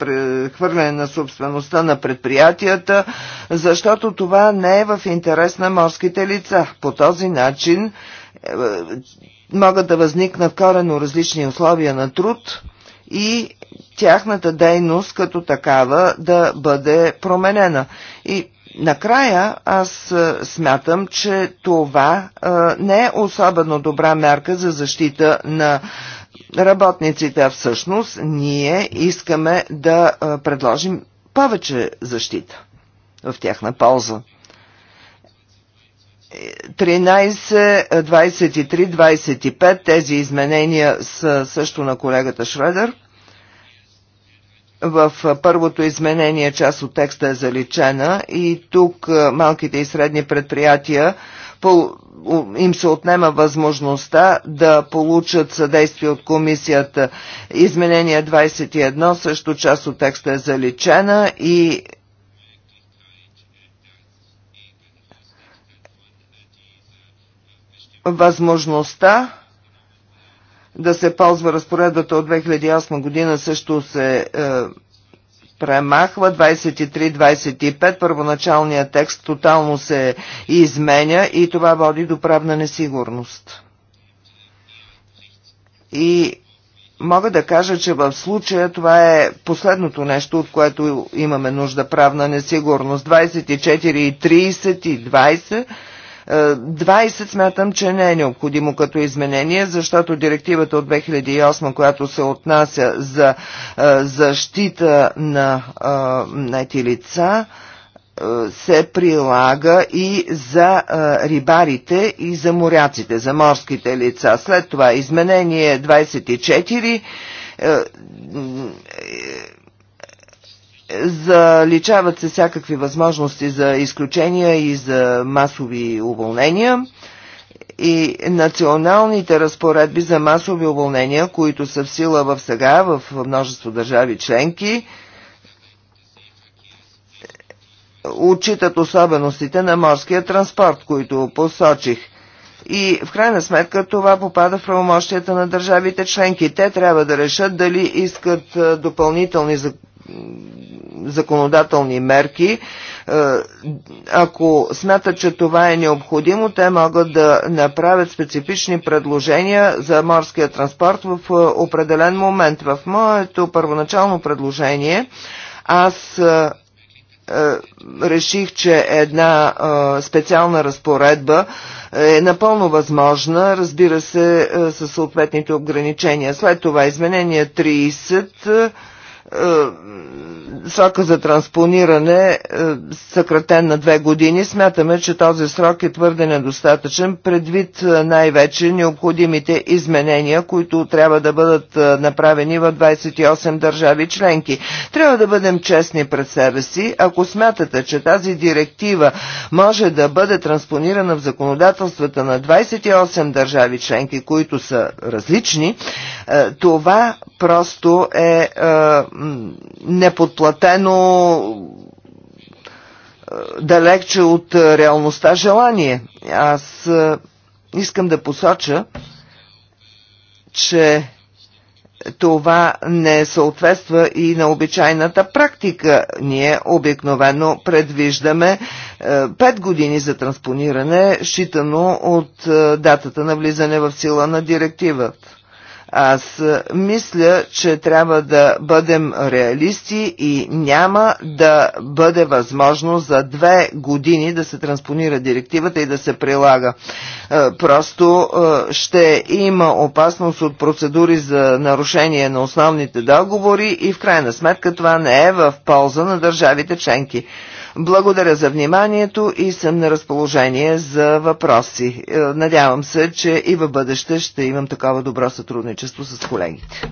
хвърляне на собствеността на предприятията, защото това не е в интерес на морските лица. По този начин е, могат да възникнат корено различни условия на труд и тяхната дейност като такава да бъде променена. И Накрая аз е, смятам, че това е, не е особено добра мярка за защита на работниците. Всъщност ние искаме да е, предложим повече защита в тяхна полза. 13, 23, 25 тези изменения са също на колегата Шредер – в първото изменение част от текста е заличена и тук е, малките и средни предприятия им се отнема възможността да получат съдействие от комисията. Изменение 21 също част от текста е заличена и възможността да се ползва разпоредбата от 2008 година също се е, премахва 23-25, първоначалният текст тотално се изменя и това води до правна несигурност. И мога да кажа, че в случая това е последното нещо, от което имаме нужда правна несигурност. 24 и 30 и 20 20 е, смятам, че не е необходимо като изменение, защото директивата от 2008, която се отнася за е, защита на е, нети лица, се прилага и за рибарите и за моряците, за морските лица. След това изменение 24 е, е, заличават се всякакви възможности за изключения и за масови уволнения и националните разпоредби за масови уволнения, които са в сила в сега в множество държави членки, отчитат особеностите на морския транспорт, които посочих. И в крайна сметка това попада в правомощията на държавите членки. Те трябва да решат дали искат допълнителни законодателни мерки. Е, ако смятат, че това е необходимо, те могат да направят специфични предложения за морския транспорт в е, определен момент. В моето първоначално предложение аз е, реших, че една специална разпоредба е напълно възможна, разбира се, със съответните ограничения. След това изменение 30 е, срока за транспониране е, съкратен на две години. Смятаме, че този срок е твърде недостатъчен, предвид е, най-вече необходимите изменения, които трябва да бъдат направени в 28 държави членки. Трябва да бъдем честни пред себе си. Ако смятате, че тази директива може да бъде транспонирана в законодателствата на 28 държави членки, които са различни, това просто е неподплатено е, далече от реалността желание. Аз е, искам да посоча, че това не съответства и на обичайната практика. Ние обикновено предвиждаме 5 е, години за транспониране, считано от датата на влизане в сила на директивата. Аз е, мисля, че трябва да бъдем реалисти и няма да бъде възможно за две години да се транспонира директивата и да се прилага. Е, просто е, ще има опасност от процедури за нарушение на основните договори и в крайна сметка това не е в полза на държавите членки. Благодаря за вниманието и съм на разположение за въпроси. Е, надявам се, че и в бъдеще ще имам такова добро сътрудничество с колегите.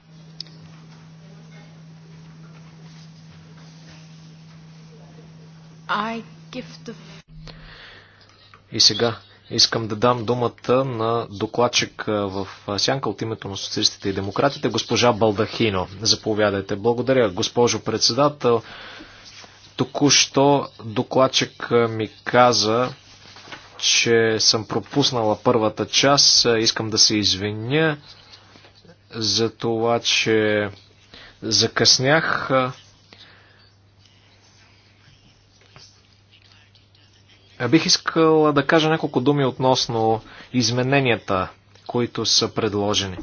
И сега искам да дам думата на докладчик е, в е, сянка от името на социалистите и демократите, госпожа Балдахино. Заповядайте. Благодаря, госпожо председател. Току-що докладчик ми каза, че съм пропуснала първата част. Искам да се извиня за това, че закъснях. Бих искала да кажа няколко думи относно измененията, които са предложени.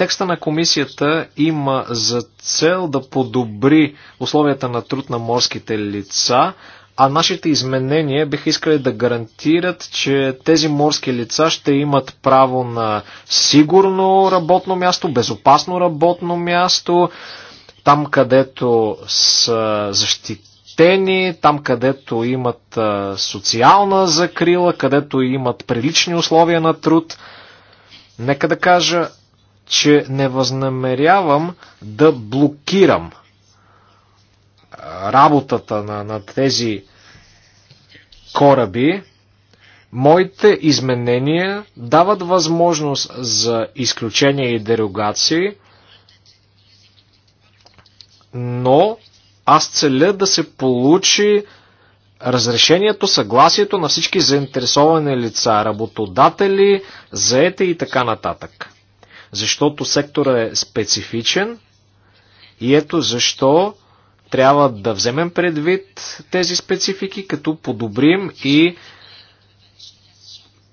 Текста на комисията има за цел да подобри условията на труд на морските лица, а нашите изменения биха искали да гарантират, че тези морски лица ще имат право на сигурно работно място, безопасно работно място, там където са защитени, там където имат социална закрила, където имат прилични условия на труд. Нека да кажа че не възнамерявам да блокирам работата на, на тези кораби. Моите изменения дават възможност за изключения и дерогации, но аз целя да се получи разрешението, съгласието на всички заинтересовани лица, работодатели, заети и така нататък защото сектора е специфичен и ето защо трябва да вземем предвид тези специфики, като подобрим и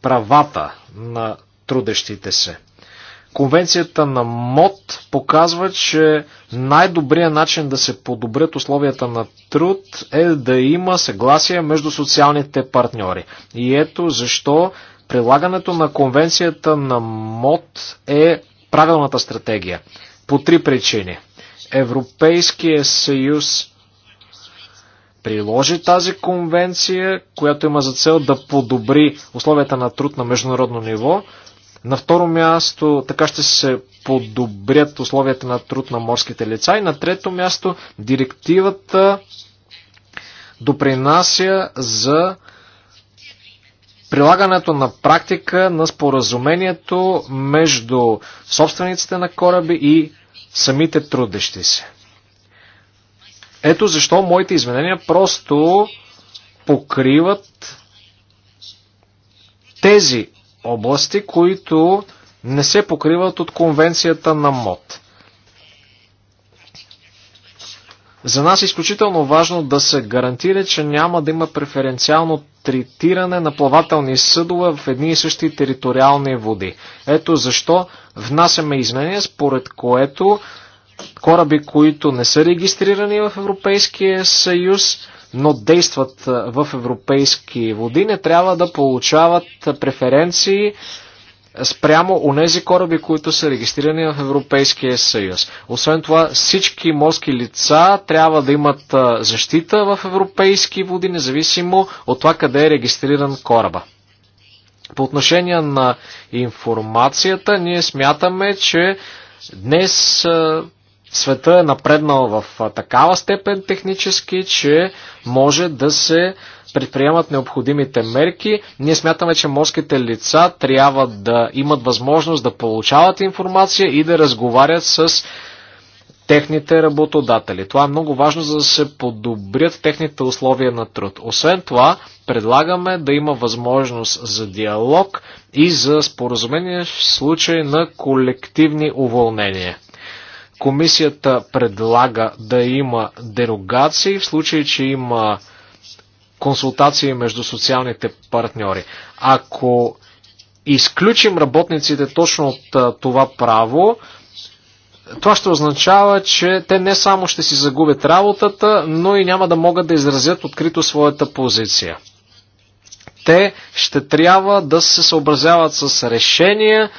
правата на трудещите се. Конвенцията на МОД показва, че най-добрият начин да се подобрят условията на труд е да има съгласие между социалните партньори. И ето защо прилагането на конвенцията на МОД е правилната стратегия. По три причини. Европейския съюз приложи тази конвенция, която има за цел да подобри условията на труд на международно ниво. На второ място, така ще се подобрят условията на труд на морските лица. И на трето място, директивата допринася за прилагането на практика на споразумението между собствениците на кораби и самите трудещи се. Ето защо моите изменения просто покриват тези области, които не се покриват от конвенцията на МОД. За нас е изключително важно да се гарантира, че няма да има преференциално третиране на плавателни съдове в едни и същи териториални води. Ето защо внасяме изменения, според което кораби, които не са регистрирани в Европейския съюз, но действат в европейски води, не трябва да получават преференции спрямо у нези кораби, които са регистрирани в Европейския съюз. Освен това, всички морски лица трябва да имат защита в европейски води, независимо от това къде е регистриран кораба. По отношение на информацията, ние смятаме, че днес света е напреднал в такава степен технически, че може да се предприемат необходимите мерки. Ние смятаме, че морските лица трябва да имат възможност да получават информация и да разговарят с техните работодатели. Това е много важно, за да се подобрят техните условия на труд. Освен това, предлагаме да има възможност за диалог и за споразумение в случай на колективни уволнения. Комисията предлага да има дерогации в случай, че има консултации между социалните партньори. Ако изключим работниците точно от това право, това ще означава, че те не само ще си загубят работата, но и няма да могат да изразят открито своята позиция. Те ще трябва да се съобразяват с решения,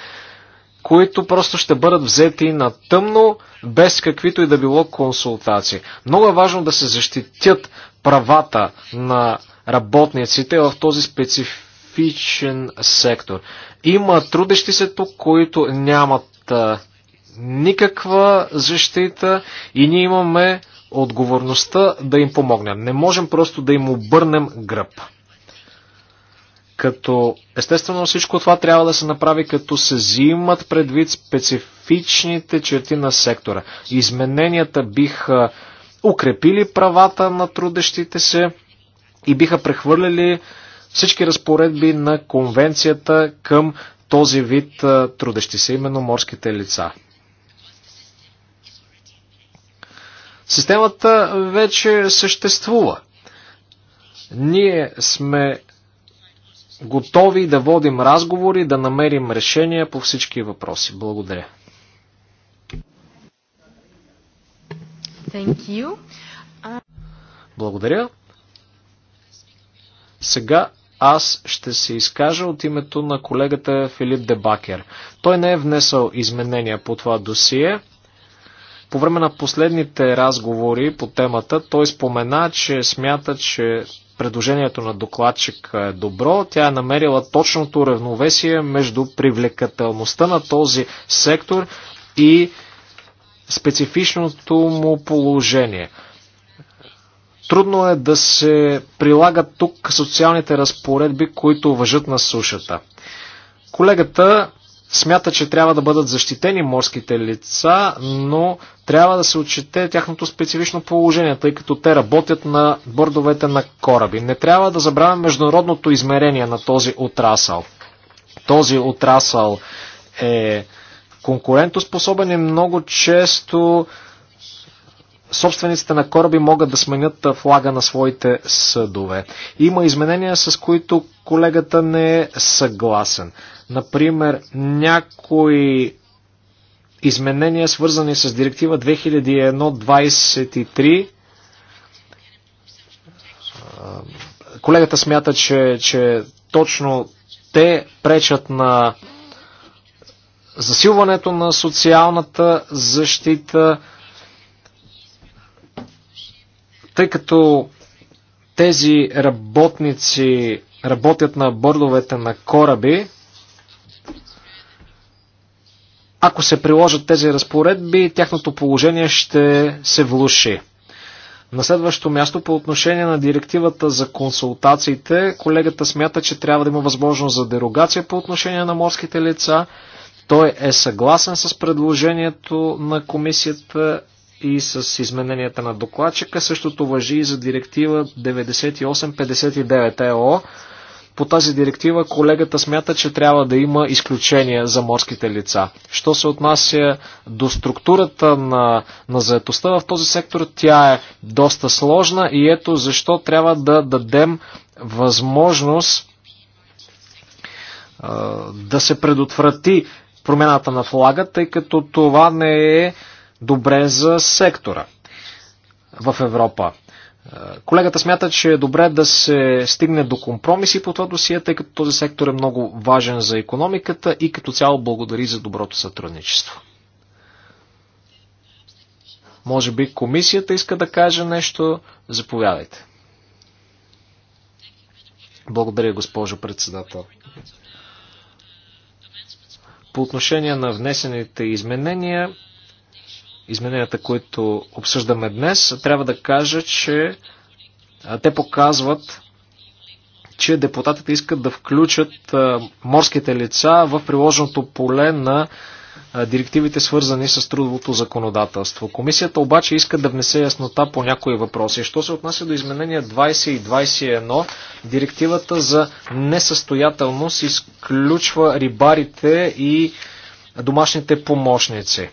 които просто ще бъдат взети на тъмно, без каквито и да било консултации. Много е важно да се защитят правата на работниците в този специфичен сектор. Има трудещи се тук, които нямат никаква защита и ние имаме отговорността да им помогнем. Не можем просто да им обърнем гръб. Като естествено всичко това трябва да се направи като се взимат предвид специфичните черти на сектора. Измененията биха укрепили правата на трудещите се и биха прехвърляли всички разпоредби на конвенцията към този вид трудещи се, именно морските лица. Системата вече съществува. Ние сме готови да водим разговори, да намерим решения по всички въпроси. Благодаря. Thank you. Uh... Благодаря. Сега аз ще се изкажа от името на колегата Филип Дебакер. Той не е внесъл изменения по това досие. По време на последните разговори по темата той спомена, че смята, че предложението на докладчик е добро. Тя е намерила точното равновесие между привлекателността на този сектор и специфичното му положение. Трудно е да се прилагат тук социалните разпоредби, които въжат на сушата. Колегата смята, че трябва да бъдат защитени морските лица, но трябва да се отчете тяхното специфично положение, тъй като те работят на бордовете на кораби. Не трябва да забравяме международното измерение на този отрасъл. Този отрасъл е конкурентоспособен и е много често собствениците на кораби могат да сменят флага на своите съдове. Има изменения, с които колегата не е съгласен. Например, някои изменения, свързани с директива 2001-23, колегата смята, че, че точно те пречат на засилването на социалната защита, тъй като тези работници работят на бордовете на кораби, ако се приложат тези разпоредби, тяхното положение ще се влуши. На следващо място, по отношение на директивата за консултациите, колегата смята, че трябва да има възможност за дерогация по отношение на морските лица. Той е съгласен с предложението на комисията и с измененията на докладчика. Същото въжи и за директива 9859 ЕО. По тази директива колегата смята, че трябва да има изключения за морските лица. Що се отнася до структурата на, на заетостта в този сектор, тя е доста сложна и ето защо трябва да дадем възможност да се предотврати Промената на флага, тъй като това не е добре за сектора в Европа. Е, колегата смята, че е добре да се стигне до компромиси по това досие, тъй като този сектор е много важен за економиката и като цяло благодари за доброто сътрудничество. Може би комисията иска да каже нещо. Заповядайте. Благодаря, госпожо председател. По отношение на внесените изменения, измененията, които обсъждаме днес, трябва да кажа, че те показват, че депутатите искат да включат морските лица в приложеното поле на директивите свързани с трудовото законодателство. Комисията обаче иска да внесе яснота по някои въпроси. Що се отнася до изменения 20 и 21, директивата за несъстоятелност изключва рибарите и домашните помощници.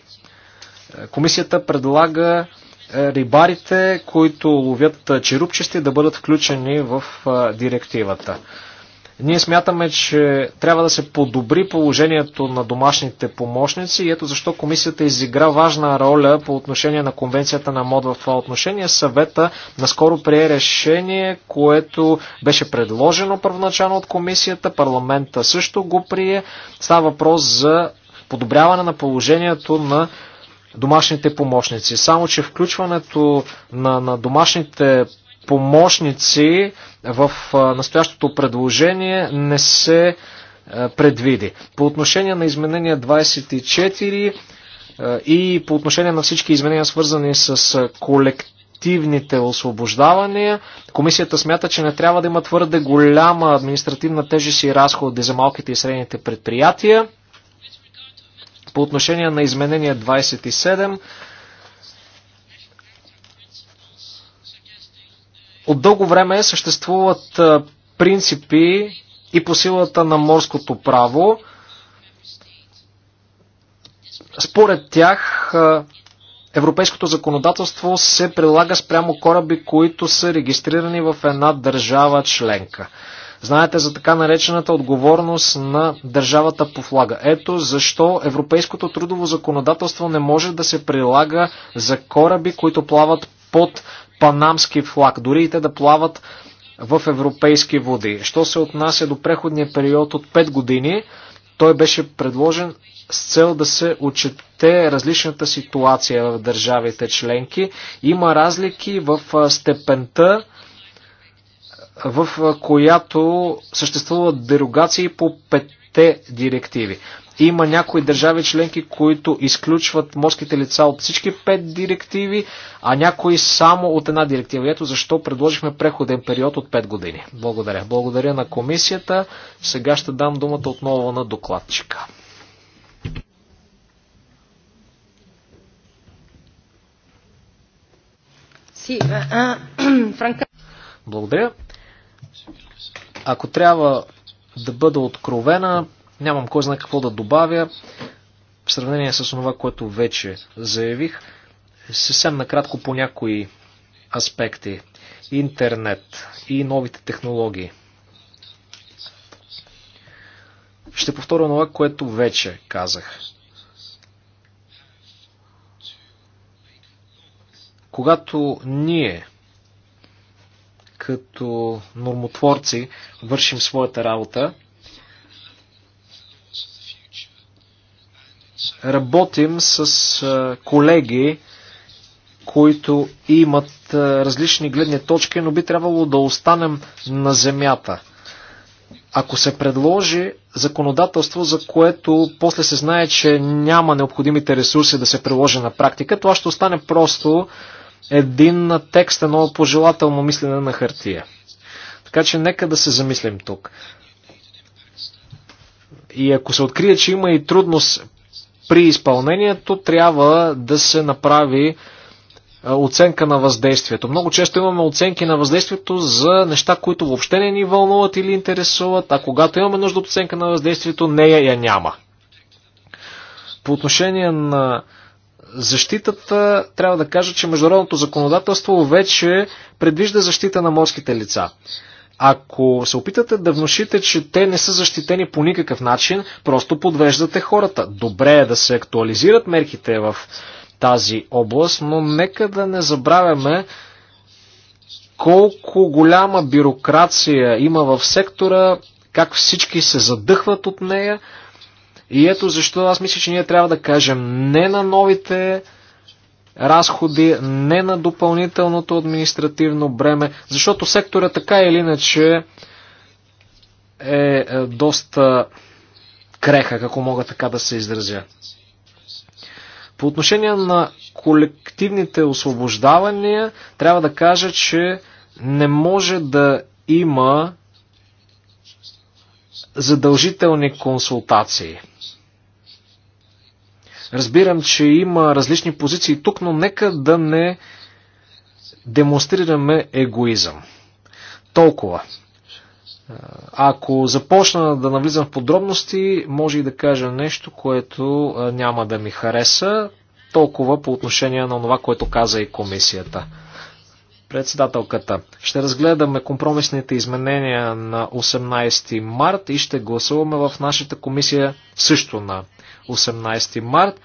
Комисията предлага е, рибарите, които ловят е, черупчести, да бъдат включени в е, директивата. Ние смятаме, че трябва да се подобри положението на домашните помощници и ето защо комисията изигра важна роля по отношение на конвенцията на МОД в това отношение. Съвета наскоро прие решение, което беше предложено първоначално от комисията, парламента също го прие. Става въпрос за подобряване на положението на домашните помощници. Само, че включването на, на домашните помощници в настоящото предложение не се предвиди. По отношение на изменение 24 и по отношение на всички изменения свързани с колективните освобождавания, комисията смята, че не трябва да има твърде голяма административна тежест и разходи за малките и средните предприятия. По отношение на изменение 27, От дълго време съществуват принципи и по силата на морското право. Според тях европейското законодателство се прилага спрямо кораби, които са регистрирани в една държава членка. Знаете за така наречената отговорност на държавата по флага. Ето защо европейското трудово законодателство не може да се прилага за кораби, които плават под панамски флаг, дори и те да плават в европейски води. Що се отнася до преходния период от 5 години, той беше предложен с цел да се отчете различната ситуация в държавите членки. Има разлики в степента, в която съществуват дерогации по петте директиви. Има някои държави членки, които изключват морските лица от всички пет директиви, а някои само от една директива. Ето защо предложихме преходен период от 5 години. Благодаря. Благодаря на комисията. Сега ще дам думата отново на докладчика. Благодаря. Ако трябва да бъда откровена, Нямам кой знае какво да добавя в сравнение с това, което вече заявих. Съвсем накратко по някои аспекти. Интернет и новите технологии. Ще повторя това, което вече казах. Когато ние като нормотворци вършим своята работа, работим с колеги, които имат различни гледни точки, но би трябвало да останем на земята. Ако се предложи законодателство, за което после се знае, че няма необходимите ресурси да се приложи на практика, това ще остане просто един текст, едно пожелателно мислене на хартия. Така че нека да се замислим тук. И ако се открие, че има и трудност при изпълнението трябва да се направи е, оценка на въздействието. Много често имаме оценки на въздействието за неща, които въобще не ни вълнуват или интересуват, а когато имаме нужда от оценка на въздействието, нея я няма. По отношение на защитата, трябва да кажа, че международното законодателство вече предвижда защита на морските лица. Ако се опитате да внушите, че те не са защитени по никакъв начин, просто подвеждате хората. Добре е да се актуализират мерките в тази област, но нека да не забравяме колко голяма бюрокрация има в сектора, как всички се задъхват от нея. И ето защо аз мисля, че ние трябва да кажем не на новите разходи, не на допълнителното административно бреме, защото сектора така или иначе е, е доста креха, ако мога така да се изразя. По отношение на колективните освобождавания, трябва да кажа, че не може да има задължителни консултации. Разбирам, че има различни позиции тук, но нека да не демонстрираме егоизъм. Толкова. Ако започна да навлизам в подробности, може и да кажа нещо, което няма да ми хареса. Толкова по отношение на това, което каза и комисията. Председателката. Ще разгледаме компромисните изменения на 18 март и ще гласуваме в нашата комисия също на 18 март.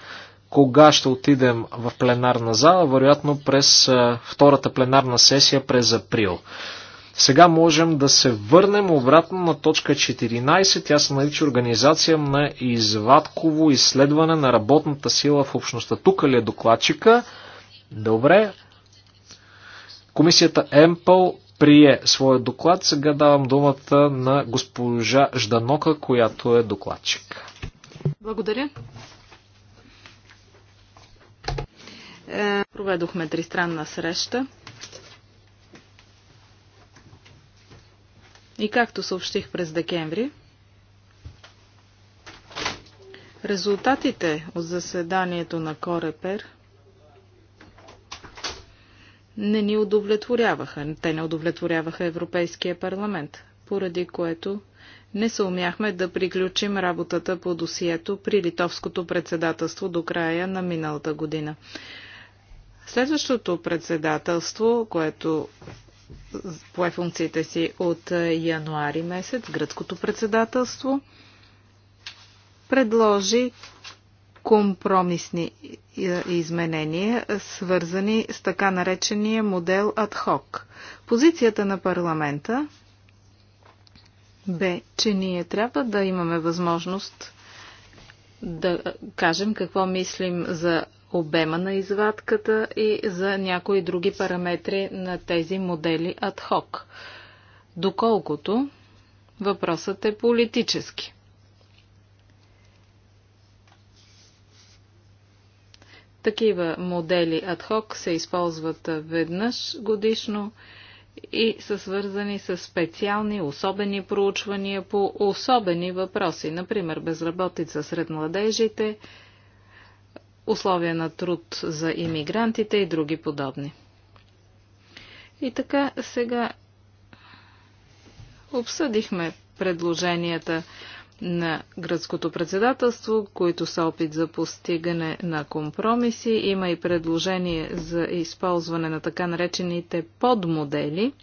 Кога ще отидем в пленарна зала? Вероятно през втората пленарна сесия през април. Сега можем да се върнем обратно на точка 14. Тя се нарича Организация на извадково изследване на работната сила в общността. Тук ли е докладчика? Добре. Комисията Емпъл прие своя доклад. Сега давам думата на госпожа Жданока, която е докладчик. Благодаря. Проведохме тристранна среща. И както съобщих през декември, резултатите от заседанието на Корепер не ни удовлетворяваха. Те не удовлетворяваха Европейския парламент, поради което не съумяхме да приключим работата по досието при литовското председателство до края на миналата година. Следващото председателство, което пое функциите си от януари месец, гръцкото председателство, предложи компромисни изменения, свързани с така наречения модел адхок. Позицията на парламента бе, че ние трябва да имаме възможност да кажем какво мислим за обема на извадката и за някои други параметри на тези модели адхок. Доколкото въпросът е политически. Такива модели адхок се използват веднъж годишно – и са свързани с специални, особени проучвания по особени въпроси, например безработица сред младежите, условия на труд за иммигрантите и други подобни. И така сега обсъдихме предложенията на гръцкото председателство, които са опит за постигане на компромиси. Има и предложение за използване на така наречените подмодели,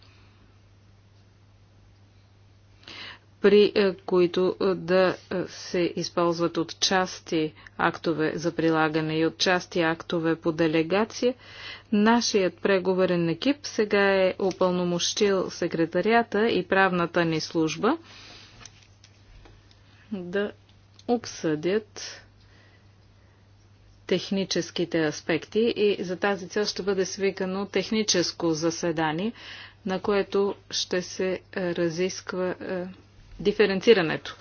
при е, които е, да е, се използват от части актове за прилагане и от части актове по делегация. Нашият преговорен екип сега е упълномощил секретарията и правната ни служба – да обсъдят техническите аспекти и за тази цел ще бъде свикано техническо заседание, на което ще се е, разисква е, диференцирането.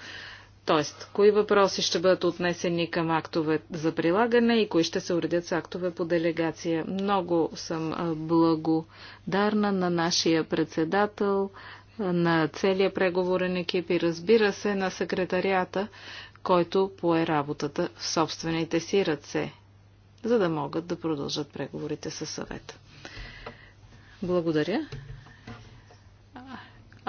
Тоест, кои въпроси ще бъдат отнесени към актове за прилагане и кои ще се уредят с актове по делегация. Много съм е, благодарна на нашия председател на целия преговорен екип и разбира се на секретарията, който пое работата в собствените си ръце, за да могат да продължат преговорите със съвет. Благодаря.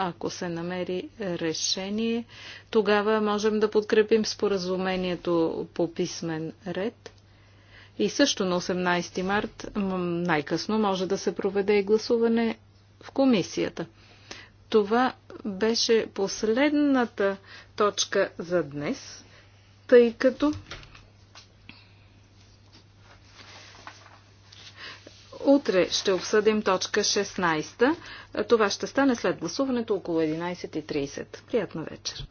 Ако се намери решение, тогава можем да подкрепим споразумението по писмен ред. И също на 18 март най-късно може да се проведе и гласуване в комисията. Това беше последната точка за днес, тъй като утре ще обсъдим точка 16. Това ще стане след гласуването около 11.30. Приятна вечер!